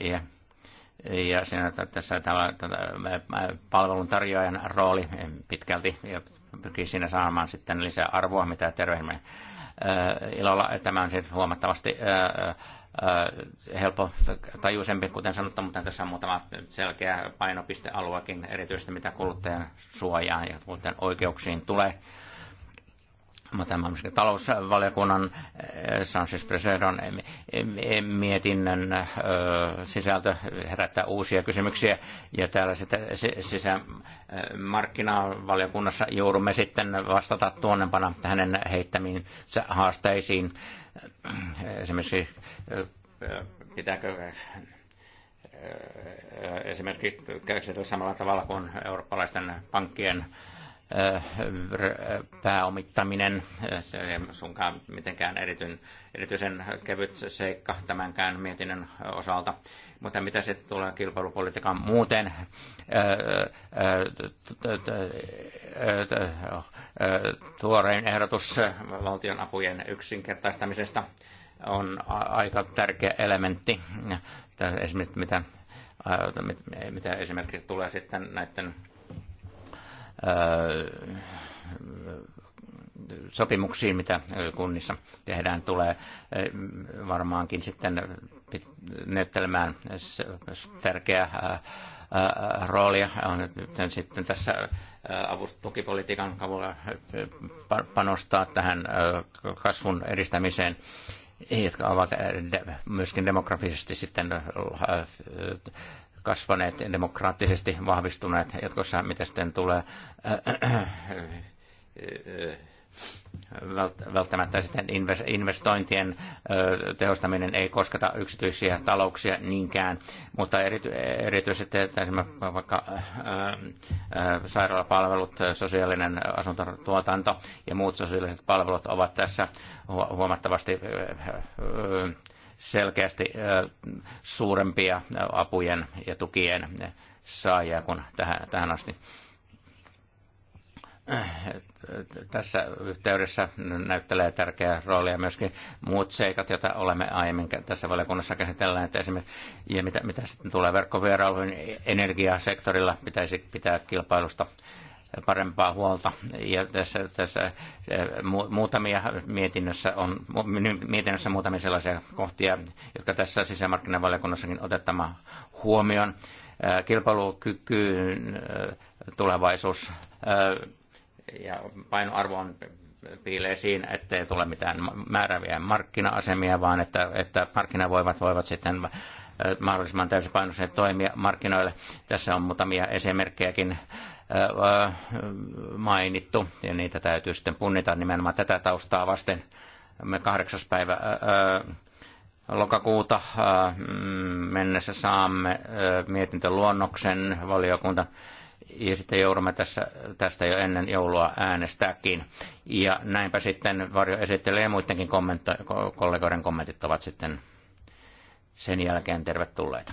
Ja, ja siinä tässä tällä, palvelun tarjoajan rooli pitkälti ja pyrkii siinä saamaan sitten lisää arvoa, mitä terveemmän ilolla. Tämä on siis huomattavasti helppo tajuisempi, kuten sanottu, mutta tässä on muutama selkeä painopistealuekin, erityisesti mitä kuluttajan suojaan ja kuluttajan oikeuksiin tulee. Tämä on talousvaliokunnan Sanchez Presedon mietinnön sisältö herättää uusia kysymyksiä. Ja täällä sitten sisämarkkinavaliokunnassa joudumme sitten vastata tuonnepana hänen heittämiin haasteisiin Esimerkiksi eh, pitääkö eh, eh, esimerkiksi käsitellä samalla tavalla kuin eurooppalaisten pankkien pääomittaminen, se ei sunkaan mitenkään erityn, erityisen kevyt seikka tämänkään mietinnön osalta. Mutta mitä sitten tulee kilpailupolitiikan muuten tuorein ehdotus valtion apujen yksinkertaistamisesta on aika tärkeä elementti. Esimerkiksi mitä, mitä esimerkiksi tulee sitten näiden sopimuksiin, mitä kunnissa tehdään, tulee varmaankin sitten näyttelemään tärkeää roolia on sitten tässä avustukipolitiikan avulla panostaa tähän kasvun edistämiseen jotka ovat myöskin demografisesti sitten kasvaneet, demokraattisesti vahvistuneet jatkossa, mitä sitten tulee äh, äh, äh, välttämättä sitten investointien tehostaminen ei kosketa yksityisiä talouksia niinkään, mutta erity, erityisesti esimerkiksi vaikka sairaalapalvelut, sosiaalinen asuntotuotanto ja muut sosiaaliset palvelut ovat tässä huomattavasti selkeästi suurempia apujen ja tukien saajia kuin tähän, tähän asti. Tässä yhteydessä näyttelee tärkeää roolia myöskin muut seikat, joita olemme aiemmin tässä valiokunnassa käsitellään. Että esimerkiksi, ja mitä, mitä sitten tulee verkkovierailuihin, energiasektorilla pitäisi pitää kilpailusta parempaa huolta. Ja tässä, tässä muutamia mietinnössä on, mietinnössä muutamia sellaisia kohtia, jotka tässä sisämarkkinavaliokunnassakin otettama huomioon. Kilpailukykyyn tulevaisuus ja painoarvo on piilee siinä, ettei tule mitään määräviä markkina-asemia, vaan että, että markkinavoimat voivat sitten mahdollisimman täysipainoisesti toimia markkinoille. Tässä on muutamia esimerkkejäkin mainittu, ja niitä täytyy sitten punnita nimenomaan tätä taustaa vasten. Me kahdeksas päivä lokakuuta mennessä saamme mietintöluonnoksen valiokunta ja sitten joudumme tässä, tästä jo ennen joulua äänestääkin. Ja näinpä sitten Varjo esittelee ja muidenkin kommento- kollegoiden kommentit ovat sitten sen jälkeen tervetulleita.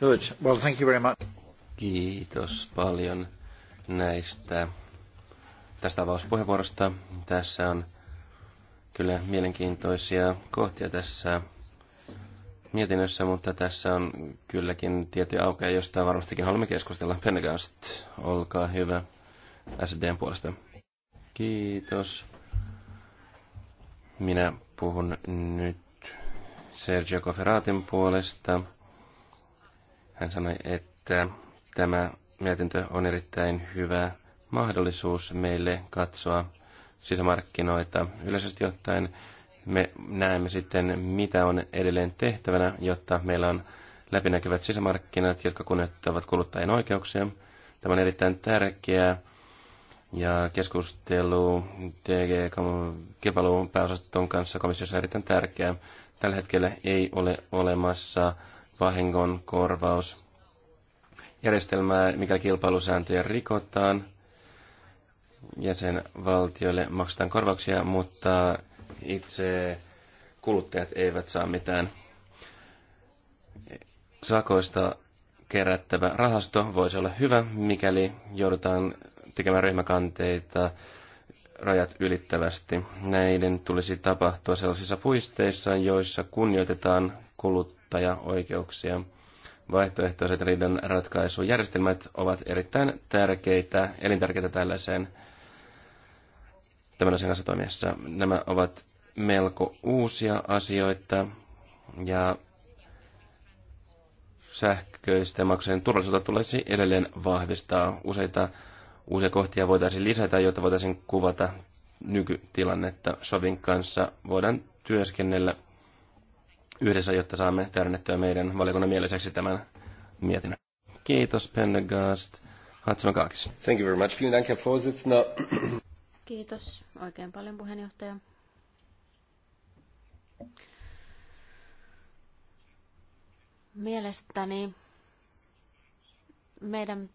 Good. Well, thank you very much. Kiitos paljon näistä tästä avauspuheenvuorosta. Tässä on kyllä mielenkiintoisia kohtia tässä mietinnössä, mutta tässä on kylläkin tietty aukea, josta varmastikin haluamme keskustella. Pendergast, olkaa hyvä SDn puolesta. Kiitos. Minä puhun nyt Sergio Coferatin puolesta. Hän sanoi, että Tämä mietintö on erittäin hyvä mahdollisuus meille katsoa sisämarkkinoita. Yleisesti ottaen me näemme sitten, mitä on edelleen tehtävänä, jotta meillä on läpinäkyvät sisämarkkinat, jotka kunnioittavat kuluttajien oikeuksia. Tämä on erittäin tärkeää. Ja keskustelu DG Kepaluun pääosaston kanssa komissiossa on erittäin tärkeää. Tällä hetkellä ei ole olemassa vahingon korvaus järjestelmää, mikä kilpailusääntöjä rikotaan. Jäsenvaltioille maksetaan korvauksia, mutta itse kuluttajat eivät saa mitään. Sakoista kerättävä rahasto voisi olla hyvä, mikäli joudutaan tekemään ryhmäkanteita rajat ylittävästi. Näiden tulisi tapahtua sellaisissa puisteissa, joissa kunnioitetaan kuluttajaoikeuksia. oikeuksia vaihtoehtoiset riidan ratkaisujärjestelmät ovat erittäin tärkeitä, elintärkeitä tällaiseen tämän asian kanssa toimiessa. Nämä ovat melko uusia asioita ja sähköisten maksujen turvallisuutta tulisi edelleen vahvistaa. Useita uusia kohtia voitaisiin lisätä, jotta voitaisiin kuvata nykytilannetta. Sovin kanssa voidaan työskennellä yhdessä, jotta saamme täydennettyä meidän valiokunnan mieliseksi tämän mietinnön. Kiitos Pendergast. Kaakis. Thank you very much. Vielen Dank, Herr Kiitos oikein paljon puheenjohtaja. Mielestäni meidän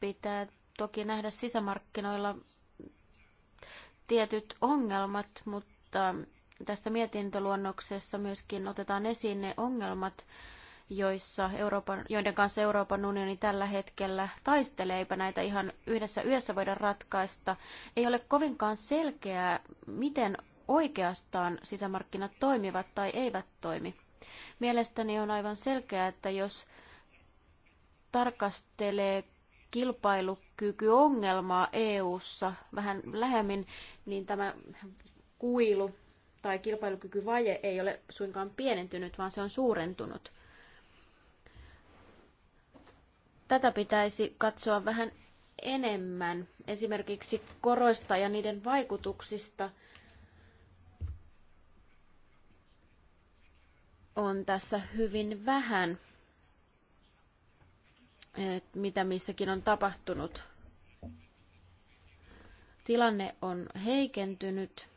pitää toki nähdä sisämarkkinoilla tietyt ongelmat, mutta tässä mietintöluonnoksessa myöskin otetaan esiin ne ongelmat, joissa Euroopan, joiden kanssa Euroopan unioni tällä hetkellä taistelee, eipä näitä ihan yhdessä yössä voida ratkaista. Ei ole kovinkaan selkeää, miten oikeastaan sisämarkkinat toimivat tai eivät toimi. Mielestäni on aivan selkeää, että jos tarkastelee kilpailukykyongelmaa EU:ssa vähän lähemmin, niin tämä kuilu tai kilpailukykyvaje ei ole suinkaan pienentynyt, vaan se on suurentunut. Tätä pitäisi katsoa vähän enemmän, esimerkiksi koroista ja niiden vaikutuksista – on tässä hyvin vähän, että mitä missäkin on tapahtunut. Tilanne on heikentynyt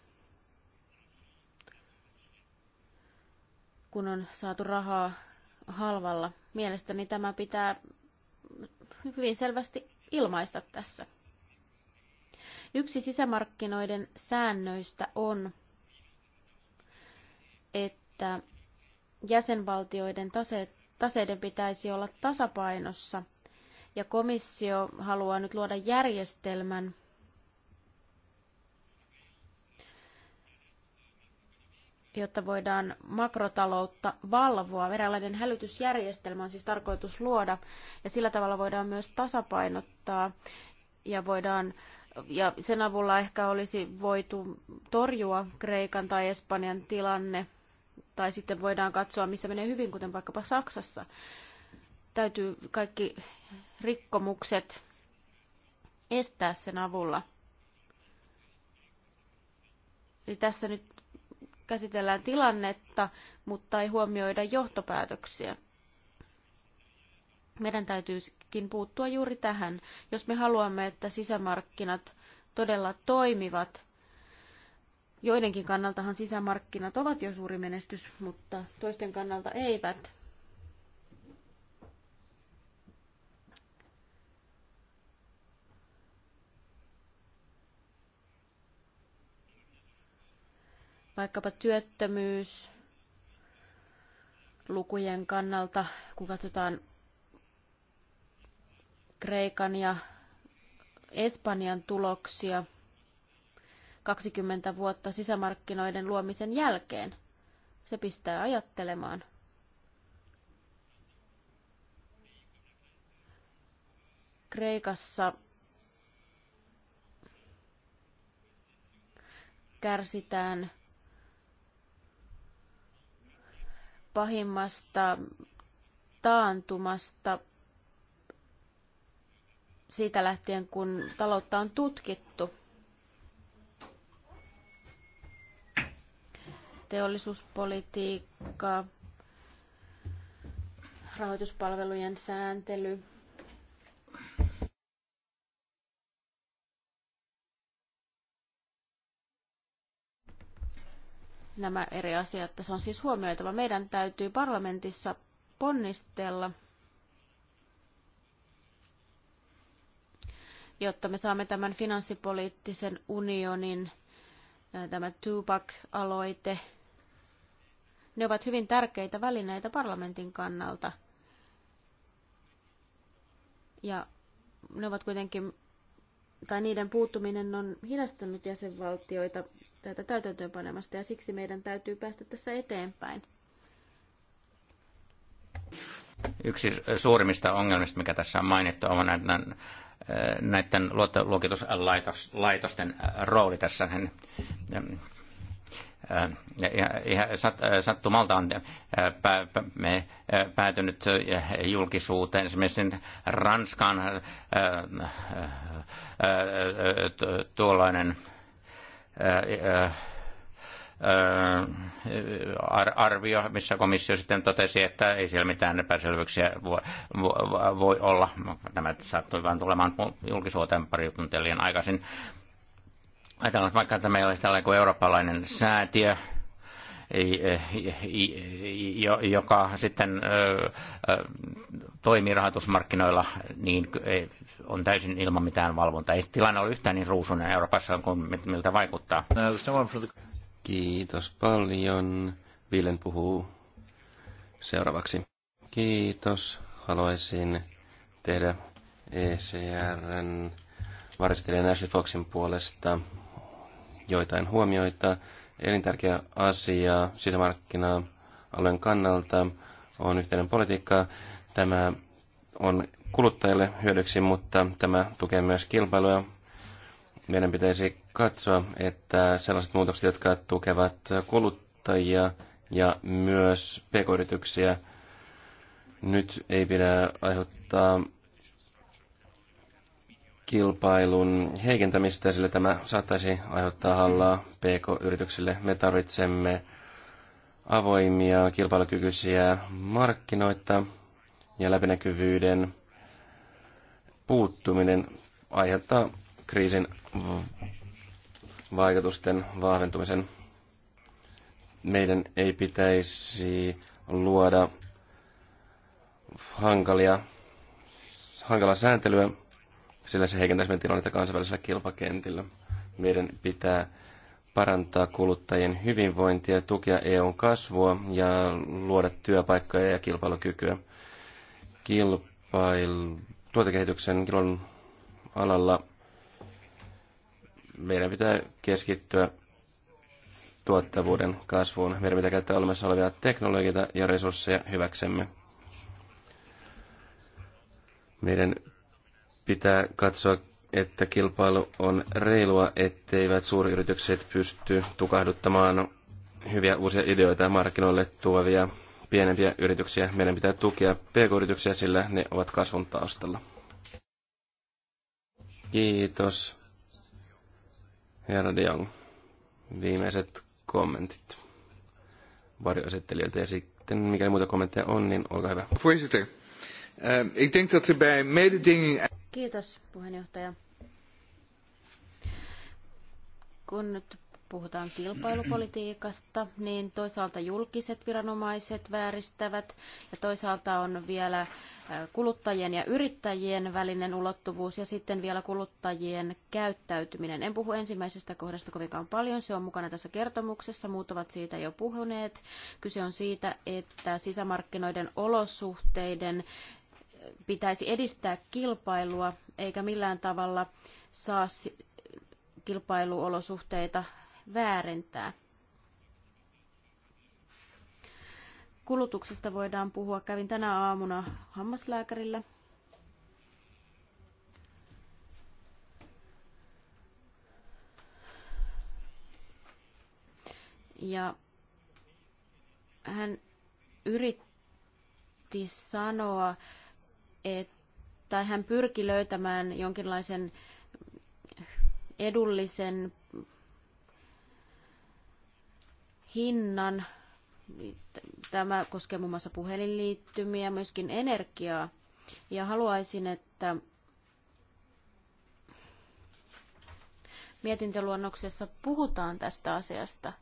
kun on saatu rahaa halvalla. Mielestäni tämä pitää hyvin selvästi ilmaista tässä. Yksi sisämarkkinoiden säännöistä on, että jäsenvaltioiden tase, taseiden pitäisi olla tasapainossa, ja komissio haluaa nyt luoda järjestelmän, jotta voidaan makrotaloutta valvoa. Eräänlainen hälytysjärjestelmä on siis tarkoitus luoda ja sillä tavalla voidaan myös tasapainottaa ja voidaan ja sen avulla ehkä olisi voitu torjua Kreikan tai Espanjan tilanne, tai sitten voidaan katsoa, missä menee hyvin, kuten vaikkapa Saksassa. Täytyy kaikki rikkomukset estää sen avulla. Eli tässä nyt käsitellään tilannetta, mutta ei huomioida johtopäätöksiä. Meidän täytyisikin puuttua juuri tähän, jos me haluamme, että sisämarkkinat todella toimivat. Joidenkin kannaltahan sisämarkkinat ovat jo suuri menestys, mutta toisten kannalta eivät. vaikkapa työttömyys lukujen kannalta, kun katsotaan Kreikan ja Espanjan tuloksia 20 vuotta sisämarkkinoiden luomisen jälkeen. Se pistää ajattelemaan. Kreikassa kärsitään pahimmasta taantumasta siitä lähtien, kun taloutta on tutkittu. Teollisuuspolitiikka, rahoituspalvelujen sääntely, nämä eri asiat. Se on siis huomioitava. Meidän täytyy parlamentissa ponnistella, jotta me saamme tämän finanssipoliittisen unionin, tämä Tupac-aloite. Ne ovat hyvin tärkeitä välineitä parlamentin kannalta. Ja ne ovat kuitenkin, tai niiden puuttuminen on hidastanut jäsenvaltioita tätä täytäntöönpanemasta ja siksi meidän täytyy päästä tässä eteenpäin. Yksi suurimmista ongelmista, mikä tässä on mainittu, on näiden, äh, näiden luottoluokituslaitosten äh, rooli tässä. Ähm, äh, ja sat, sattumalta on päätynyt julkisuuteen esimerkiksi Ranskan tuollainen arvio, missä komissio sitten totesi, että ei siellä mitään epäselvyyksiä voi, voi olla. Tämä saattoi vain tulemaan julkisuuteen pari tuntia liian aikaisin. Ajatellaan, että vaikka tämä ei olisi tällainen kuin eurooppalainen säätiö, Eh, joka sitten toimii rahoitusmarkkinoilla, niin on täysin ilman mitään valvontaa. Ei tilanne ole yhtään niin ruusunen Euroopassa kuin miltä vaikuttaa. Kiitos paljon. Vilen puhuu seuraavaksi. Kiitos. Haluaisin tehdä ECRn varistelijan Ashley Foxin puolesta joitain huomioita elintärkeä asia sisämarkkina-alueen kannalta, on yhteinen politiikka. Tämä on kuluttajille hyödyksi, mutta tämä tukee myös kilpailua. Meidän pitäisi katsoa, että sellaiset muutokset, jotka tukevat kuluttajia ja myös pk-yrityksiä, nyt ei pidä aiheuttaa kilpailun heikentämistä, sillä tämä saattaisi aiheuttaa hallaa PK-yrityksille. Me tarvitsemme avoimia, kilpailukykyisiä markkinoita ja läpinäkyvyyden puuttuminen aiheuttaa kriisin vaikutusten vahventumisen. Meidän ei pitäisi luoda hankalia, hankalaa sääntelyä, sillä se heikentäisi meidän tilannetta kansainvälisellä kilpakentillä. Meidän pitää parantaa kuluttajien hyvinvointia, tukea EUn kasvua ja luoda työpaikkoja ja kilpailukykyä. Kilpail... Tuotekehityksen kilon alalla meidän pitää keskittyä tuottavuuden kasvuun. Meidän pitää käyttää olemassa olevia teknologioita ja resursseja hyväksemme. Meidän Pitää katsoa, että kilpailu on reilua, etteivät suuryritykset pysty tukahduttamaan hyviä uusia ideoita markkinoille tuovia pienempiä yrityksiä. Meidän pitää tukea pk-yrityksiä, sillä ne ovat kasvun taustalla. Kiitos. Herra De Viimeiset kommentit varjoesittelijöiltä. Ja sitten, mikäli muita kommentteja on, niin olkaa hyvä. Voorzitter, ehm, ik denk dat er bij mededinging... Kiitos puheenjohtaja. Kun nyt puhutaan kilpailupolitiikasta, niin toisaalta julkiset viranomaiset vääristävät ja toisaalta on vielä äh, kuluttajien ja yrittäjien välinen ulottuvuus ja sitten vielä kuluttajien käyttäytyminen. En puhu ensimmäisestä kohdasta kovinkaan paljon, se on mukana tässä kertomuksessa, muut ovat siitä jo puhuneet. Kyse on siitä, että sisämarkkinoiden olosuhteiden pitäisi edistää kilpailua eikä millään tavalla saa kilpailuolosuhteita väärentää. Kulutuksesta voidaan puhua. Kävin tänä aamuna hammaslääkärillä. Ja hän yritti sanoa, tai hän pyrki löytämään jonkinlaisen edullisen hinnan. Tämä koskee muun muassa puhelinliittymiä, myöskin energiaa. Ja haluaisin, että mietintöluonnoksessa puhutaan tästä asiasta –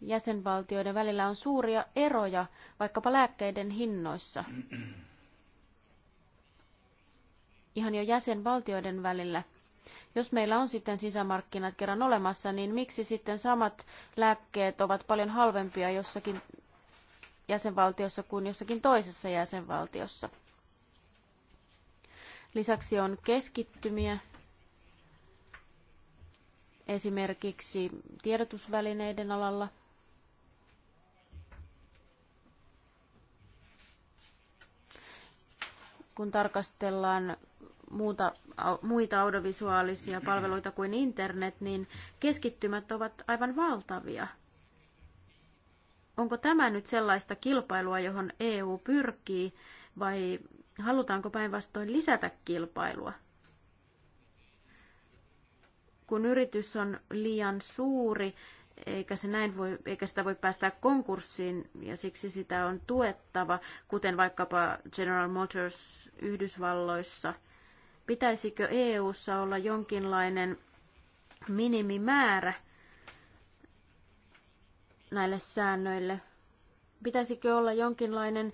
jäsenvaltioiden välillä on suuria eroja vaikkapa lääkkeiden hinnoissa. Ihan jo jäsenvaltioiden välillä. Jos meillä on sitten sisämarkkinat kerran olemassa, niin miksi sitten samat lääkkeet ovat paljon halvempia jossakin jäsenvaltiossa kuin jossakin toisessa jäsenvaltiossa? Lisäksi on keskittymiä, esimerkiksi tiedotusvälineiden alalla – kun tarkastellaan muuta, muita audiovisuaalisia palveluita kuin internet, niin keskittymät ovat aivan valtavia. Onko tämä nyt sellaista kilpailua, johon EU pyrkii, vai halutaanko päinvastoin lisätä kilpailua? Kun yritys on liian suuri, eikä, se näin voi, eikä sitä voi päästää konkurssiin ja siksi sitä on tuettava, kuten vaikkapa General Motors Yhdysvalloissa. Pitäisikö EU:ssa olla jonkinlainen minimimäärä näille säännöille? Pitäisikö olla jonkinlainen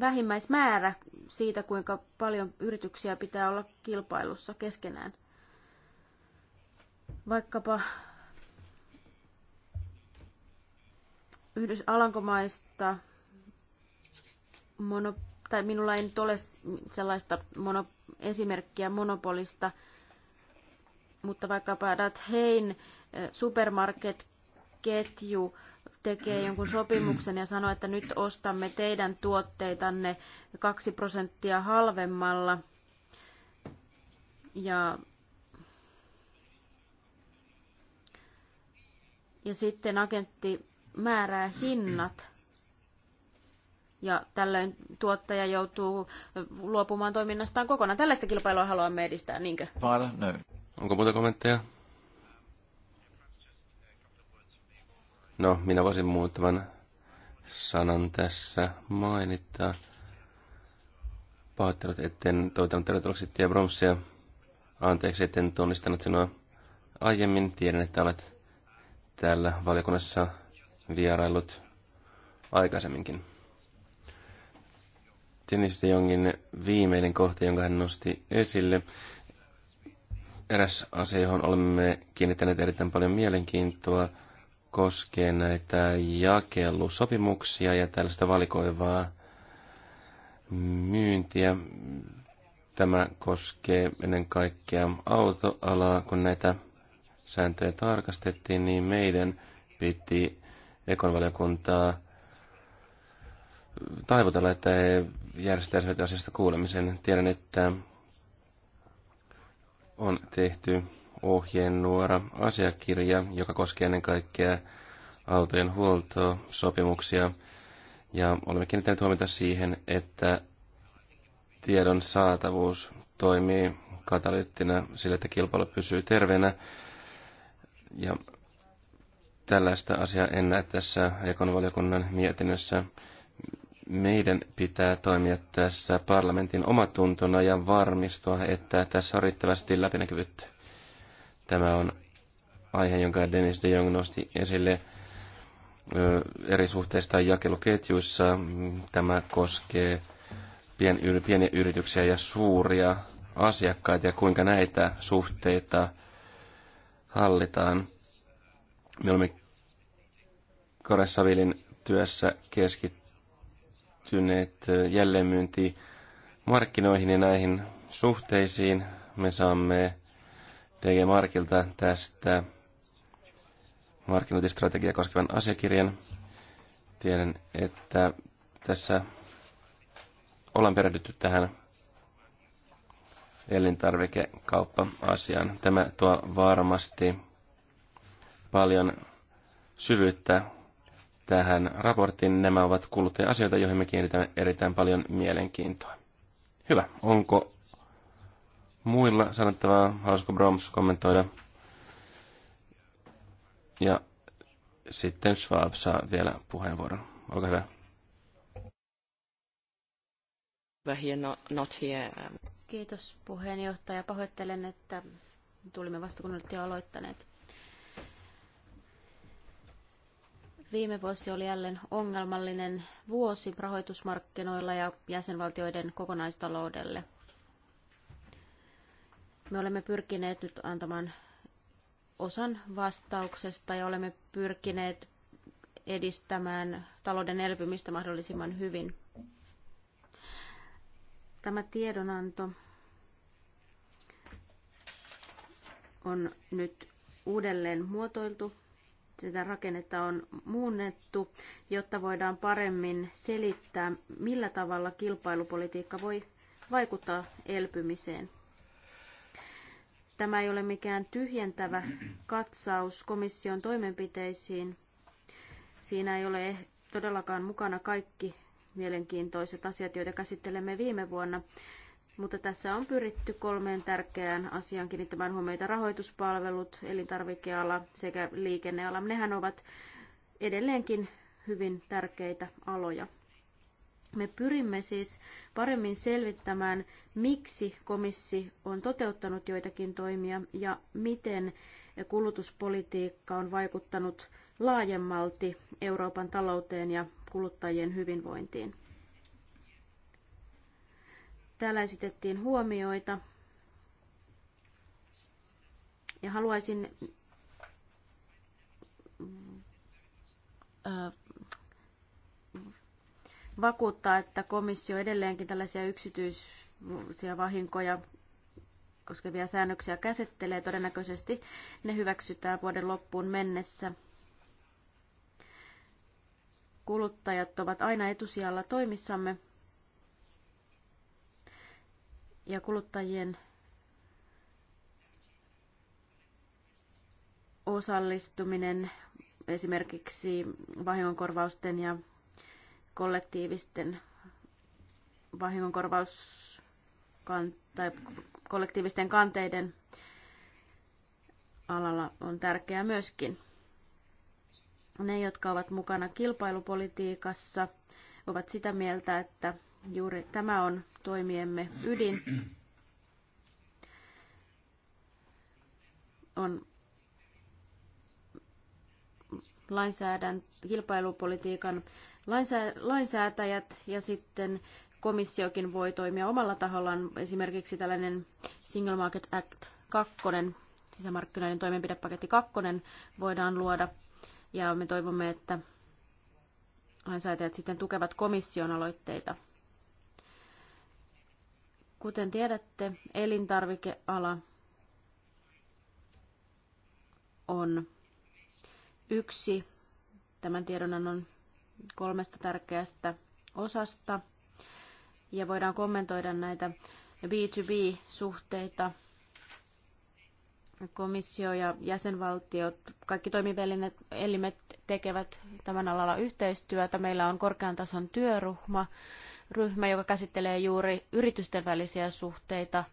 vähimmäismäärä siitä, kuinka paljon yrityksiä pitää olla kilpailussa keskenään? Vaikkapa Yhdys Alankomaista mono, tai minulla ei nyt ole sellaista mono, esimerkkiä monopolista, mutta vaikkapa Dat Hein supermarketketju tekee jonkun sopimuksen ja sanoo, että nyt ostamme teidän tuotteitanne kaksi prosenttia halvemmalla. Ja, ja sitten agentti määrää hinnat. Ja tällöin tuottaja joutuu luopumaan toiminnastaan kokonaan. Tällaista kilpailua haluamme edistää, niinkö? Vaara, no. Onko muuta kommentteja? No, minä voisin muutaman sanan tässä mainita. Pahoittelut, etten toivotanut tervetulleeksi Tia Bromsia. Anteeksi, etten tunnistanut sinua aiemmin. Tiedän, että olet täällä valiokunnassa vierailut aikaisemminkin. Dennis de Jongin viimeinen kohta, jonka hän nosti esille. Eräs asia, johon olemme kiinnittäneet erittäin paljon mielenkiintoa, koskee näitä jakelusopimuksia ja tällaista valikoivaa myyntiä. Tämä koskee ennen kaikkea autoalaa. Kun näitä sääntöjä tarkastettiin, niin meidän piti ekonvaliokuntaa taivutella, että he järjestäisivät asiasta kuulemisen. Tiedän, että on tehty ohjeenuora asiakirja, joka koskee ennen kaikkea autojen huoltosopimuksia. sopimuksia. Ja olemme kiinnittäneet huomiota siihen, että tiedon saatavuus toimii katalyyttina sillä, että kilpailu pysyy terveenä. Ja Tällaista asiaa en näe tässä Ekon valiokunnan mietinnössä. Meidän pitää toimia tässä parlamentin omatuntona ja varmistua, että tässä on riittävästi läpinäkyvyyttä. Tämä on aihe, jonka Dennis de Jong nosti esille eri suhteista jakeluketjuissa. Tämä koskee pieniä yrityksiä ja suuria asiakkaita ja kuinka näitä suhteita hallitaan. Me olemme Koresavilin työssä keskittyneet jälleenmyyntiin markkinoihin ja näihin suhteisiin. Me saamme DG Markilta tästä markkinointistrategia koskevan asiakirjan. Tiedän, että tässä ollaan perehdytty tähän elintarvikekauppa-asiaan. Tämä tuo varmasti paljon syvyyttä tähän raporttiin. Nämä ovat kuluttaja-asioita, joihin me kiinnitämme erittäin paljon mielenkiintoa. Hyvä. Onko muilla sanottavaa? Haluaisiko Broms kommentoida? Ja sitten Schwab saa vielä puheenvuoron. Olkaa hyvä. Um, Kiitos puheenjohtaja. Pahoittelen, että tulimme vasta kun olette jo aloittaneet. Viime vuosi oli jälleen ongelmallinen vuosi rahoitusmarkkinoilla ja jäsenvaltioiden kokonaistaloudelle. Me olemme pyrkineet nyt antamaan osan vastauksesta ja olemme pyrkineet edistämään talouden elpymistä mahdollisimman hyvin. Tämä tiedonanto on nyt uudelleen muotoiltu sitä rakennetta on muunnettu, jotta voidaan paremmin selittää, millä tavalla kilpailupolitiikka voi vaikuttaa elpymiseen. Tämä ei ole mikään tyhjentävä katsaus komission toimenpiteisiin. Siinä ei ole eh- todellakaan mukana kaikki mielenkiintoiset asiat, joita käsittelemme viime vuonna mutta tässä on pyritty kolmeen tärkeään asiaan kiinnittämään huomiota rahoituspalvelut, elintarvikeala sekä liikenneala. Nehän ovat edelleenkin hyvin tärkeitä aloja. Me pyrimme siis paremmin selvittämään, miksi komissi on toteuttanut joitakin toimia ja miten kulutuspolitiikka on vaikuttanut laajemmalti Euroopan talouteen ja kuluttajien hyvinvointiin. Täällä esitettiin huomioita. Ja haluaisin vakuuttaa, että komissio edelleenkin tällaisia yksityisiä vahinkoja koskevia säännöksiä käsittelee. Todennäköisesti ne hyväksytään vuoden loppuun mennessä. Kuluttajat ovat aina etusijalla toimissamme ja kuluttajien osallistuminen esimerkiksi vahingonkorvausten ja kollektiivisten vahingonkorvaus tai kollektiivisten kanteiden alalla on tärkeää myöskin. Ne, jotka ovat mukana kilpailupolitiikassa, ovat sitä mieltä, että juuri tämä on toimiemme ydin on lainsäädän, kilpailupolitiikan lainsä, lainsäätäjät ja sitten komissiokin voi toimia omalla tahollaan. Esimerkiksi tällainen Single Market Act 2, sisämarkkinoiden toimenpidepaketti 2 voidaan luoda. Ja me toivomme, että lainsäätäjät sitten tukevat komission aloitteita. Kuten tiedätte, elintarvikeala on yksi tämän tiedonannon kolmesta tärkeästä osasta. Ja voidaan kommentoida näitä B2B-suhteita. Komissio ja jäsenvaltiot, kaikki toimivälineet elimet tekevät tämän alalla yhteistyötä. Meillä on korkean tason työryhmä, ryhmä, joka käsittelee juuri yritysten välisiä suhteita.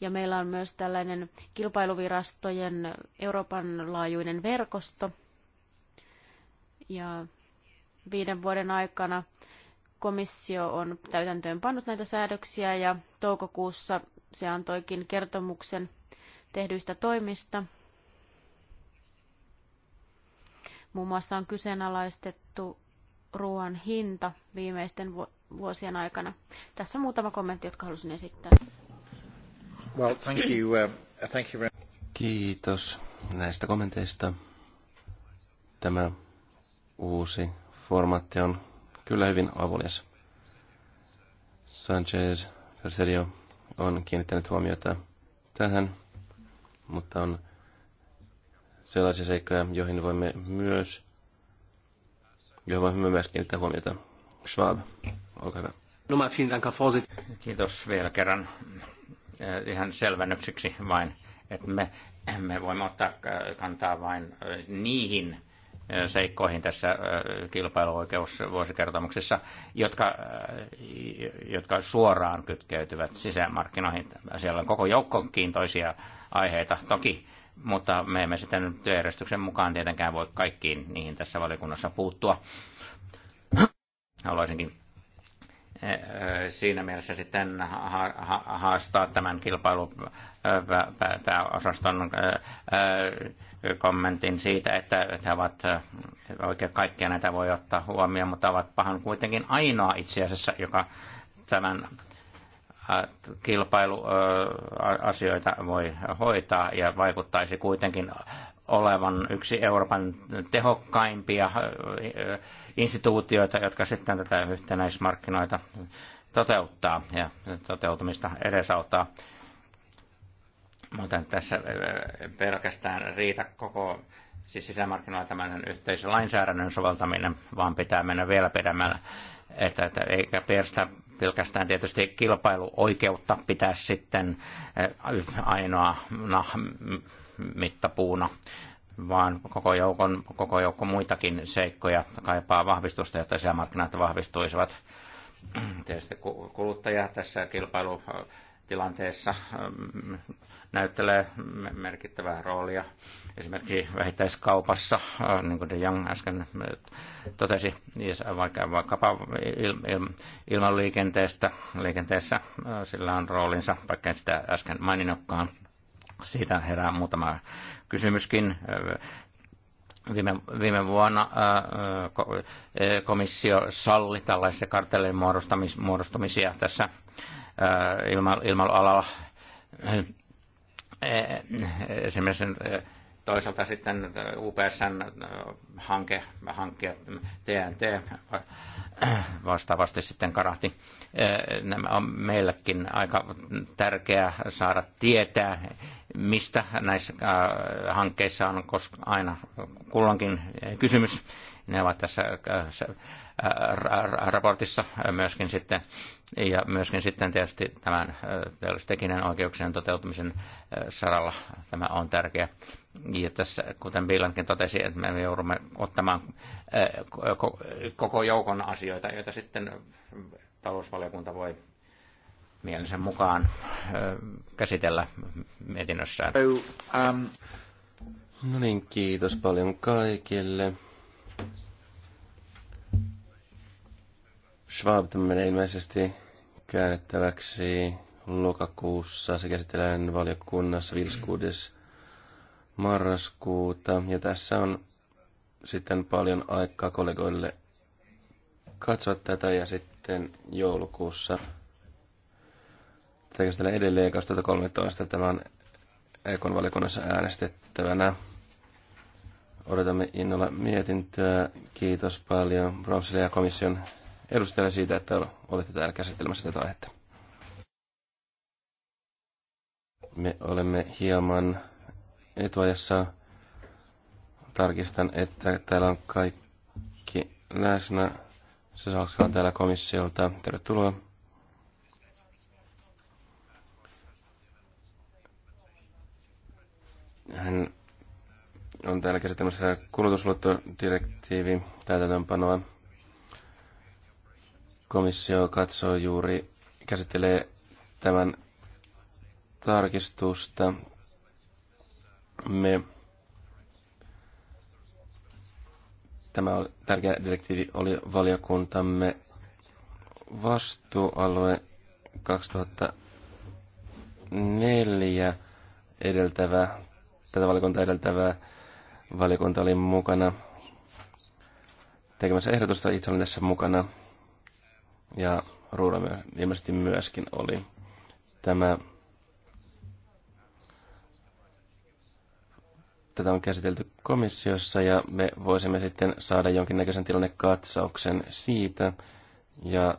Ja meillä on myös tällainen kilpailuvirastojen Euroopan laajuinen verkosto. Ja viiden vuoden aikana komissio on täytäntöön pannut näitä säädöksiä ja toukokuussa se antoikin kertomuksen tehdyistä toimista. Muun muassa on kyseenalaistettu ruoan hinta viimeisten vu- vuosien aikana. Tässä muutama kommentti, jotka halusin esittää. Well, thank you, uh, thank you very... Kiitos näistä kommenteista. Tämä uusi formaatti on kyllä hyvin avulias. Sanchez Perserio on kiinnittänyt huomiota tähän, mutta on sellaisia seikkoja, joihin voimme myös, joihin voimme myös kiinnittää huomiota. Schwab. Olkaa hyvä. No, Kiitos vielä kerran ihan selvennykseksi vain, että me, me voimme ottaa äh, kantaa vain äh, niihin äh, seikkoihin tässä kilpailuoikeusvuosikertomuksessa, jotka, jotka suoraan kytkeytyvät sisämarkkinoihin. Siellä on koko joukko kiintoisia aiheita toki, mutta me emme sitten työjärjestyksen mukaan tietenkään voi kaikkiin niihin tässä valiokunnassa puuttua. Haluaisinkin Eh, siinä mielessä sitten haastaa tämän kilpailupääosaston eh, eh, kommentin siitä, että he ovat oikein kaikkia näitä voi ottaa huomioon, mutta ovat pahan kuitenkin ainoa itse asiassa, joka tämän kilpailuasioita voi hoitaa ja vaikuttaisi kuitenkin olevan yksi Euroopan tehokkaimpia äh, äh, instituutioita, jotka sitten tätä yhtenäismarkkinoita toteuttaa ja toteutumista edesauttaa. Mutta tässä äh, pelkästään riitä koko siis sisämarkkinoilla tämän yhteisölainsäädännön soveltaminen, vaan pitää mennä vielä pidemmällä. Että, että eikä pierstä pelkästään tietysti kilpailuoikeutta pitää sitten ainoa mittapuuna, vaan koko joukon, koko joukko muitakin seikkoja kaipaa vahvistusta, jotta sisämarkkinat vahvistuisivat. Tietysti kuluttaja tässä kilpailutilanteessa mm, näyttelee merkittävää roolia. Esimerkiksi vähittäiskaupassa, äh, niin kuin De Jong äsken äh, totesi, vaikka, vaikkapa ilmanliikenteestä liikenteessä äh, sillä on roolinsa, vaikka en sitä äsken maininnutkaan siitä herää muutama kysymyskin. Viime, viime vuonna komissio salli tällaisia muodostamis muodostumisia tässä ilma, ilmailualalla. Esimerkiksi toisaalta sitten UPSn hanke, hanke TNT vastaavasti sitten karahti. Nämä on meillekin aika tärkeää saada tietää mistä näissä äh, hankkeissa on aina kulloinkin kysymys. Ne ovat tässä äh, äh, raportissa myöskin sitten, ja myöskin sitten tietysti tämän teollistekinen oikeuksien toteutumisen saralla tämä on tärkeä. Ja tässä, kuten Billankin totesi, että me joudumme ottamaan koko joukon asioita, joita sitten talousvaliokunta voi mielensä mukaan käsitellä mietinnössään. Um, no niin, kiitos paljon kaikille. Schwab menee ilmeisesti käännettäväksi lokakuussa. Se käsitellään valiokunnassa 56. marraskuuta. Ja tässä on sitten paljon aikaa kollegoille katsoa tätä ja sitten joulukuussa sitä edelleen 2013. tämän Ekon valikunnassa äänestettävänä. Odotamme innolla mietintöä. Kiitos paljon Bromsille ja komission edustajalle siitä, että olette täällä käsittelemässä tätä aihetta. Me olemme hieman etuajassa. Tarkistan, että täällä on kaikki läsnä. Se saa täällä komissiolta. Tervetuloa. Hän on täällä käsittämässä kulutusluottodirektiivi täytäntöönpanoa. Komissio katsoo juuri, käsittelee tämän tarkistusta. Me tämä tärkeä direktiivi oli valiokuntamme vastuualue 2004 edeltävä tätä valiokuntaa edeltävää valiokunta oli mukana tekemässä ehdotusta. Itse olin tässä mukana ja Ruula myö, ilmeisesti myöskin oli. Tämä, tätä on käsitelty komissiossa ja me voisimme sitten saada jonkinnäköisen tilannekatsauksen siitä ja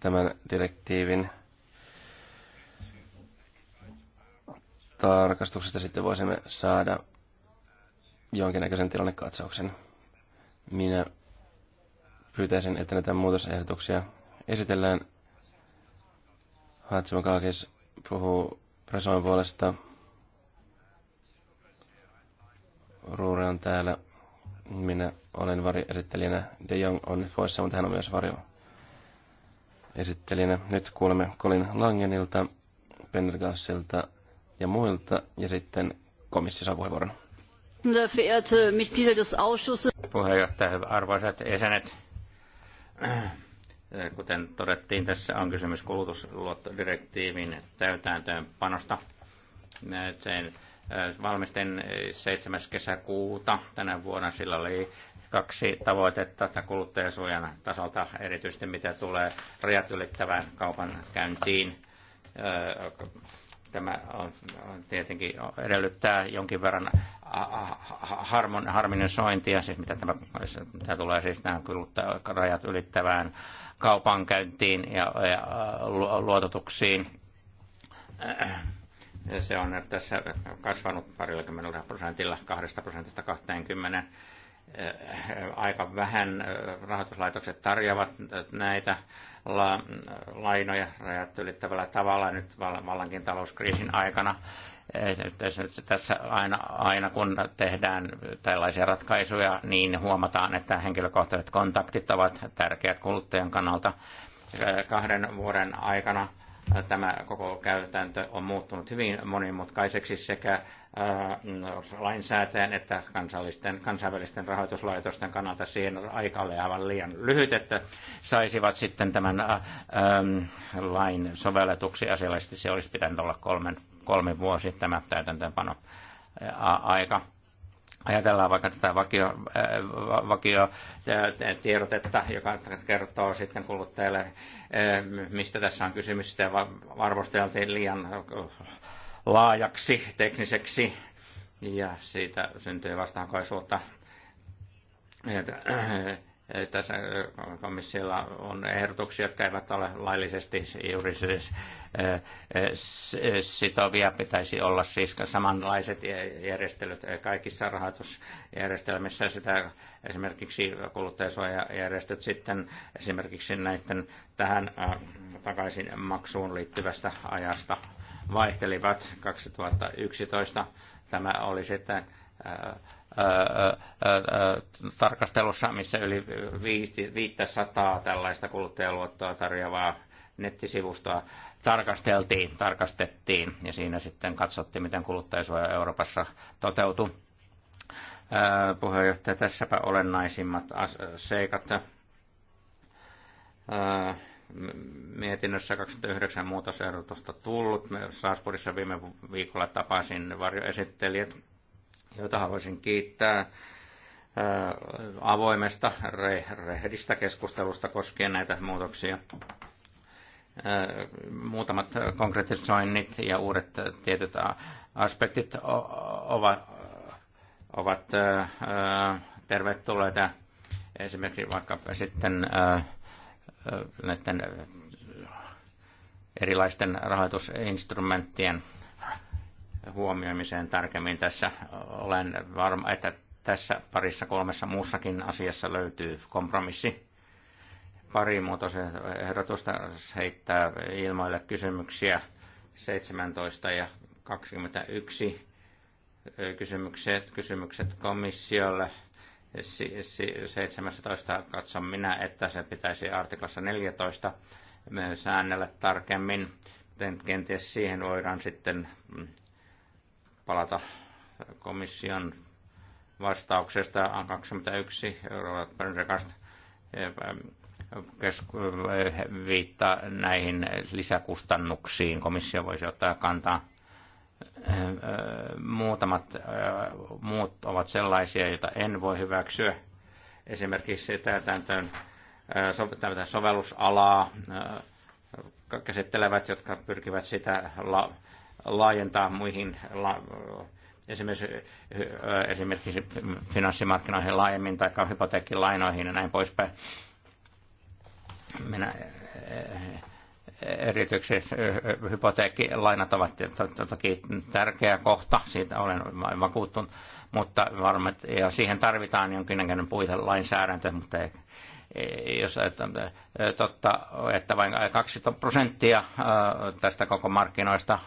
tämän direktiivin tarkastuksesta sitten voisimme saada jonkinnäköisen tilannekatsauksen. Minä pyytäisin, että näitä muutosehdotuksia esitellään. Kaakis puhuu Presoin puolesta. Ruure on täällä. Minä olen varjoesittelijänä. De Jong on nyt poissa, mutta hän on myös varjo esittelijänä. Nyt kuulemme Colin Langenilta, Pendergassilta, ja muilta, ja sitten komissio saa puheenvuoron. Puheenjohtaja, arvoisat jäsenet. Kuten todettiin, tässä on kysymys kulutusluottodirektiivin täytäntöönpanosta. Sen äh, valmisten 7. kesäkuuta tänä vuonna sillä oli kaksi tavoitetta kuluttajasuojan tasolta, erityisesti mitä tulee rajat ylittävään kaupan käyntiin äh, Tämä on, tietenkin edellyttää jonkin verran harmon, harminisointia, siis mitä tämä, mitä tulee siis nämä rajat ylittävään kaupankäyntiin ja, ja luototuksiin se on tässä kasvanut parillakymmenellä prosentilla, kahdesta prosentista 20. Äh, aika vähän äh, rahoituslaitokset tarjoavat näitä la, lainoja rajat ylittävällä tavalla nyt vallankin talouskriisin aikana. Tässä aina, aina kun tehdään tällaisia ratkaisuja, niin huomataan, että henkilökohtaiset kontaktit ovat tärkeät kuluttajan kannalta. Äh, kahden vuoden aikana tämä koko käytäntö on muuttunut hyvin monimutkaiseksi sekä lainsäätäjän että kansallisten, kansainvälisten rahoituslaitosten kannalta siihen aikalle aivan liian lyhyt, että saisivat sitten tämän ä, ä, lain sovelletuksi asiallisesti. Se olisi pitänyt olla kolmen, kolme vuosi tämä täytäntöönpano aika. Ajatellaan vaikka tätä vakio, vakio tiedotetta, joka kertoo sitten kuluttajille, mistä tässä on kysymys. Sitä arvosteltiin liian laajaksi tekniseksi ja siitä syntyy vastahakoisuutta. <clears throat> Tässä äh, komissiolla on ehdotuksia, jotka eivät ole laillisesti juridisesti siis, äh, äh, sitovia. Pitäisi olla siis samanlaiset järjestelyt kaikissa rahoitusjärjestelmissä. Sitä esimerkiksi kuluttajasuojajärjestöt sitten esimerkiksi näiden tähän takaisin maksuun liittyvästä ajasta vaihtelivat 2011. Tämä oli sitten tarkastelussa, missä yli 500 tällaista kuluttajaluottoa tarjoavaa nettisivustoa tarkasteltiin, tarkastettiin ja siinä sitten katsottiin, miten kuluttajasuoja Euroopassa toteutui. Puheenjohtaja, tässäpä olennaisimmat seikat mietinnössä 29 muutosehdotusta tullut. Me Saasburissa viime viikolla tapasin varjoesittelijät, joita haluaisin kiittää avoimesta, rehdistä keskustelusta koskien näitä muutoksia. Muutamat konkretisoinnit ja uudet tietyt aspektit ovat, ovat tervetulleita. Esimerkiksi vaikka sitten näiden äh, erilaisten rahoitusinstrumenttien huomioimiseen tarkemmin tässä. Olen varma, että tässä parissa kolmessa muussakin asiassa löytyy kompromissi. Pari ehdotusta heittää ilmoille kysymyksiä 17 ja 21 kysymykset, kysymykset komissiolle – 17 katson minä, että se pitäisi artiklassa 14 säännellä tarkemmin. Kenties siihen voidaan sitten mm, palata komission vastauksesta 21 euroa e, viittaa näihin lisäkustannuksiin. Komissio voisi ottaa kantaa muutamat äh, muut ovat sellaisia, joita en voi hyväksyä. Esimerkiksi tämän äh, sovellusalaa äh, käsittelevät, jotka pyrkivät sitä la, laajentaa muihin, la, esimerkiksi, esimerkiksi finanssimarkkinoihin laajemmin tai hypoteekkilainoihin ja näin poispäin. Minä, erityisesti eh, eh, hypoteekkilainat ovat toki tärkeä kohta, siitä olen vakuuttunut, mutta varmat, ja siihen tarvitaan jonkinnäköinen puitelainsäädäntö, mutta ei, jos että, eh, totta, että vain 20 prosenttia tästä koko markkinoista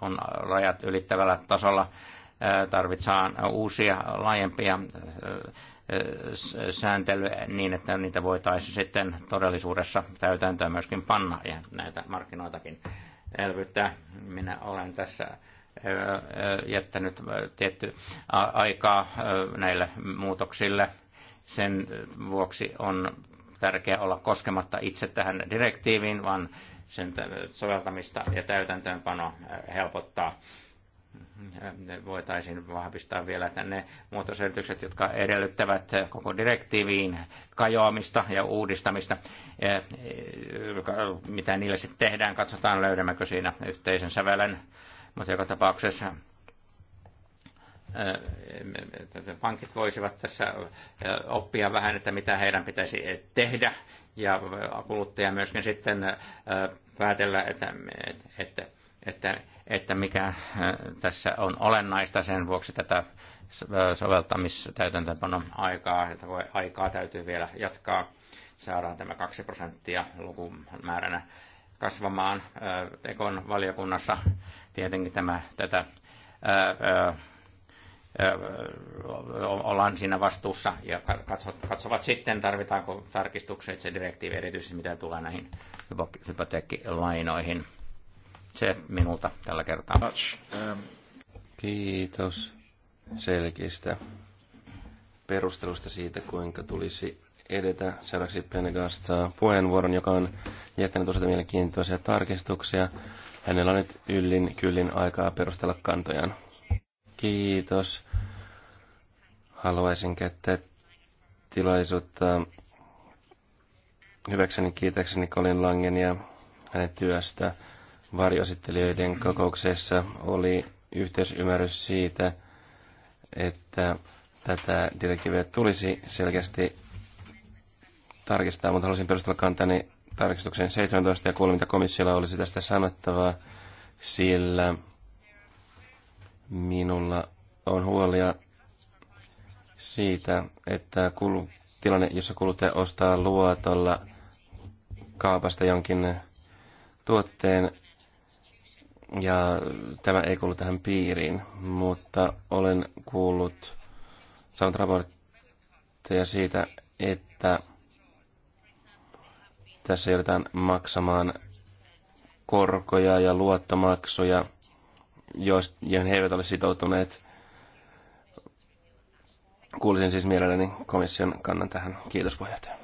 on rajat ylittävällä tasolla, tarvitaan uusia laajempia sääntely niin, että niitä voitaisiin sitten todellisuudessa täytäntöön myöskin panna ja näitä markkinoitakin elvyttää. Minä olen tässä jättänyt tietty aikaa näille muutoksille. Sen vuoksi on tärkeää olla koskematta itse tähän direktiiviin, vaan sen soveltamista ja täytäntöönpano helpottaa voitaisiin vahvistaa vielä tänne muotoselitykset, jotka edellyttävät koko direktiiviin kajoamista ja uudistamista. Mitä niille sitten tehdään, katsotaan löydämmekö siinä yhteisen sävelen. Mutta joka tapauksessa pankit voisivat tässä oppia vähän, että mitä heidän pitäisi tehdä ja kuluttaja myöskin sitten päätellä, että, että että, että mikä äh, tässä on olennaista sen vuoksi tätä äh, soveltamistäytäntöpanon aikaa, että voi, aikaa täytyy vielä jatkaa. Saadaan tämä 2 prosenttia lukumääränä kasvamaan. Äh, Ekon valiokunnassa tietenkin tämä, tätä ollaan siinä vastuussa ja katsovat, katsovat sitten, tarvitaanko tarkistukset, se direktiivi erityisesti, mitä tulee näihin hypoteekkilainoihin. Se minulta tällä kertaa. Um, Kiitos selkeistä perustelusta siitä, kuinka tulisi edetä. Seuraavaksi Penegast puheenvuoron, joka on jättänyt osalta mielenkiintoisia tarkistuksia. Hänellä on nyt yllin kyllin aikaa perustella kantojaan. Kiitos. Haluaisin käyttää tilaisuutta hyväkseni kiitäkseni Colin Langen ja hänen työstä varjoesittelijöiden kokouksessa oli yhteisymmärrys siitä, että tätä direktiiviä tulisi selkeästi tarkistaa, mutta haluaisin perustella kantani tarkistukseen 17 ja kuulla, mitä komissiolla olisi tästä sanottavaa, sillä minulla on huolia siitä, että kulu, tilanne, jossa kuluttaja ostaa luotolla kaapasta jonkin tuotteen, ja tämä ei kuulu tähän piiriin, mutta olen kuullut, saanut raportteja siitä, että tässä joudutaan maksamaan korkoja ja luottomaksuja, joihin he eivät ole sitoutuneet. Kuulisin siis mielelläni komission kannan tähän. Kiitos puheenjohtaja.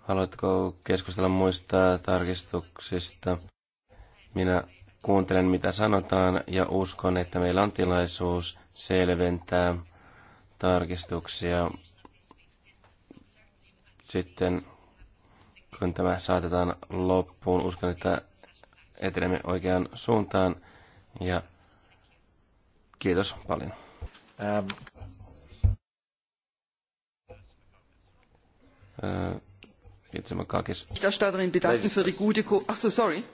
Haluatko keskustella muista tarkistuksista? Minä kuuntelen, mitä sanotaan, ja uskon, että meillä on tilaisuus selventää tarkistuksia sitten, kun tämä saatetaan loppuun. Uskon, että etenemme oikeaan suuntaan, ja kiitos paljon. Ähm. Äh, Jetzt sind wir kakis. Berichterstatterin bedanken für die gute Ko Ach so, sorry.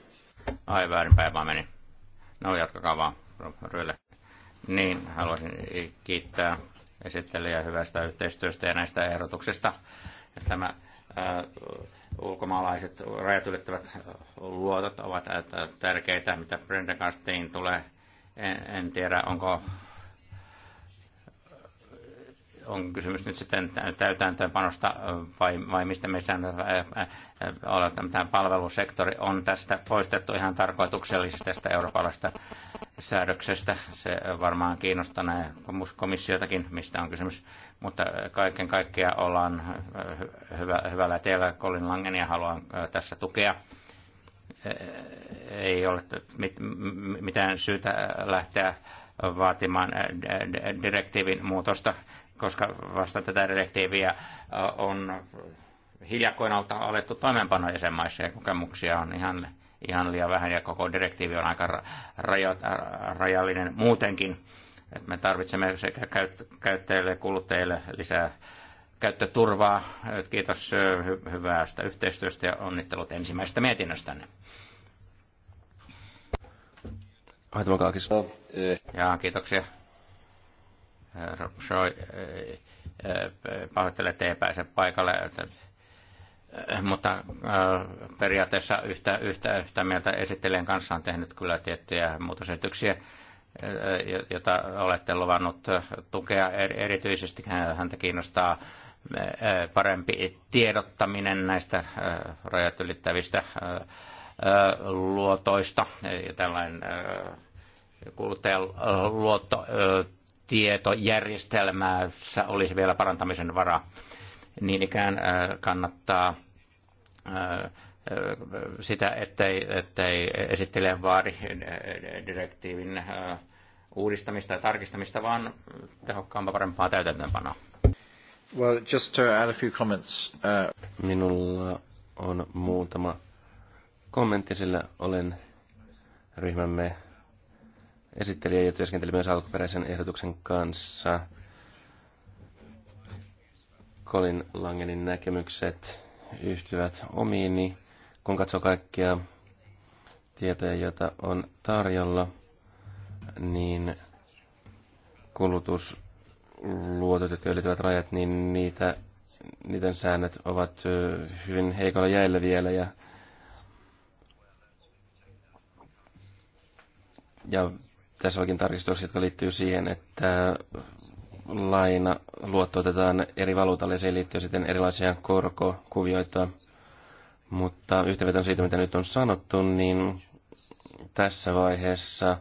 Ai väärinpäin vaan meni. No jatkakaa vaan, Ryyle. Niin, haluaisin kiittää esittelijää hyvästä yhteistyöstä ja näistä ehdotuksista. Tämä ää, ulkomaalaiset rajat ylittävät luotot ovat tärkeitä, mitä Brendan tulee. En, en tiedä, onko on kysymys nyt sitten täytäntöönpanosta vai, vai mistä me olemme. Tämä palvelusektori on tästä poistettu ihan tarkoituksellisesti tästä eurooppalaisesta säädöksestä. Se varmaan kiinnostaa komissiotakin, mistä on kysymys. Mutta kaiken kaikkiaan ollaan hyvä, hyvällä teillä. Colin ja haluan tässä tukea e, ei ole mitään syytä lähteä vaatimaan direktiivin muutosta koska vasta tätä direktiiviä on hiljakkoin alettu toimeenpanoa jäsenmaissa ja kokemuksia on ihan, ihan liian vähän ja koko direktiivi on aika rajo, rajallinen muutenkin. Et me tarvitsemme sekä käyttäjille ja kuluttajille lisää käyttöturvaa. Et kiitos hy- hyvästä yhteistyöstä ja onnittelut ensimmäisestä mietinnöstänne. Ja kiitoksia Herra Shoi, eh, eh, pahoittelen, että ei pääse paikalle eh, mutta periaatteessa yhtä, yhtä, yhtä mieltä esittelijän kanssa on tehnyt kyllä tiettyjä muutosesityksiä, joita olette luvannut tukea. Erityisesti häntä kiinnostaa parempi tiedottaminen näistä rajat ylittävistä luotoista ja tällainen kuluttajaluotto tietojärjestelmässä olisi vielä parantamisen varaa. Niin ikään äh, kannattaa äh, äh, sitä, ettei, ettei esittele vaadi direktiivin uudistamista ja tarkistamista, vaan tehokkaampaa parempaa täytäntöönpanoa. Well, just to add a few comments. Uh... Minulla on muutama kommentti, sillä olen ryhmämme esittelijä ja työskenteli myös alkuperäisen ehdotuksen kanssa. Colin Langenin näkemykset yhtyvät omiini, kun katsoo kaikkia tietoja, joita on tarjolla, niin kulutusluotot, jotka ylittävät rajat, niin niitä, niiden säännöt ovat hyvin heikolla jäillä vielä ja ja tässä olikin tarkistus, jotka liittyy siihen, että laina luotto otetaan eri valuutalle ja siihen liittyy sitten erilaisia korkokuvioita. Mutta yhteenvetona siitä, mitä nyt on sanottu, niin tässä vaiheessa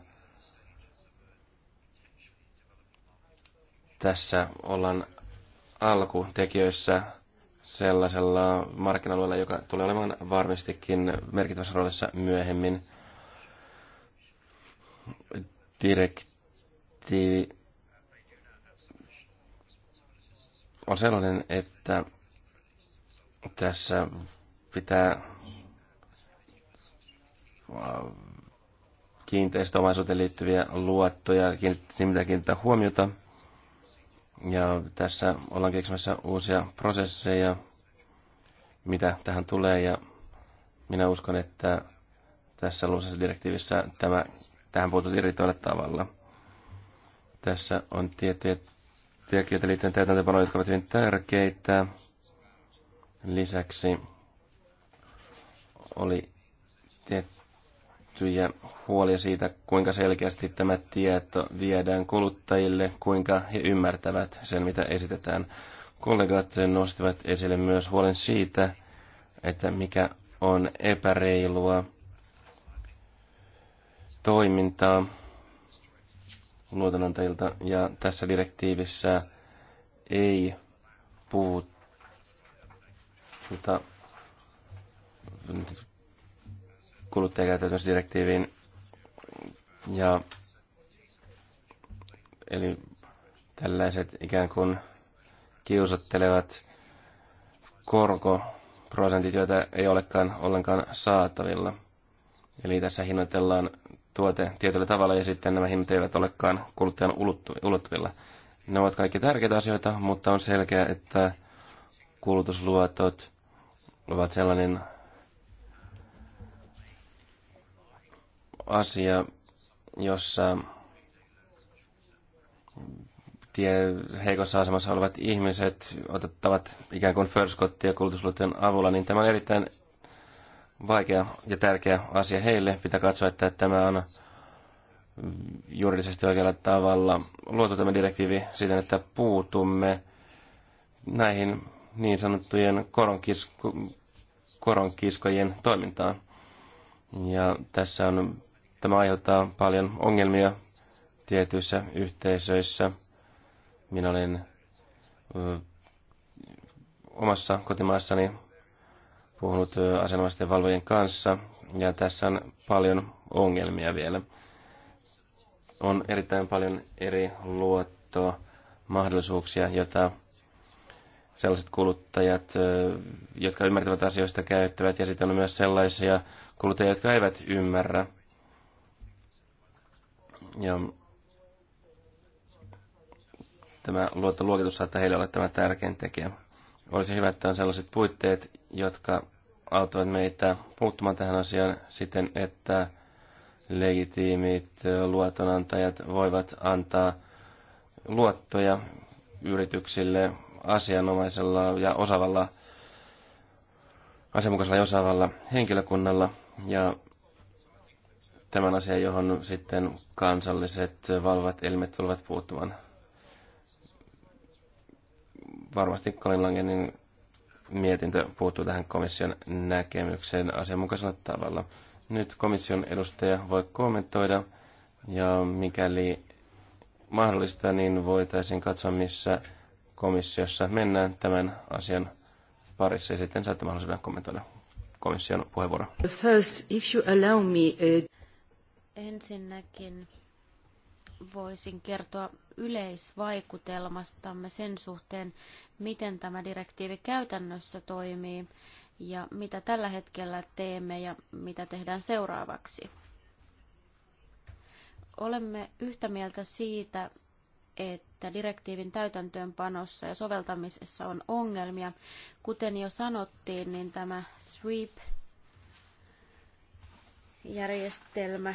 tässä ollaan alkutekijöissä sellaisella markkinalueella, joka tulee olemaan varmastikin merkittävässä roolissa myöhemmin – direktiivi on sellainen, että tässä pitää kiinteistöomaisuuteen liittyviä luottoja, kiinnittää, kiinnittää huomiota. Ja tässä ollaan keksimässä uusia prosesseja, mitä tähän tulee, ja minä uskon, että tässä luossa direktiivissä tämä tähän puutut eri tavalla. Tässä on tiettyjä tekijöitä liittyen täytäntöpanoon, jotka ovat hyvin tärkeitä. Lisäksi oli tiettyjä huolia siitä, kuinka selkeästi tämä tieto viedään kuluttajille, kuinka he ymmärtävät sen, mitä esitetään. Kollegat nostivat esille myös huolen siitä, että mikä on epäreilua – toimintaa luotonantajilta ja tässä direktiivissä ei puhuta kuluttajakäyttäytymisdirektiiviin ja eli tällaiset ikään kuin kiusottelevat korkoprosentit, joita ei olekaan ollenkaan saatavilla. Eli tässä hinnoitellaan tuote tietyllä tavalla ja sitten nämä hinnat eivät olekaan kuluttajan ulottuvilla. Ne ovat kaikki tärkeitä asioita, mutta on selkeää, että kulutusluotot ovat sellainen asia, jossa tie, heikossa asemassa olevat ihmiset otettavat ikään kuin förskottia kulutusluotojen avulla, niin tämä on erittäin vaikea ja tärkeä asia heille. Pitää katsoa, että tämä on juridisesti oikealla tavalla luotu tämä direktiivi siten, että puutumme näihin niin sanottujen koronkisko, koronkiskojen toimintaan. Ja tässä on, tämä aiheuttaa paljon ongelmia tietyissä yhteisöissä. Minä olin omassa kotimaassani puhunut asianomaisten valvojen kanssa, ja tässä on paljon ongelmia vielä. On erittäin paljon eri luottomahdollisuuksia, joita sellaiset kuluttajat, jotka ymmärtävät asioista, käyttävät, ja sitten on myös sellaisia kuluttajia, jotka eivät ymmärrä. Ja tämä luottoluokitus saattaa heille olla tämä tärkein tekijä. Olisi hyvä, että on sellaiset puitteet, jotka auttavat meitä puuttumaan tähän asiaan siten, että legitiimit luotonantajat voivat antaa luottoja yrityksille asianomaisella ja osavalla, asianmukaisella ja osaavalla henkilökunnalla. Ja tämän asian, johon sitten kansalliset valvat elimet tulevat puuttumaan varmasti Colin Langenin mietintö puuttuu tähän komission näkemykseen asianmukaisella tavalla. Nyt komission edustaja voi kommentoida ja mikäli mahdollista, niin voitaisiin katsoa, missä komissiossa mennään tämän asian parissa ja sitten saatte mahdollisuuden kommentoida komission puheenvuoro. First, if you allow me, uh, Ensinnäkin voisin kertoa yleisvaikutelmastamme sen suhteen, miten tämä direktiivi käytännössä toimii ja mitä tällä hetkellä teemme ja mitä tehdään seuraavaksi. Olemme yhtä mieltä siitä, että direktiivin täytäntöönpanossa ja soveltamisessa on ongelmia. Kuten jo sanottiin, niin tämä SWEEP järjestelmä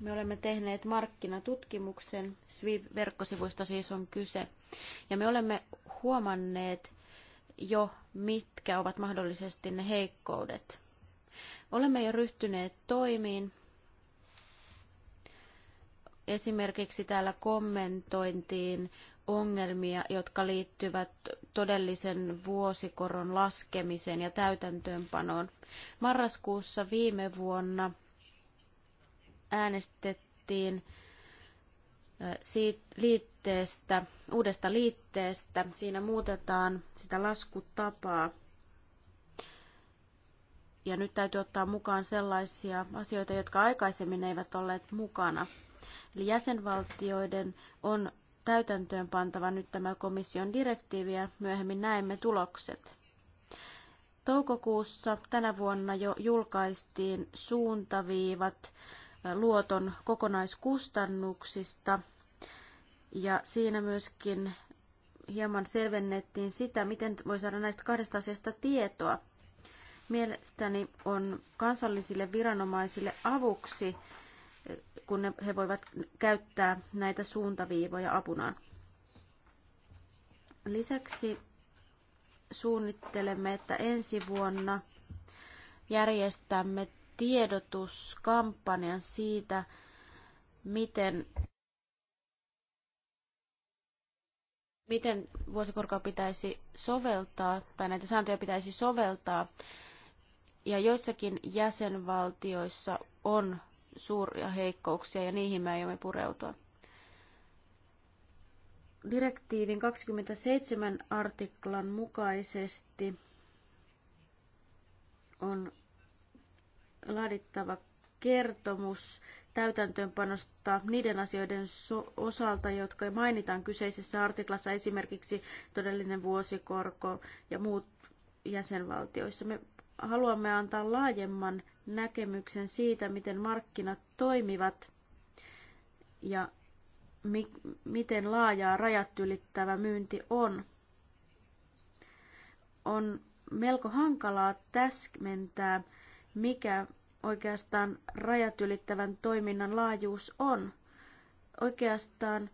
me olemme tehneet markkinatutkimuksen, SWIV-verkkosivuista siis on kyse, ja me olemme huomanneet jo, mitkä ovat mahdollisesti ne heikkoudet. Olemme jo ryhtyneet toimiin. Esimerkiksi täällä kommentointiin ongelmia, jotka liittyvät todellisen vuosikoron laskemiseen ja täytäntöönpanoon. Marraskuussa viime vuonna – äänestettiin liitteestä, uudesta liitteestä. Siinä muutetaan sitä laskutapaa. Ja nyt täytyy ottaa mukaan sellaisia asioita, jotka aikaisemmin eivät olleet mukana. Eli jäsenvaltioiden on täytäntöön pantava nyt tämä komission direktiivi ja myöhemmin näemme tulokset. Toukokuussa tänä vuonna jo julkaistiin suuntaviivat luoton kokonaiskustannuksista. Ja siinä myöskin hieman selvennettiin sitä, miten voi saada näistä kahdesta asiasta tietoa. Mielestäni on kansallisille viranomaisille avuksi, kun ne, he voivat käyttää näitä suuntaviivoja apunaan. Lisäksi suunnittelemme, että ensi vuonna järjestämme tiedotuskampanjan siitä, miten, miten vuosikorkoa pitäisi soveltaa, tai näitä sääntöjä pitäisi soveltaa. Ja joissakin jäsenvaltioissa on suuria heikkouksia, ja niihin me aiomme pureutua. Direktiivin 27 artiklan mukaisesti on laadittava kertomus täytäntöönpanosta niiden asioiden so- osalta, jotka mainitaan kyseisessä artiklassa, esimerkiksi todellinen vuosikorko ja muut jäsenvaltioissa. Me haluamme antaa laajemman näkemyksen siitä, miten markkinat toimivat ja mi- miten laajaa rajat ylittävä myynti on. On melko hankalaa täsmentää, mikä oikeastaan rajat ylittävän toiminnan laajuus on. Oikeastaan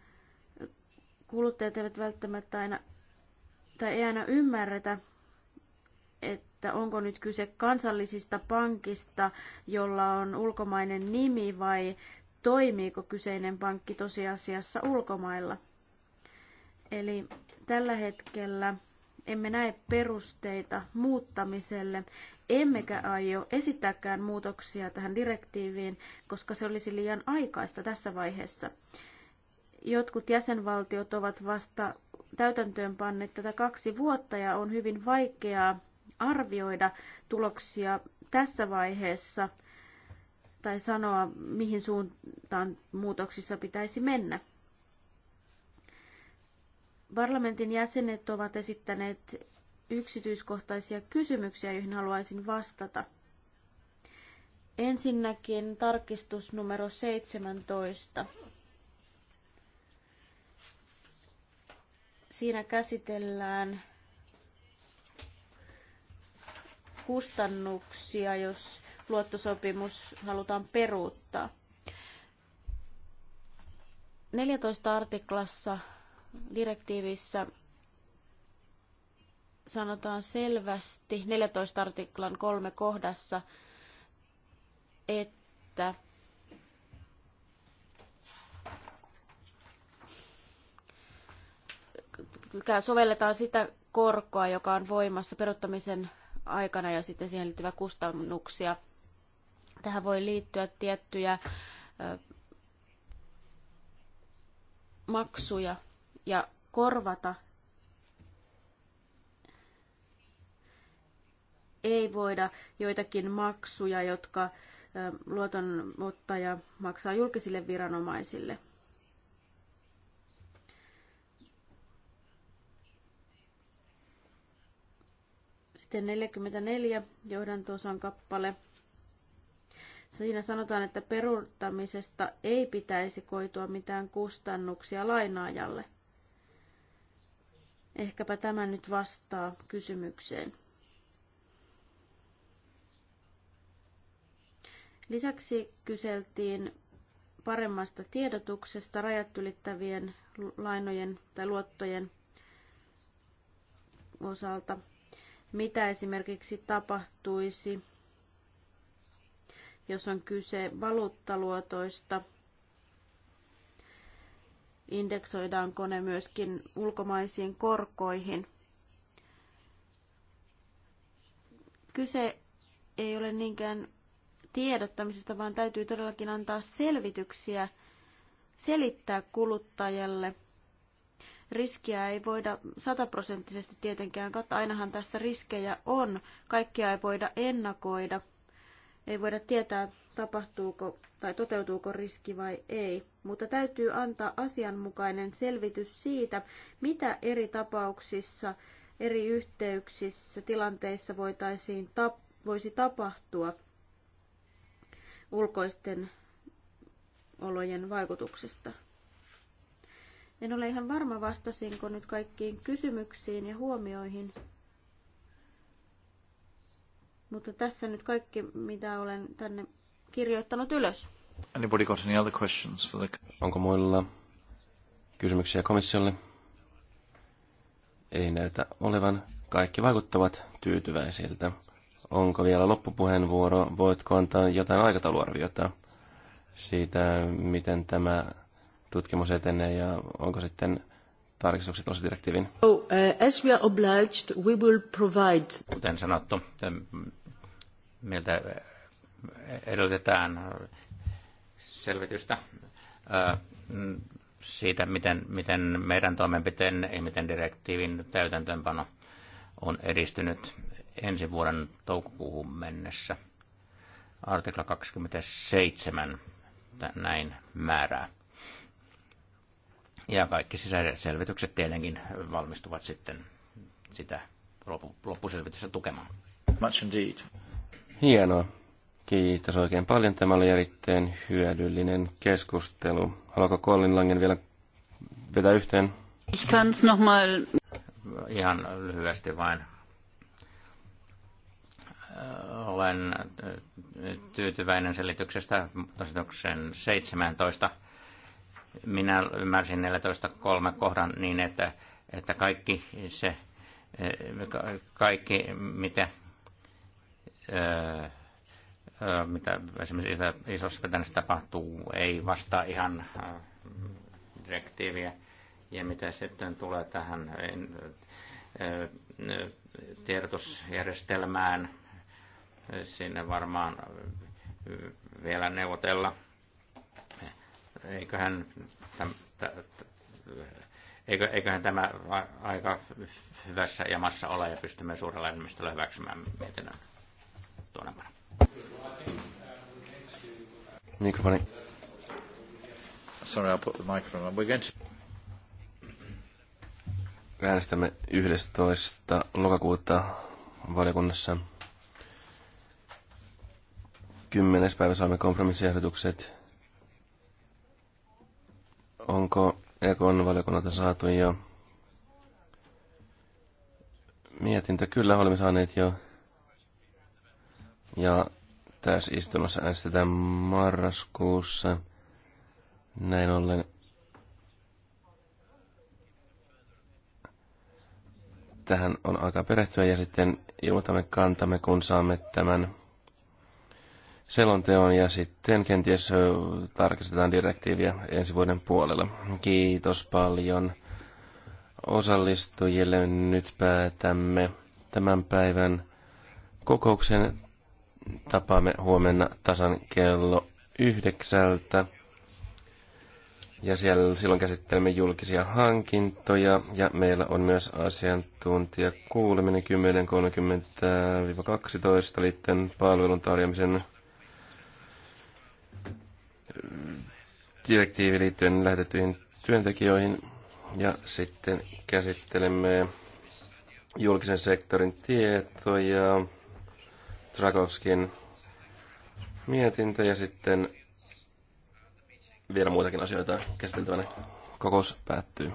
kuluttajat eivät välttämättä aina tai ei aina ymmärretä, että onko nyt kyse kansallisista pankista, jolla on ulkomainen nimi vai toimiiko kyseinen pankki tosiasiassa ulkomailla. Eli tällä hetkellä emme näe perusteita muuttamiselle emmekä aio esittääkään muutoksia tähän direktiiviin, koska se olisi liian aikaista tässä vaiheessa. Jotkut jäsenvaltiot ovat vasta täytäntöönpanneet tätä kaksi vuotta ja on hyvin vaikeaa arvioida tuloksia tässä vaiheessa tai sanoa, mihin suuntaan muutoksissa pitäisi mennä. Parlamentin jäsenet ovat esittäneet yksityiskohtaisia kysymyksiä, joihin haluaisin vastata. Ensinnäkin tarkistus numero 17. Siinä käsitellään kustannuksia, jos luottosopimus halutaan peruuttaa. 14 artiklassa direktiivissä sanotaan selvästi 14 artiklan kolme kohdassa, että sovelletaan sitä korkoa, joka on voimassa peruttamisen aikana ja sitten siihen liittyviä kustannuksia. Tähän voi liittyä tiettyjä maksuja ja korvata ei voida joitakin maksuja, jotka luotonottaja maksaa julkisille viranomaisille. Sitten 44 johdantosan kappale. Siinä sanotaan, että peruuttamisesta ei pitäisi koitua mitään kustannuksia lainaajalle. Ehkäpä tämä nyt vastaa kysymykseen. Lisäksi kyseltiin paremmasta tiedotuksesta rajat ylittävien lainojen tai luottojen osalta, mitä esimerkiksi tapahtuisi, jos on kyse valuuttaluotoista, indeksoidaanko ne myöskin ulkomaisiin korkoihin. Kyse ei ole niinkään tiedottamisesta, vaan täytyy todellakin antaa selvityksiä, selittää kuluttajalle. Riskiä ei voida sataprosenttisesti tietenkään kattaa. Ainahan tässä riskejä on. Kaikkia ei voida ennakoida. Ei voida tietää, tapahtuuko tai toteutuuko riski vai ei. Mutta täytyy antaa asianmukainen selvitys siitä, mitä eri tapauksissa eri yhteyksissä, tilanteissa voitaisiin tap, voisi tapahtua ulkoisten olojen vaikutuksista. En ole ihan varma, vastasinko nyt kaikkiin kysymyksiin ja huomioihin, mutta tässä nyt kaikki, mitä olen tänne kirjoittanut ylös. Anybody got any other questions for the... Onko muilla kysymyksiä komissiolle? Ei näytä olevan. Kaikki vaikuttavat tyytyväisiltä onko vielä loppupuheenvuoro? Voitko antaa jotain aikatauluarviota siitä, miten tämä tutkimus etenee ja onko sitten tarkistukset osa direktiivin? uh, as we are obliged, we will provide... Kuten sanottu, meiltä eh, edellytetään selvitystä eh, siitä, miten, miten meidän toimenpiteen ja miten direktiivin täytäntöönpano on edistynyt ensi vuoden toukokuuhun mennessä. Artikla 27 näin määrää. Ja kaikki sisäiset selvitykset tietenkin valmistuvat sitten sitä loppuselvitystä tukemaan. Much indeed. Hienoa. Kiitos oikein paljon. Tämä oli erittäin hyödyllinen keskustelu. Haluatko Colin Langen vielä vetää yhteen? Ich kann's noch mal... Ihan lyhyesti vain olen äh, tyytyväinen selityksestä tositoksen 17. Minä ymmärsin 14.3 kohdan niin, että, että kaikki se, äh, kaikki mitä, äh, mitä esimerkiksi isossa pitänessä tapahtuu, ei vastaa ihan direktiiviä. Ja mitä sitten tulee tähän tiedotusjärjestelmään, Sinne varmaan vielä neuvotella. Eiköhän, täm, tä, eikö, eiköhän tämä aika hyvässä jamassa ole ja pystymme suurella enemmistöllä hyväksymään mietinnön tuonnepana. Mikrofoni. Sorry, I'll put the microphone on. We're going to... Äänestämme 11. lokakuuta valiokunnassa. Kymmenes päivä saamme kompromissiehdotukset. Onko Ekon valiokunnalta saatu jo mietintö? Kyllä, olemme saaneet jo. Ja täysistunnossa äänestetään marraskuussa. Näin ollen tähän on aika perehtyä ja sitten ilmoitamme kantamme, kun saamme tämän selonteon ja sitten kenties tarkistetaan direktiiviä ensi vuoden puolella. Kiitos paljon osallistujille. Nyt päätämme tämän päivän kokouksen. Tapaamme huomenna tasan kello yhdeksältä. Ja siellä silloin käsittelemme julkisia hankintoja ja meillä on myös asiantuntija kuuleminen 10.30-12 liittyen palvelun tarjoamisen direktiivi liittyen lähetettyihin työntekijöihin ja sitten käsittelemme julkisen sektorin tietoja, Trakovskin mietintä ja sitten vielä muitakin asioita käsiteltävänä. Kokous päättyy.